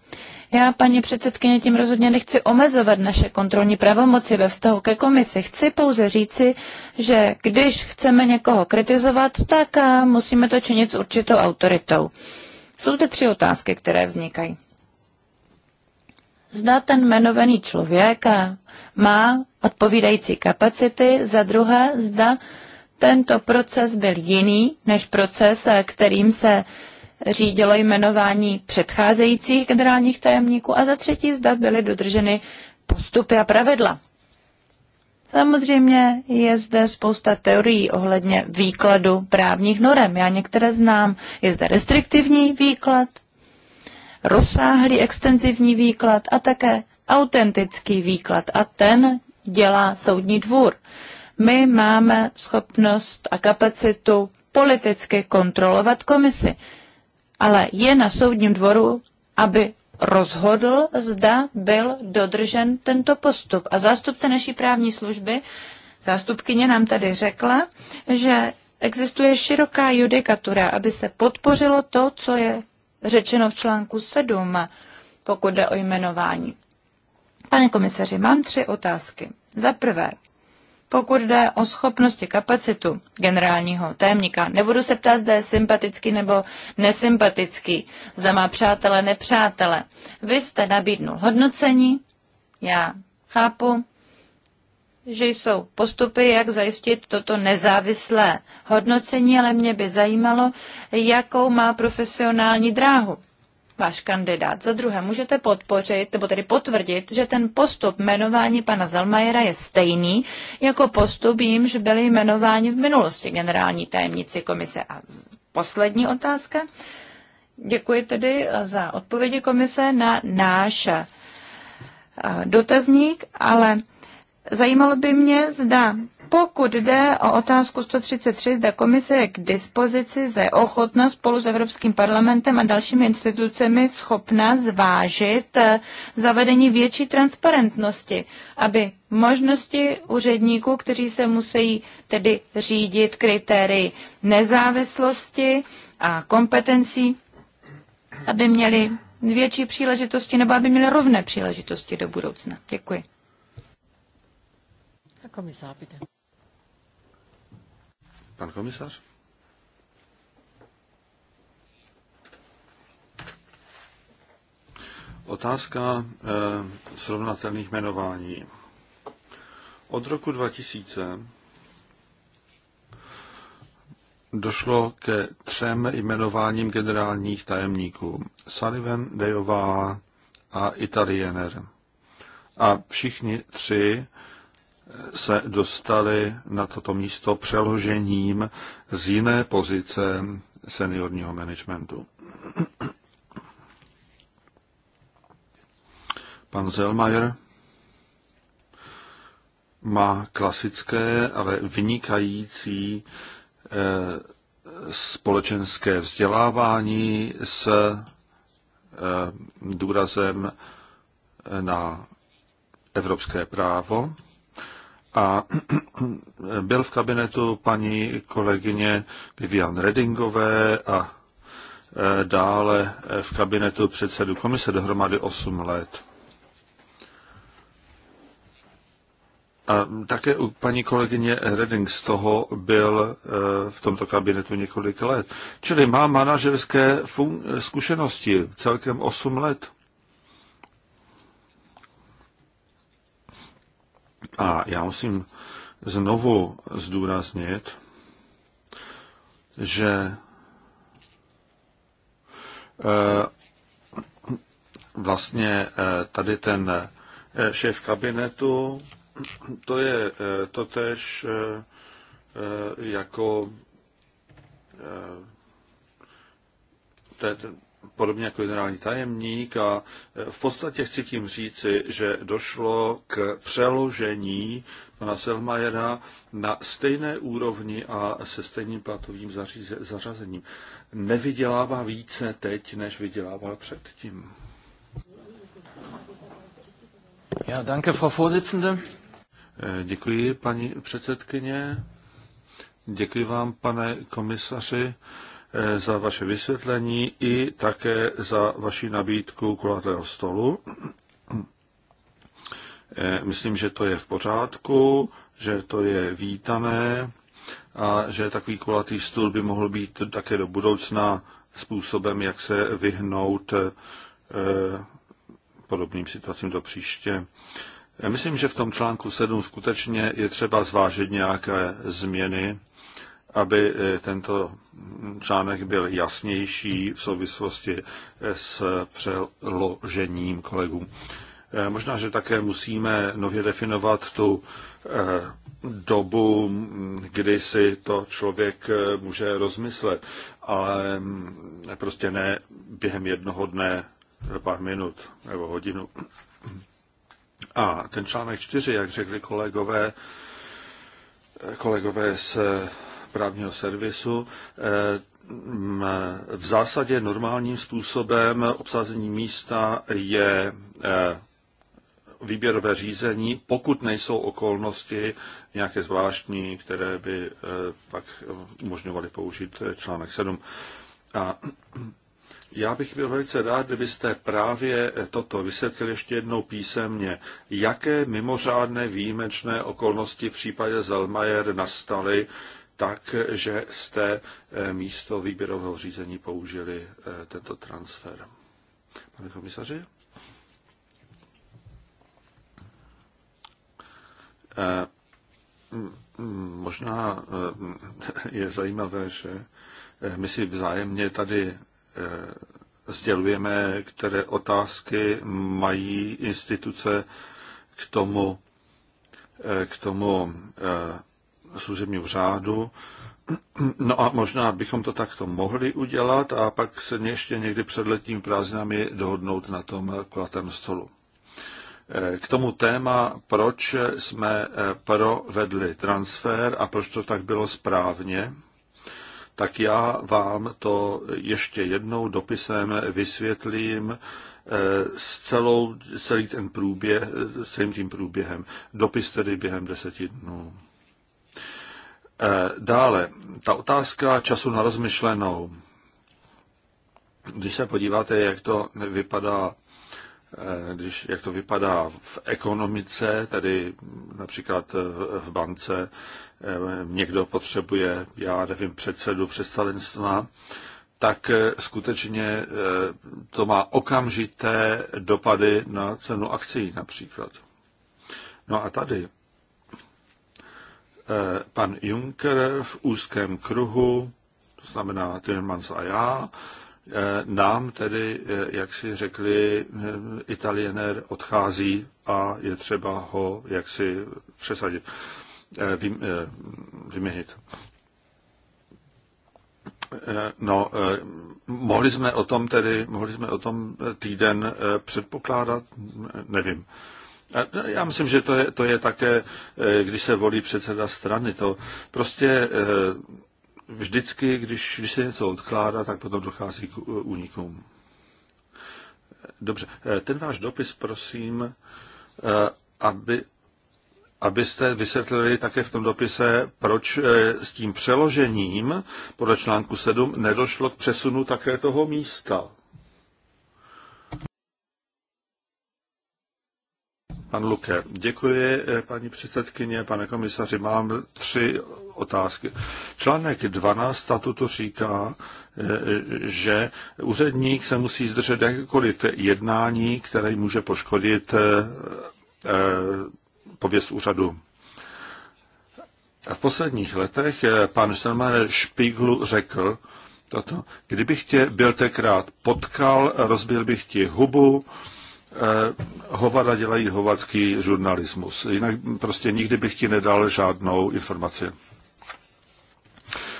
Já, paní předsedkyně, tím rozhodně nechci omezovat naše kontrolní pravomoci ve vztahu ke komisi. Chci pouze říci, že když chceme někoho kritizovat, tak eh, musíme to činit s určitou autoritou. Jsou to tři otázky, které vznikají. Zda ten jmenovaný člověk eh, má odpovídající kapacity, za druhé, zda tento proces byl jiný než proces, eh, kterým se řídilo jmenování předcházejících generálních tajemníků a za třetí zda byly dodrženy postupy a pravidla. Samozřejmě je zde spousta teorií ohledně výkladu právních norem. Já některé znám. Je zde restriktivní výklad, rozsáhlý extenzivní výklad a také autentický výklad. A ten dělá soudní dvůr. My máme schopnost a kapacitu politicky kontrolovat komisi ale je na soudním dvoru, aby rozhodl, zda byl dodržen tento postup. A zástupce naší právní služby, zástupkyně nám tady řekla, že existuje široká judikatura, aby se podpořilo to, co je řečeno v článku 7, pokud jde o jmenování. Pane komisaři, mám tři otázky. Za prvé, pokud jde o schopnosti kapacitu generálního tajemníka, nebudu se ptát, zda je sympatický nebo nesympatický, zda má přátele, nepřátele. Vy jste nabídnul hodnocení, já chápu, že jsou postupy, jak zajistit toto nezávislé hodnocení, ale mě by zajímalo, jakou má profesionální dráhu váš kandidát. Za druhé, můžete podpořit, nebo tedy potvrdit, že ten postup jmenování pana Zalmajera je stejný jako postup, že byli jmenováni v minulosti generální tajemníci komise. A poslední otázka. Děkuji tedy za odpovědi komise na náš eh, dotazník, ale zajímalo by mě, zda pokud jde o otázku 133, zda komise je k dispozici, zda je ochotna spolu s Evropským parlamentem a dalšími institucemi schopna zvážit eh, zavedení větší transparentnosti, aby možnosti úředníků, kteří se musí tedy řídit kritérii nezávislosti a kompetencí, aby měli větší příležitosti nebo aby měli rovné příležitosti do budoucna. Děkuji. Herr Kommissar, bitte. Pan komisař? Otázka e, srovnatelných jmenování. Od roku 2000 došlo ke třem jmenováním generálních tajemníků. Sullivan, Dejová a Italiener. A všichni tři se dostali na toto místo přeložením z jiné pozice seniorního managementu. Pan Zelmayer má klasické, ale vynikající eh, společenské vzdělávání s eh, důrazem na evropské právo a byl v kabinetu paní kolegyně Vivian Redingové a e, dále e, v kabinetu předsedu komise dohromady 8 let. A také u paní kolegyně Redding z toho byl e, v tomto kabinetu několik let. Čili má manažerské zkušenosti, celkem 8 let. A já musím znovu zdůraznit, že eh, vlastně eh, tady ten eh, šéf kabinetu, to je totež jako podobně jako generální tajemník a e, v podstatě chci tím říci, že došlo k přeložení pana Selmajera na stejné úrovni a se stejným platovým zaříze, zařazením. Nevydělává více teď, než vydělával předtím. Ja, danke, Frau Vorsitzende. E, děkuji, paní předsedkyně. Děkuji vám, pane komisaři. Eh, za vaše vysvětlení i také za vaši nabídku kulatého stolu. Eh, myslím, že to je v pořádku, že to je vítané a že takový kulatý stůl by mohl být také do budoucna způsobem, jak se vyhnout eh, podobným situacím do příště. Myslím, že v tom článku 7 skutečně je třeba zvážit nějaké změny aby eh, tento článek byl jasnější v souvislosti eh, s přeložením kolegů. Eh, možná, že také musíme nově definovat tu dobu, kdy si to člověk může rozmyslet, ale mm, prostě ne během jednoho dne, pár minut nebo hodinu. A ten článek čtyři, jak řekli kolegové, kolegové se právního servisu eh, v zásadě normálním způsobem obsazení místa je eh, výběrové řízení, pokud nejsou okolnosti nějaké zvláštní, které by eh, pak umožňovaly použít článek 7. A já bych byl velice rád, kdybyste právě toto vysvětlil ještě jednou písemně. Jaké mimořádné výjimečné okolnosti v případě Zelmajer nastaly, tak, že jste eh, místo výběrového řízení použili eh, tento transfer. Pane komisaři? Eh, možná je zajímavé, že my si vzájemně tady sdělujeme, které otázky mají instituce k tomu, k tomu služebního řádu. No a možná bychom to takto mohli udělat a pak se ještě někdy před letním prázdninami dohodnout na tom kulatém stolu. Eh, k tomu téma, proč jsme eh, provedli transfer a proč to tak bylo správně, tak já vám to ještě jednou dopisem vysvětlím eh, s celou, celý ten průběh, s celým tím průběhem. Dopis tedy během deseti dnů. Eh, dále, ta otázka času na rozmyšlenou. Když se podíváte, jak to vypadá eh, když, jak to vypadá v ekonomice, tedy například v bance, eh, někdo potřebuje, já nevím, předsedu představenstva, tak skutečně to má okamžité dopady na cenu akcí například. No a tady Eh, pan Juncker v úzkém kruhu, to znamená Timmermans a já, eh, nám tedy, eh, jak si řekli, Italiener odchází a je třeba ho jak si přesadit, vyměnit. No, mohli jsme o tom tedy, mohli jsme o tom týden předpokládat, nevím. No, já myslím, že to je, to je také, eh, když se volí předseda strany. To prostě eh, vždycky, když, když se něco odkládá, tak potom dochází k eh, únikům. Dobře, ten váš dopis, prosím, aby, abyste vysvětlili také v tom dopise, proč s tím přeložením podle článku 7 nedošlo k přesunu také toho místa. Pan Luke, děkuji, eh, paní předsedkyně, pane komisaři. Mám tři otázky. Článek 12 statutu říká, eh, že úředník se musí zdržet jakékoliv jednání, které může poškodit eh, pověst úřadu. A v posledních letech pan Selman Špíglu řekl toto. Kdybych tě byl tenkrát potkal, rozbil bych ti hubu, Eh, hovada dělají hovadský žurnalismus. Jinak prostě nikdy bych ti nedal žádnou informaci.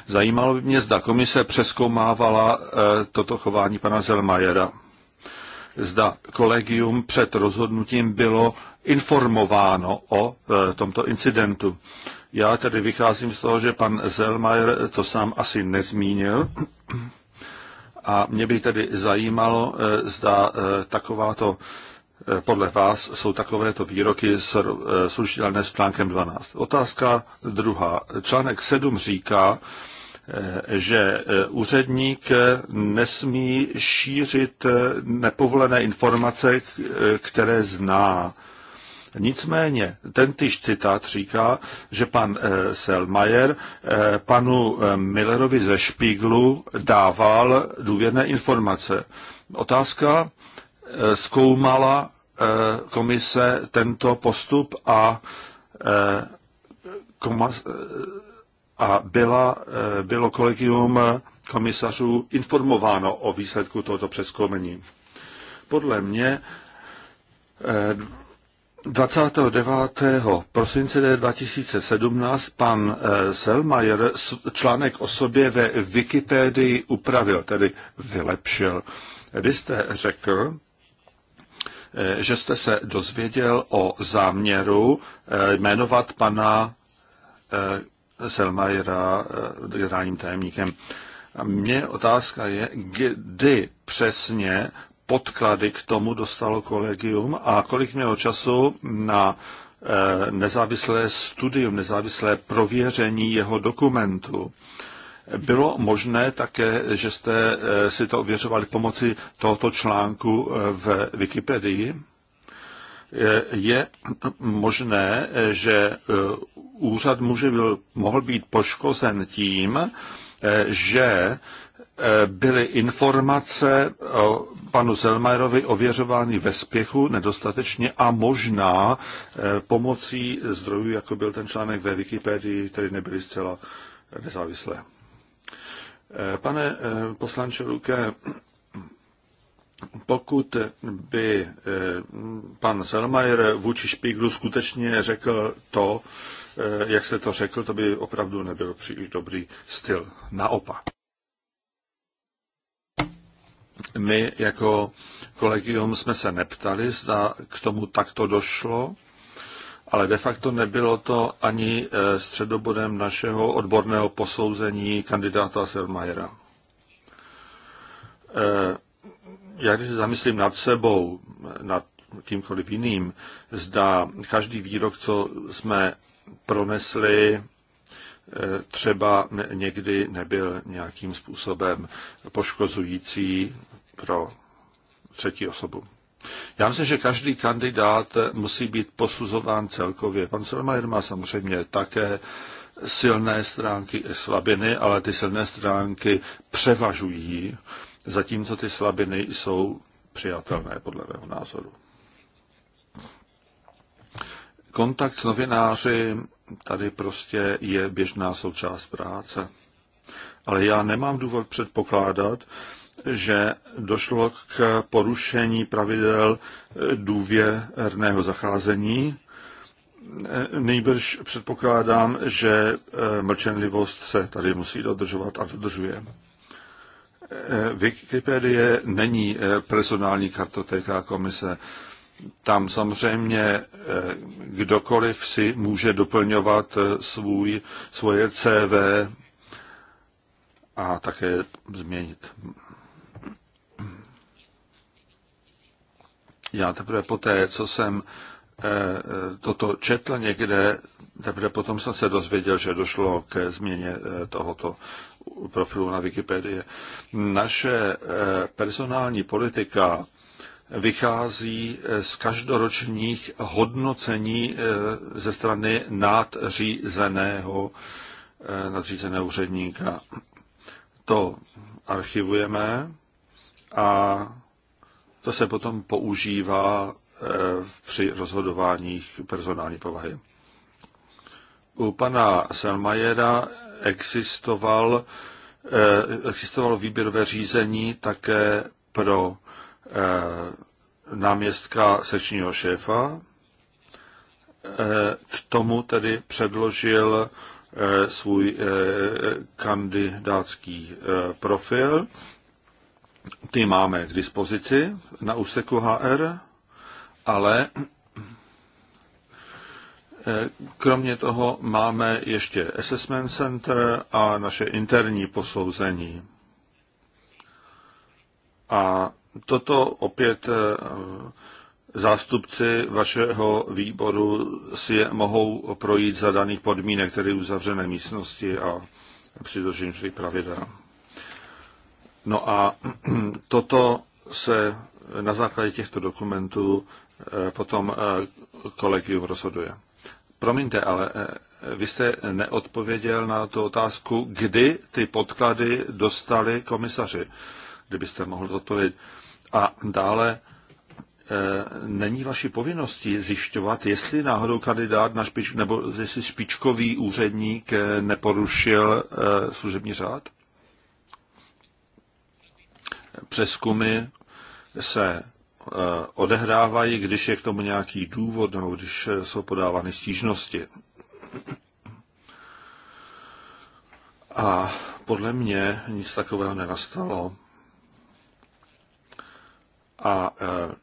Zajímalo by mě, zda komise přeskoumávala eh, toto chování pana Zelmajera. Zda kolegium před rozhodnutím bylo informováno o eh, tomto incidentu. Já tedy vycházím z toho, že pan Zelmajer to sám asi nezmínil, a mě by tedy zajímalo, eh, zda eh, takováto, eh, podle vás, jsou takovéto výroky slučitelné s článkem 12. Otázka druhá. Článek 7 říká, že úředník nesmí šířit nepovolené informace, které zná. Nicméně ten tyž citát říká, že pan eh, Selmayr eh, panu eh, Millerovi ze Špíglu dával důvěrné informace. Otázka zkoumala komise tento postup a, a byla, bylo kolegium komisařů informováno o výsledku tohoto přeskoumení. Podle mě 29. prosince 2017 pan eh, Selmayr článek o sobě ve Wikipedii upravil, tedy vylepšil. Vy jste řekl, eh, že jste se dozvěděl o záměru eh, jmenovat pana Selmayra generálním tajemníkem. Mě otázka je, kdy přesně podklady k tomu dostalo kolegium a kolik mělo času na eh, nezávislé studium, nezávislé prověření jeho dokumentu. Bylo možné také, že jste eh, si to ověřovali pomocí tohoto článku eh, v Wikipedii? Je možné, že úřad může byl, mohl být poškozen tím, že Eh, byly informace o panu Zelmajerovi ověřovány ve spěchu nedostatečně a možná eh, pomocí zdrojů, jako byl ten článek ve Wikipedii, který nebyly zcela nezávislé. Eh, pane poslanče Luke, pokud by pan Selmayr vůči Špíglu skutečně řekl to, jak se to řekl, to by opravdu nebyl příliš dobrý styl. Naopak my jako kolegium jsme se neptali, zda k tomu takto došlo, ale de facto nebylo to ani eh, středobodem našeho odborného posouzení kandidáta Selmajera. Eh, já když se zamyslím nad sebou, nad kýmkoliv jiným, zda každý výrok, co jsme pronesli, eh, třeba někdy nebyl nějakým způsobem poškozující pro třetí osobu. Já myslím, že každý kandidát musí být posuzován celkově. Pan Selmajer má samozřejmě také silné stránky i slabiny, ale ty silné stránky převažují, zatímco ty slabiny jsou přijatelné podle mého názoru. Kontakt s novináři tady prostě je běžná součást práce. Ale já nemám důvod předpokládat, že došlo k porušení pravidel důvěrného zacházení. Nejbrž předpokládám, že eh, mlčenlivost se tady musí dodržovat a dodržuje. Eh, Wikipedie není eh, personální kartotéka komise. Tam samozřejmě kdokoliv si může doplňovat svůj, svoje CV a také změnit Já teprve poté, co jsem eh, eh, toto četl někde, teprve potom jsem se dozvěděl, že došlo ke změně eh, tohoto profilu na Wikipedii. Naše personální politika vychází z každoročních hodnocení ze strany nadřízeného, nadřízeného úředníka. To archivujeme a to se potom používá eh, při rozhodováních personální povahy. U pana Selmajera existoval, eh, existoval výběrové řízení také pro eh, náměstka sečního šéfa. K tomu tedy předložil svůj kandidátský profil ty máme k dispozici na úseku HR, ale eh, kromě toho máme ještě Assessment Center a naše interní posouzení. A toto opět eh, zástupci vašeho výboru si je mohou projít za daných podmínek, tedy uzavřené místnosti a při pravidel. No a toto se na základě těchto dokumentů eh, potom eh, kolegium rozhoduje. Promiňte, ale eh, vy jste neodpověděl na tu otázku, kdy ty podklady dostali komisaři, kdybyste mohl odpovědět. A dále, není vaší povinností zjišťovat, jestli náhodou kandidát na špič, nebo jestli špičkový úředník neporušil služební řád? přeskumy se eh, odehrávají, když je k tomu nějaký důvod nebo když eh, jsou podávány stížnosti. A podle mě nic takového nenastalo. A eh,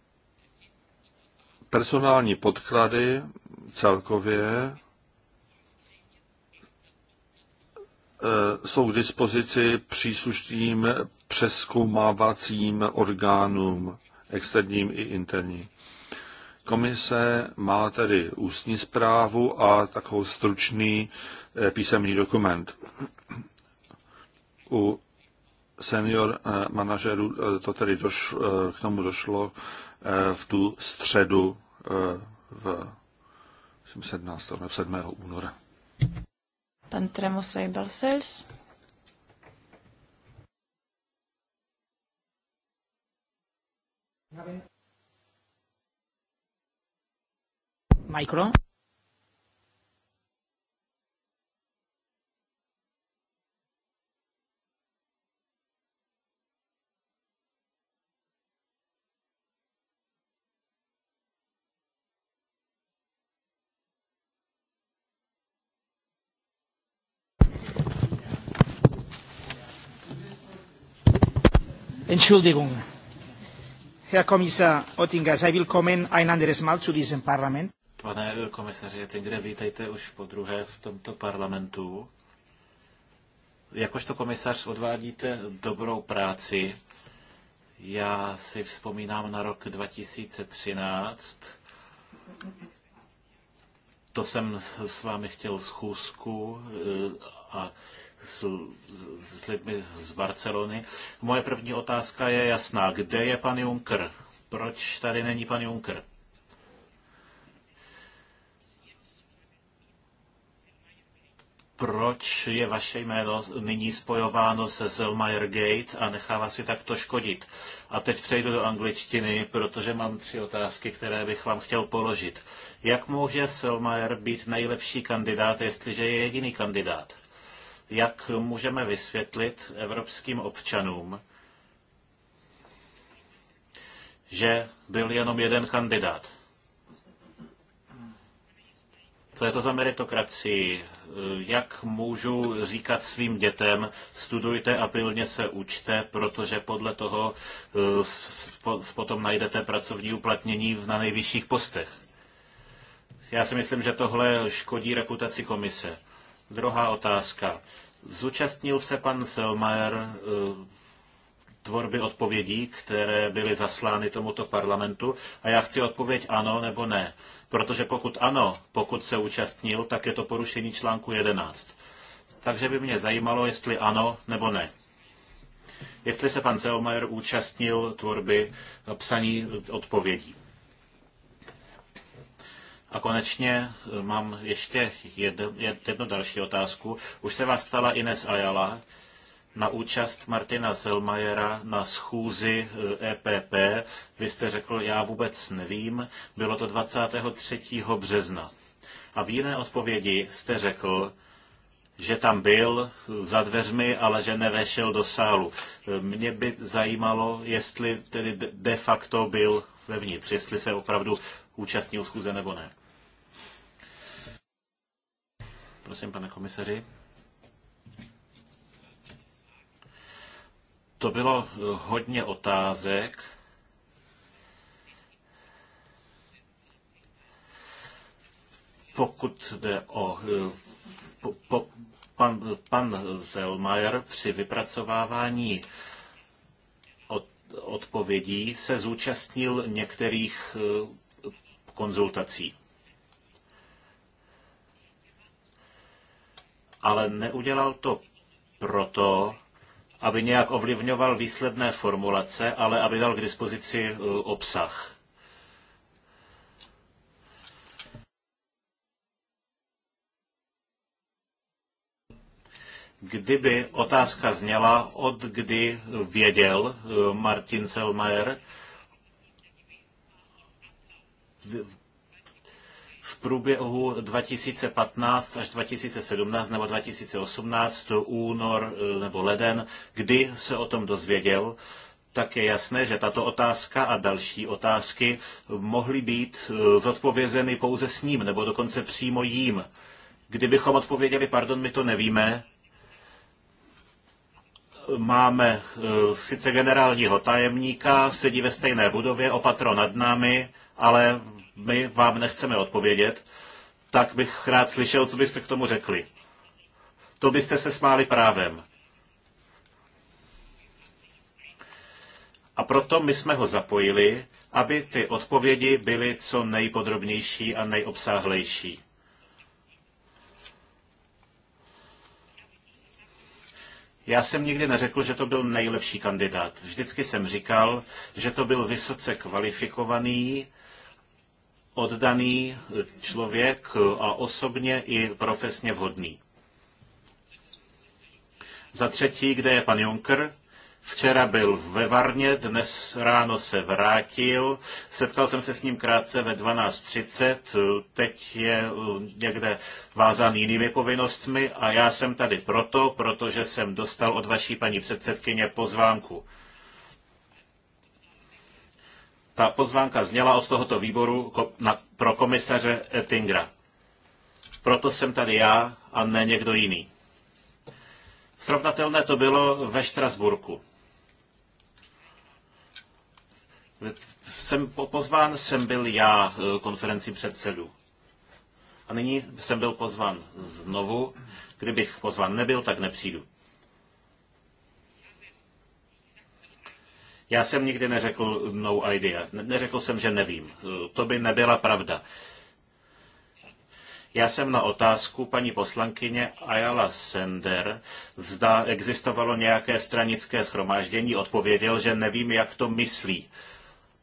personální podklady celkově E, jsou k dispozici příslušným přeskoumávacím orgánům, externím i interním. Komise má tedy ústní zprávu a takovou stručný e, písemný dokument. U senior e, manažerů to tedy došlo, k tomu došlo v tu středu v 17. 7. února. Pan Tremosej Balsels. Micro. Entschuldigung. Herr Kommissar Oettinger, sei willkommen ein anderes Mal zu diesem Parlament. Pane komisaři Oettinger, vítejte už po druhé v tomto parlamentu. Jakožto komisař odvádíte dobrou práci. Já si vzpomínám na rok 2013. To jsem s vámi chtěl schůzku eh, a s, s, s lidmi z Barcelony. Moje první otázka je jasná. Kde je pan Juncker? Proč tady není pan Juncker? proč je vaše jméno nyní spojováno se Zellmeyer Gate a nechává si takto škodit. A teď přejdu do angličtiny, protože mám tři otázky, které bych vám chtěl položit. Jak může Selmayer být nejlepší kandidát, jestliže je jediný kandidát? jak můžeme vysvětlit evropským občanům, že byl jenom jeden kandidát. Co je to za meritokracii? Jak můžu říkat svým dětem, studujte a pilně se učte, protože podle toho eh, potom najdete pracovní uplatnění na nejvyšších postech? Já si myslím, že tohle škodí reputaci komise. Druhá otázka. Zúčastnil se pan Selmayr eh, tvorby odpovědí, které byly zaslány tomuto parlamentu a já chci odpověď ano nebo ne. Protože pokud ano, pokud se účastnil, tak je to porušení článku 11. Takže by mě zajímalo, jestli ano nebo ne. Jestli se pan Selmayr účastnil tvorby eh, psaní odpovědí. A konečně eh, mám ještě jednu, jednu další otázku. Už se vás ptala Ines Ayala na účast Martina Zelmajera na schůzi EPP. Eh, e Vy jste řekl, já vůbec nevím, bylo to 23. března. A v jiné odpovědi jste řekl, že tam byl eh, za dveřmi, ale že nevešel do sálu. Mě by zajímalo, jestli tedy de facto byl vevnitř, jestli se opravdu účastnil schůze nebo ne. Prosím, pane komisaři. To bylo eh, hodně otázek. Pokud jde o eh, po, po, pan, pan Zellmayer při vypracovávání od, odpovědí se zúčastnil některých eh, konzultací. ale neudělal to proto, aby nějak ovlivňoval výsledné formulace, ale aby dal k dispozici uh, obsah. Kdyby otázka zněla, od kdy věděl uh, Martin Selmayr, v průběhu 2015 až 2017 nebo 2018, únor eh, nebo leden, kdy se o tom dozvěděl, tak je jasné, že tato otázka a další otázky mohly být eh, zodpovězeny pouze s ním, nebo dokonce přímo jím. Kdybychom odpověděli, pardon, my to nevíme, máme eh, sice generálního tajemníka, sedí ve stejné budově, opatro nad námi, ale my vám nechceme odpovědět, tak bych rád slyšel, co byste k tomu řekli. To byste se smáli právem. A proto my jsme ho zapojili, aby ty odpovědi byly co nejpodrobnější a nejobsáhlejší. Já jsem nikdy neřekl, že to byl nejlepší kandidát. Vždycky jsem říkal, že to byl vysoce kvalifikovaný oddaný člověk a osobně i profesně vhodný. Za třetí, kde je pan Juncker? Včera byl ve Varně, dnes ráno se vrátil. Setkal jsem se s ním krátce ve 12.30, teď je uh, někde vázán jinými povinnostmi a já jsem tady proto, protože jsem dostal od vaší paní předsedkyně pozvánku. Ta pozvánka zněla od tohoto výboru pro komisaře Ettingera. Proto jsem tady já a ne někdo jiný. Srovnatelné to bylo ve Štrasburku. Jsem pozván jsem byl já e, konferenci předsedů. A nyní jsem byl pozván znovu. Kdybych pozván nebyl, tak nepřijdu. Já jsem nikdy neřekl no idea. Neřekl jsem, že nevím. Eh, to by nebyla pravda. Já jsem na otázku paní poslankyně Ayala Sender, zda existovalo nějaké stranické schromáždění, odpověděl, že nevím, jak to myslí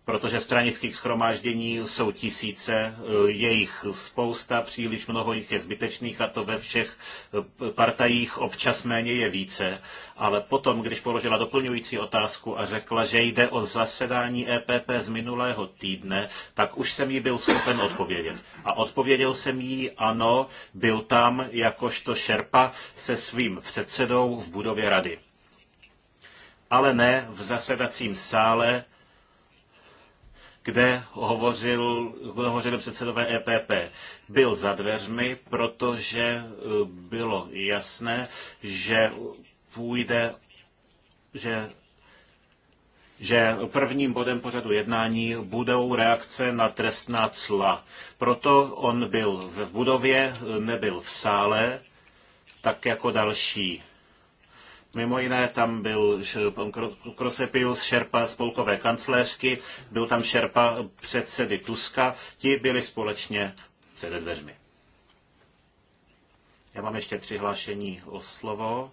protože stranických schromáždění jsou tisíce, eh, je jich spousta, příliš mnoho jich je zbytečných a to ve všech eh, partajích občas méně je více. Ale potom, když položila doplňující otázku a řekla, že jde o zasedání EPP z minulého týdne, tak už jsem jí byl schopen odpovědět. A odpověděl jsem jí, ano, byl tam jakožto šerpa se svým předsedou v budově rady. Ale ne v zasedacím sále, kde hovořil, kde hovořili předsedové EPP. Byl za dveřmi, protože eh, bylo jasné, že půjde, že že prvním bodem pořadu jednání budou reakce na trestná cla. Proto on byl v budově, nebyl v sále, tak jako další. Mimo jiné tam byl Krosepius šerpa spolkové kancléřky, byl tam šerpa předsedy Tuska, ti byli společně před dveřmi. Já mám ještě tři hlášení o slovo.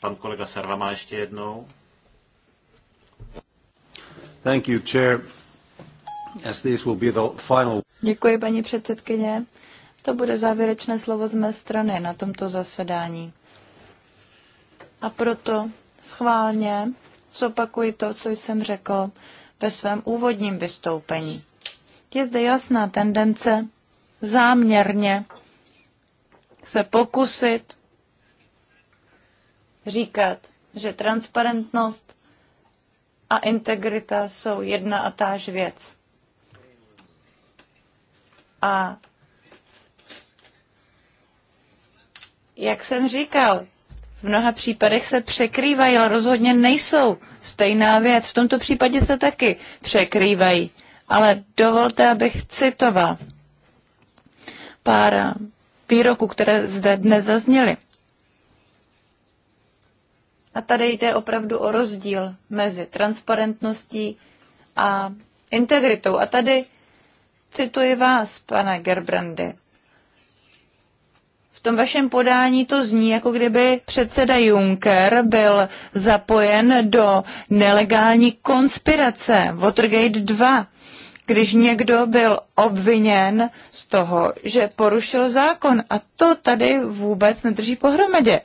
Pan kolega Sarva má ještě jednou. Thank you, chair. As this will be the final... Děkuji, paní předsedkyně. To bude závěrečné slovo z mé strany na tomto zasedání. A proto schválně zopakuji to, co jsem řekl ve svém úvodním vystoupení. Je zde jasná tendence záměrně se pokusit říkat, že transparentnost a integrita jsou jedna a táž věc. A jak jsem říkal, v mnoha případech se překrývají, ale rozhodně nejsou stejná věc. V tomto případě se taky překrývají. Ale dovolte, abych citoval pár výroků, které zde dnes zazněly. A tady jde opravdu o rozdíl mezi transparentností a integritou. A tady cituji vás, pane Gerbrandy tom vašem podání to zní, jako kdyby předseda Juncker byl zapojen do nelegální konspirace Watergate 2, když někdo byl obviněn z toho, že porušil zákon. A to tady vůbec nedrží pohromadě.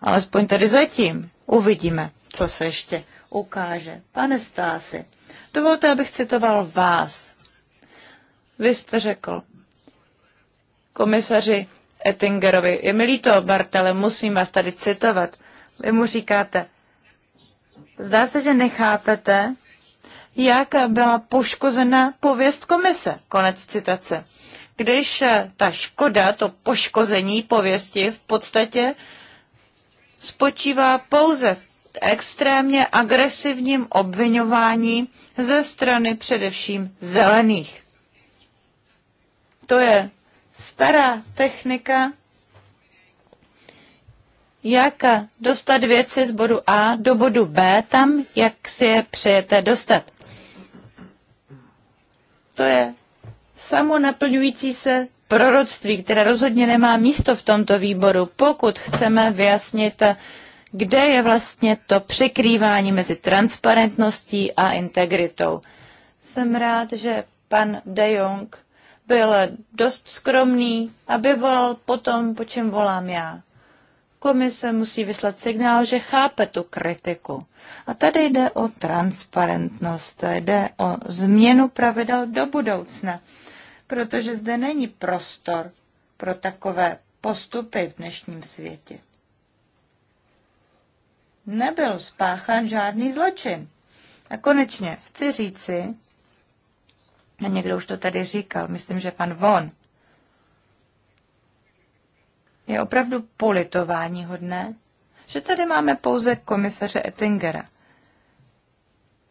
Alespoň tady zatím. Uvidíme, co se ještě ukáže. Pane Stási, dovolte, abych citoval vás. Vy jste řekl, komisaři, Ettingerovi. Je mi líto, Bartele, musím vás tady citovat. Vy mu říkáte, zdá se, že nechápete, jak byla poškozena pověst komise. Konec citace. Když eh, ta škoda, to poškození pověsti v podstatě spočívá pouze v extrémně agresivním obvinování ze strany především zelených. To je stará technika, jak dostat věci z bodu A do bodu B tam, jak si je přejete dostat. To je samonaplňující se proroctví, které rozhodně nemá místo v tomto výboru, pokud chceme vyjasnit, kde je vlastně to překrývání mezi transparentností a integritou. Jsem rád, že pan De Jong byl dost skromný, aby volal potom, po čem volám já. Komise musí vyslat signál, že chápe tu kritiku. A tady jde o transparentnost, jde o změnu pravidel do budoucna, protože zde není prostor pro takové postupy v dnešním světě. Nebyl spáchán žádný zločin. A konečně chci říci, Někdo už to tady říkal, myslím, že pan Von. Je opravdu politování hodné, že tady máme pouze komisaře Ettingera.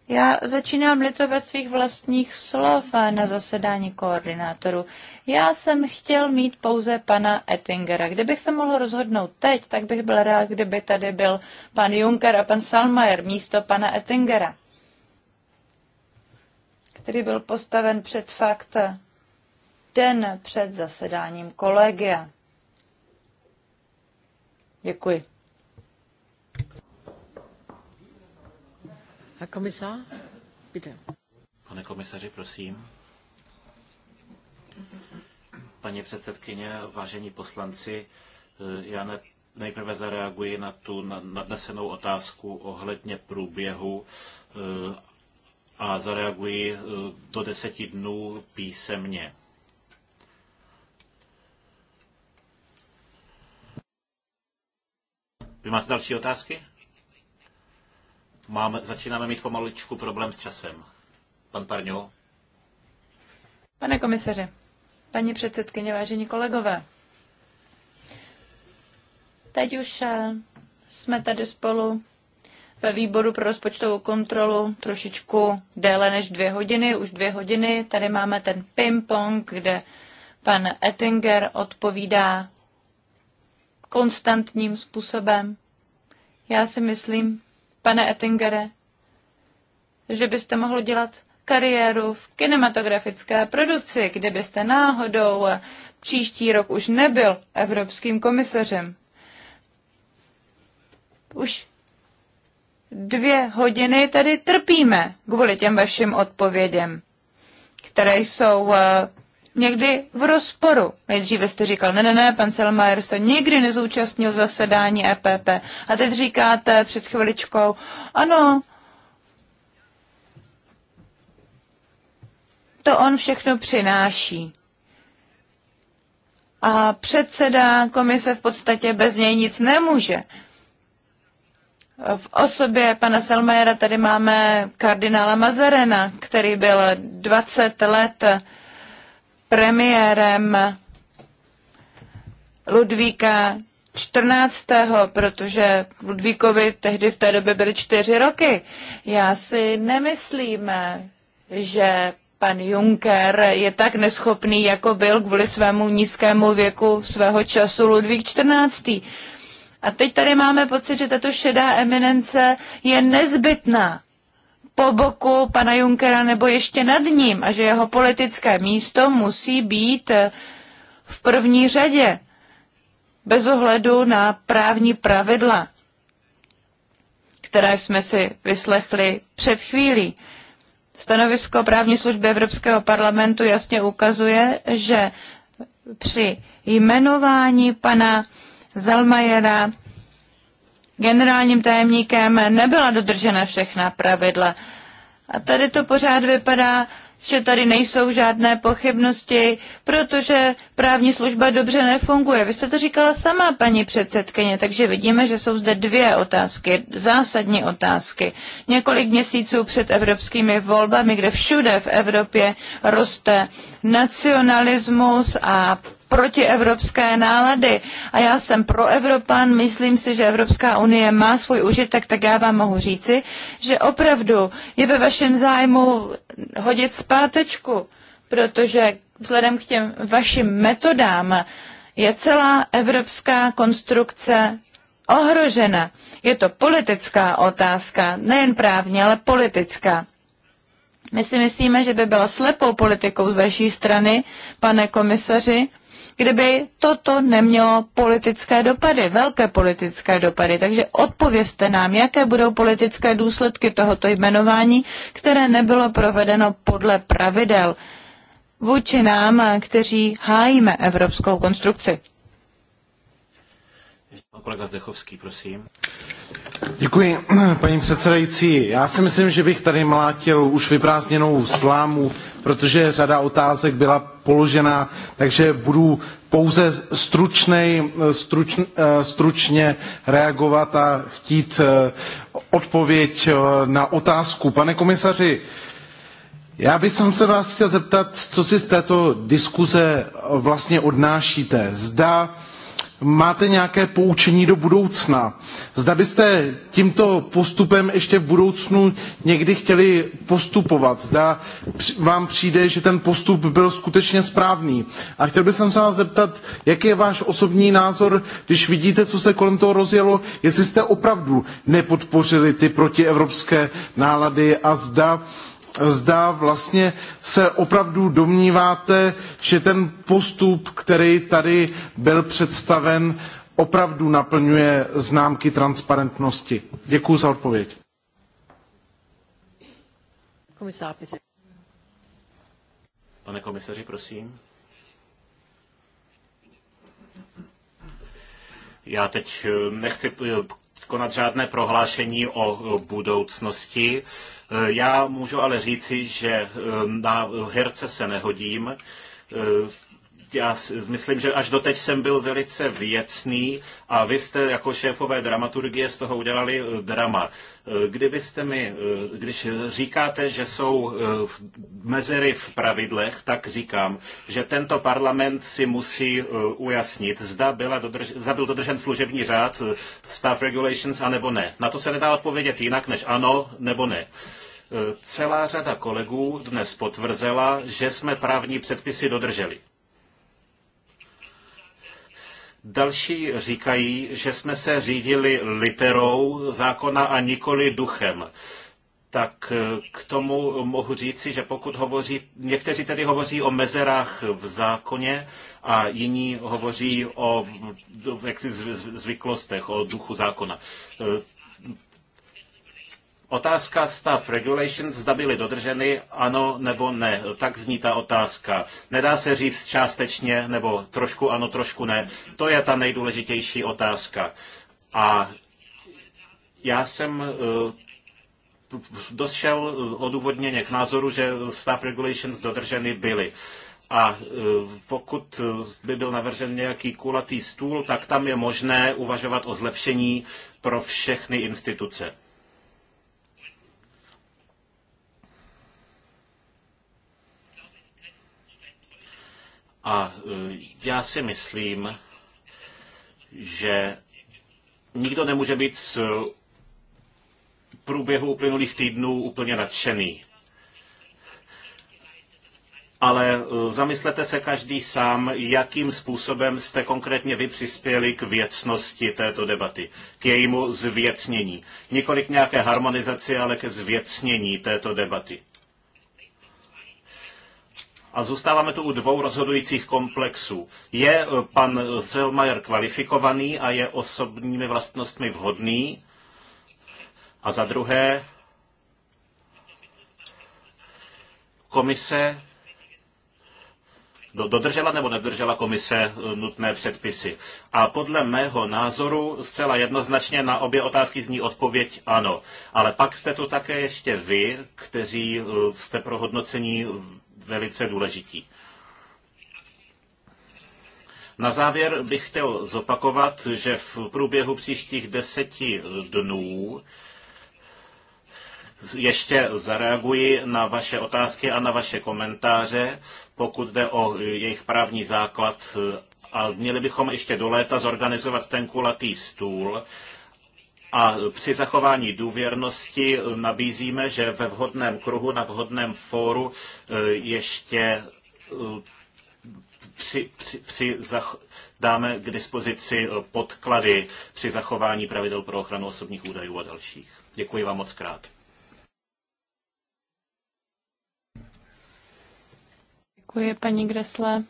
Já začínám litovat svých vlastních slov na zasedání koordinátoru. Já jsem chtěl mít pouze pana Ettingera. Kdybych se mohl rozhodnout teď, tak bych byl rád, kdyby tady byl pan Juncker a pan Salmayer místo pana Ettingera který byl postaven před fakt den před zasedáním kolegia. Děkuji. A Kommissar, bitte. Pane komisaři, prosím. Paní předsedkyně, vážení poslanci, já ne, nejprve zareaguji na tu nadnesenou otázku ohledně průběhu eh, a zareaguji eh, do deseti dnů písemně. Vy máte další otázky? Mám, začínáme mít pomaličku problém s časem. Pan Parňo. Pane komisaři, paní předsedkyně, vážení kolegové, teď už eh, jsme tady spolu ve výboru pro rozpočtovou kontrolu trošičku déle než dvě hodiny, už dvě hodiny. Tady máme ten ping-pong, kde pan Ettinger odpovídá konstantním způsobem. Já si myslím, pane Ettingere, že byste mohl dělat kariéru v kinematografické produkci, kde byste náhodou příští rok už nebyl evropským komisařem. Už dvě hodiny tady trpíme kvůli těm vašim odpovědem, které jsou eh, někdy v rozporu. Nejdříve jste říkal, ne, ne, ne, pan Selmayr se nikdy nezúčastnil zasedání EPP. A teď říkáte před chviličkou, ano, to on všechno přináší. A předseda komise v podstatě bez něj nic nemůže. V osobě pana Salmajera tady máme kardinála Mazarena, který byl 20 let premiérem Ludvíka 14., protože Ludvíkovi tehdy v té době byly čtyři roky. Já si nemyslím, že pan Juncker je tak neschopný, jako byl kvůli svému nízkému věku svého času Ludvík 14. A teď tady máme pocit, že tato šedá eminence je nezbytná po boku pana Junkera nebo ještě nad ním a že jeho politické místo musí být eh, v první řadě bez ohledu na právní pravidla, které jsme si vyslechli před chvílí. Stanovisko právní služby Evropského parlamentu jasně ukazuje, že při jmenování pana Zelmajera generálním tajemníkem nebyla dodržena všechna pravidla. A tady to pořád vypadá, že tady nejsou žádné pochybnosti, protože právní služba dobře nefunguje. Vy jste to říkala sama, paní předsedkyně, takže vidíme, že jsou zde dvě otázky, zásadní otázky. Několik měsíců před evropskými volbami, kde všude v Evropě roste nacionalismus a protievropské nálady. A já jsem pro Evropan, myslím si, že Evropská unie má svůj užitek, tak já vám mohu říci, že opravdu je ve vašem zájmu hodit zpátečku, protože vzhledem k těm vašim metodám je celá evropská konstrukce ohrožena. Je to politická otázka, nejen právně, ale politická. My si myslíme, že by byla slepou politikou z vaší strany, pane komisaři, kdyby toto nemělo politické dopady, velké politické dopady. Takže odpovězte nám, jaké budou politické důsledky tohoto jmenování, které nebylo provedeno podle pravidel vůči nám, kteří hájíme evropskou konstrukci. pan kolega Zdechovský, prosím. Děkuji, paní předsedající. Já si myslím, že bych tady mlátil už vyprázdněnou slámu, protože řada otázek byla položena, takže budu pouze stručnej, struč, eh, stručně reagovat a chtít eh, odpověď eh, na otázku. Pane komisaři, já bych se vás chtěl zeptat, co si z této diskuze vlastně odnášíte. Zda máte nějaké poučení do budoucna. Zda byste tímto postupem ještě v budoucnu někdy chtěli postupovat. Zda vám přijde, že ten postup byl skutečně správný. A chtěl bych se vás zeptat, jaký je váš osobní názor, když vidíte, co se kolem toho rozjelo, jestli jste opravdu nepodpořili ty protievropské nálady a zda zda vlastně se opravdu domníváte, že ten postup, který tady byl představen, opravdu naplňuje známky transparentnosti. Děkuji za odpověď. Pane komisaři, prosím. Já teď eh, nechci eh, konat žádné prohlášení o e, budoucnosti. E, já můžu ale říci, že e, na herce se nehodím já myslím, že až doteď jsem byl velice věcný a vy jste jako šéfové dramaturgie z toho udělali eh, drama. Eh, kdybyste mi, eh, když říkáte, že jsou mezery v pravidlech, tak říkám, že tento parlament si musí ujasnit, zda, byla dodrž, zda byl dodržen služební řád, staff regulations, anebo ne. Na to se nedá odpovědět jinak než ano nebo ne. Celá řada kolegů dnes potvrzela, že jsme právní předpisy dodrželi. Další říkají, že jsme se řídili literou zákona a nikoli duchem tak eh, k tomu mohu říci, že pokud hovoří, někteří tedy hovoří o mezerách v zákoně a jiní hovoří o jaksi zvyklostech, o duchu zákona. Eh, Otázka stav regulations, zda byly dodrženy, ano nebo ne. Tak zní ta otázka. Nedá se říct částečně nebo trošku ano, trošku ne. To je ta nejdůležitější otázka. A já jsem eh, došel eh, odůvodněně k názoru, že staff regulations dodrženy byly. A eh, pokud by byl navržen nějaký kulatý stůl, tak tam je možné uvažovat o zlepšení pro všechny instituce. A e, já si myslím, že nikdo nemůže být z průběhu uplynulých týdnů úplně nadšený. Ale e, zamyslete se každý sám, jakým způsobem jste konkrétně vy přispěli k věcnosti této debaty, k jejímu zvěcnění. Nikoli k nějaké harmonizaci, ale ke zvěcnění této debaty. A zůstáváme tu u dvou rozhodujících komplexů. Je eh, pan Selmayr kvalifikovaný a je osobními vlastnostmi vhodný? A za druhé, komise dodržela nebo nedržela komise eh, nutné předpisy. A podle mého názoru zcela jednoznačně na obě otázky zní odpověď ano. Ale pak jste tu také ještě vy, kteří eh, jste pro hodnocení velice důležití. Na závěr bych chtěl zopakovat, že v průběhu příštích deseti dnů ještě zareaguji na vaše otázky a na vaše komentáře, pokud jde o jejich právní základ. A měli bychom ještě do léta zorganizovat ten kulatý stůl, a při zachování důvěrnosti nabízíme, že ve vhodném kruhu, na vhodném fóru eh, ještě eh, při, při, při zach- dáme k dispozici eh, podklady při zachování pravidel pro ochranu osobních údajů a dalších. Děkuji vám moc krát. Děkuji, paní Gresle.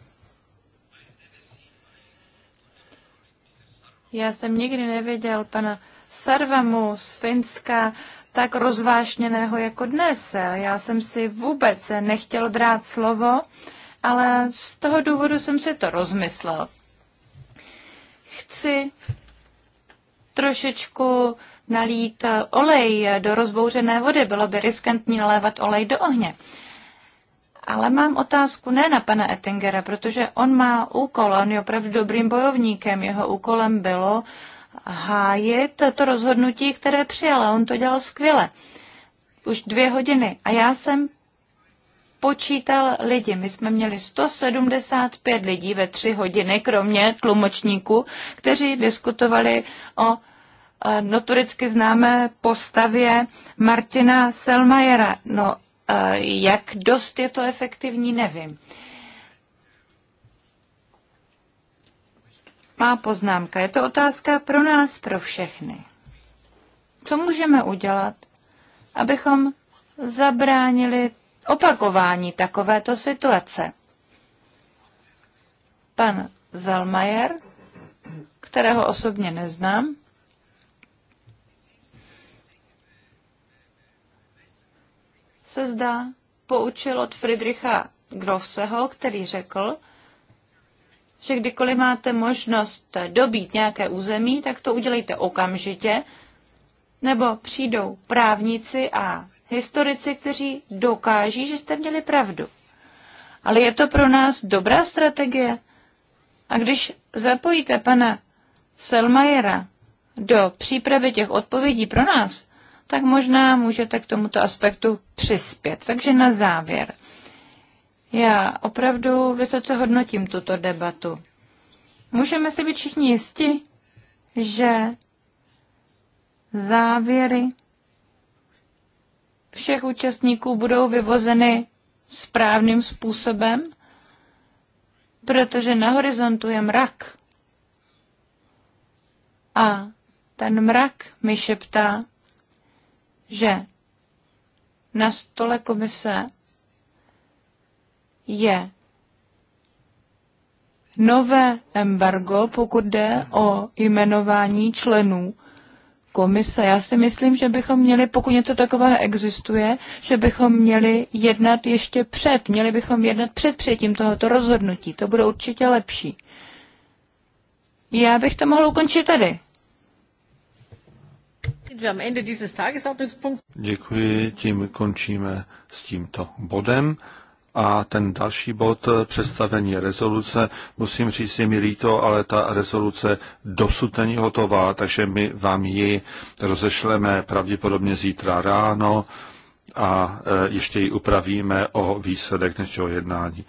Já jsem nikdy nevěděl pana Sarvamu z Finska, tak rozvášněného jako dnes. Já jsem si vůbec nechtěl brát slovo, ale z toho důvodu jsem si to rozmyslel. Chci trošičku nalít olej do rozbouřené vody. Bylo by riskantní nalévat olej do ohně. Ale mám otázku ne na pana Ettingera, protože on má úkol, on je opravdu dobrým bojovníkem. Jeho úkolem bylo hájit to rozhodnutí, které přijala. On to dělal skvěle. Už dvě hodiny. A já jsem počítal lidi. My jsme měli 175 lidí ve tři hodiny, kromě tlumočníků, kteří diskutovali o eh, notoricky známé postavě Martina Selmayera. No, eh, jak dost je to efektivní, nevím. Má poznámka. Je to otázka pro nás, pro všechny. Co můžeme udělat, abychom zabránili opakování takovéto situace? Pan Zalmajer, kterého osobně neznám, se zdá poučil od Friedricha Grosseho, který řekl, že kdykoliv máte možnost dobít nějaké území, tak to udělejte okamžitě, nebo přijdou právníci a historici, kteří dokáží, že jste měli pravdu. Ale je to pro nás dobrá strategie. A když zapojíte pana Selmajera do přípravy těch odpovědí pro nás, tak možná můžete k tomuto aspektu přispět. Takže na závěr. Já opravdu vysoce hodnotím tuto debatu. Můžeme si být všichni jisti, že závěry všech účastníků budou vyvozeny správným způsobem, protože na horizontu je mrak. A ten mrak mi šeptá, že na stole komise je nové embargo, pokud jde o jmenování členů komise. Já si myslím, že bychom měli, pokud něco takového existuje, že bychom měli jednat ještě před, měli bychom jednat před přijetím tohoto rozhodnutí. To bude určitě lepší. Já bych to mohl ukončit tady. Děkuji, tím končíme s tímto bodem. A ten další bod eh, představení rezoluce, musím říct, je mi líto, ale ta rezoluce dosud není hotová, takže my vám ji rozešleme pravděpodobně zítra ráno a eh, ještě ji upravíme o výsledek dnešního jednání.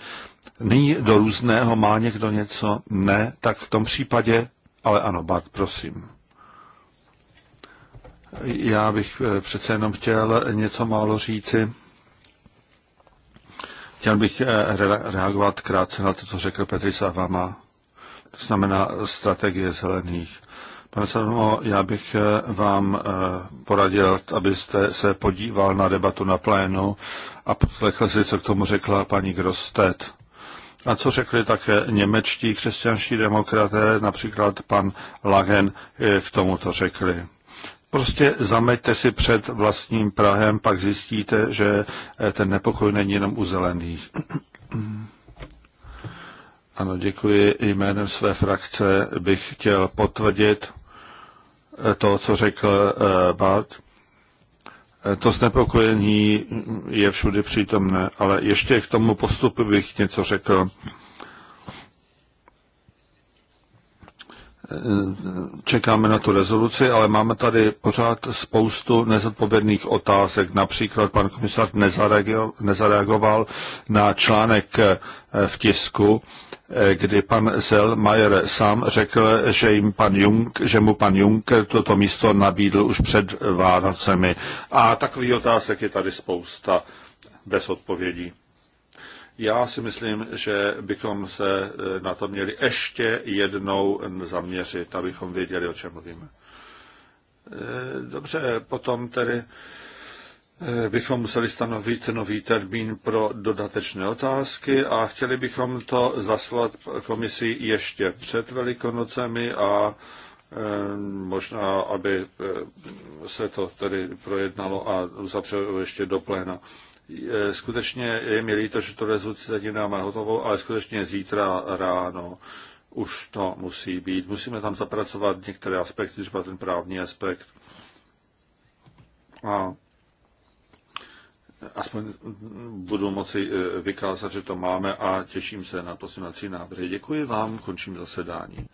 Nyní do různého má někdo něco? Ne? Tak v tom případě, ale ano, Bart, prosím. Já bych eh, přece jenom chtěl něco málo říci. Chtěl bych eh, reagovat krátce na to, co řekl Petr Savama, to znamená strategie zelených. Pane Savamo, já bych eh, vám eh, poradil, abyste se podíval na debatu na plénu a poslechl si, co k tomu řekla paní Grostet. A co řekli také němečtí křesťanští demokraté, například pan Lagen k tomu to řekli. Prostě zameďte si před vlastním Prahem, pak zjistíte, že eh, ten nepokoj není jenom u zelených. Ano, děkuji. Jménem své frakce bych chtěl potvrdit eh, to, co řekl eh, Bart. To znepokojení je všude přítomné, ale ještě k tomu postupu bych něco řekl. čekáme na tu rezoluci, ale máme tady pořád spoustu nezodpovědných otázek. Například pan komisař nezareagoval na článek eh, v tisku, eh, kdy pan Mayer sám řekl, že, jim pan Jung, že mu pan Juncker toto místo nabídl už před Vánocemi. A takových otázek je tady spousta bez odpovědí. Já si myslím, že bychom se eh, na to měli ještě jednou zaměřit, abychom věděli, o čem mluvíme. Eh, dobře, potom tedy eh, bychom museli stanovit nový termín pro dodatečné otázky a chtěli bychom to zaslat komisi ještě před Velikonocemi a možná, aby se to tedy projednalo a zapřelo ještě do pléna skutečně je mi líto, že tu rezoluci zatím máme hotovou, ale skutečně zítra ráno už to musí být. Musíme tam zapracovat některé aspekty, třeba ten právní aspekt. A aspoň budu moci e, vykázat, že to máme a těším se na posunací návrhy. Děkuji vám, končím zasedání.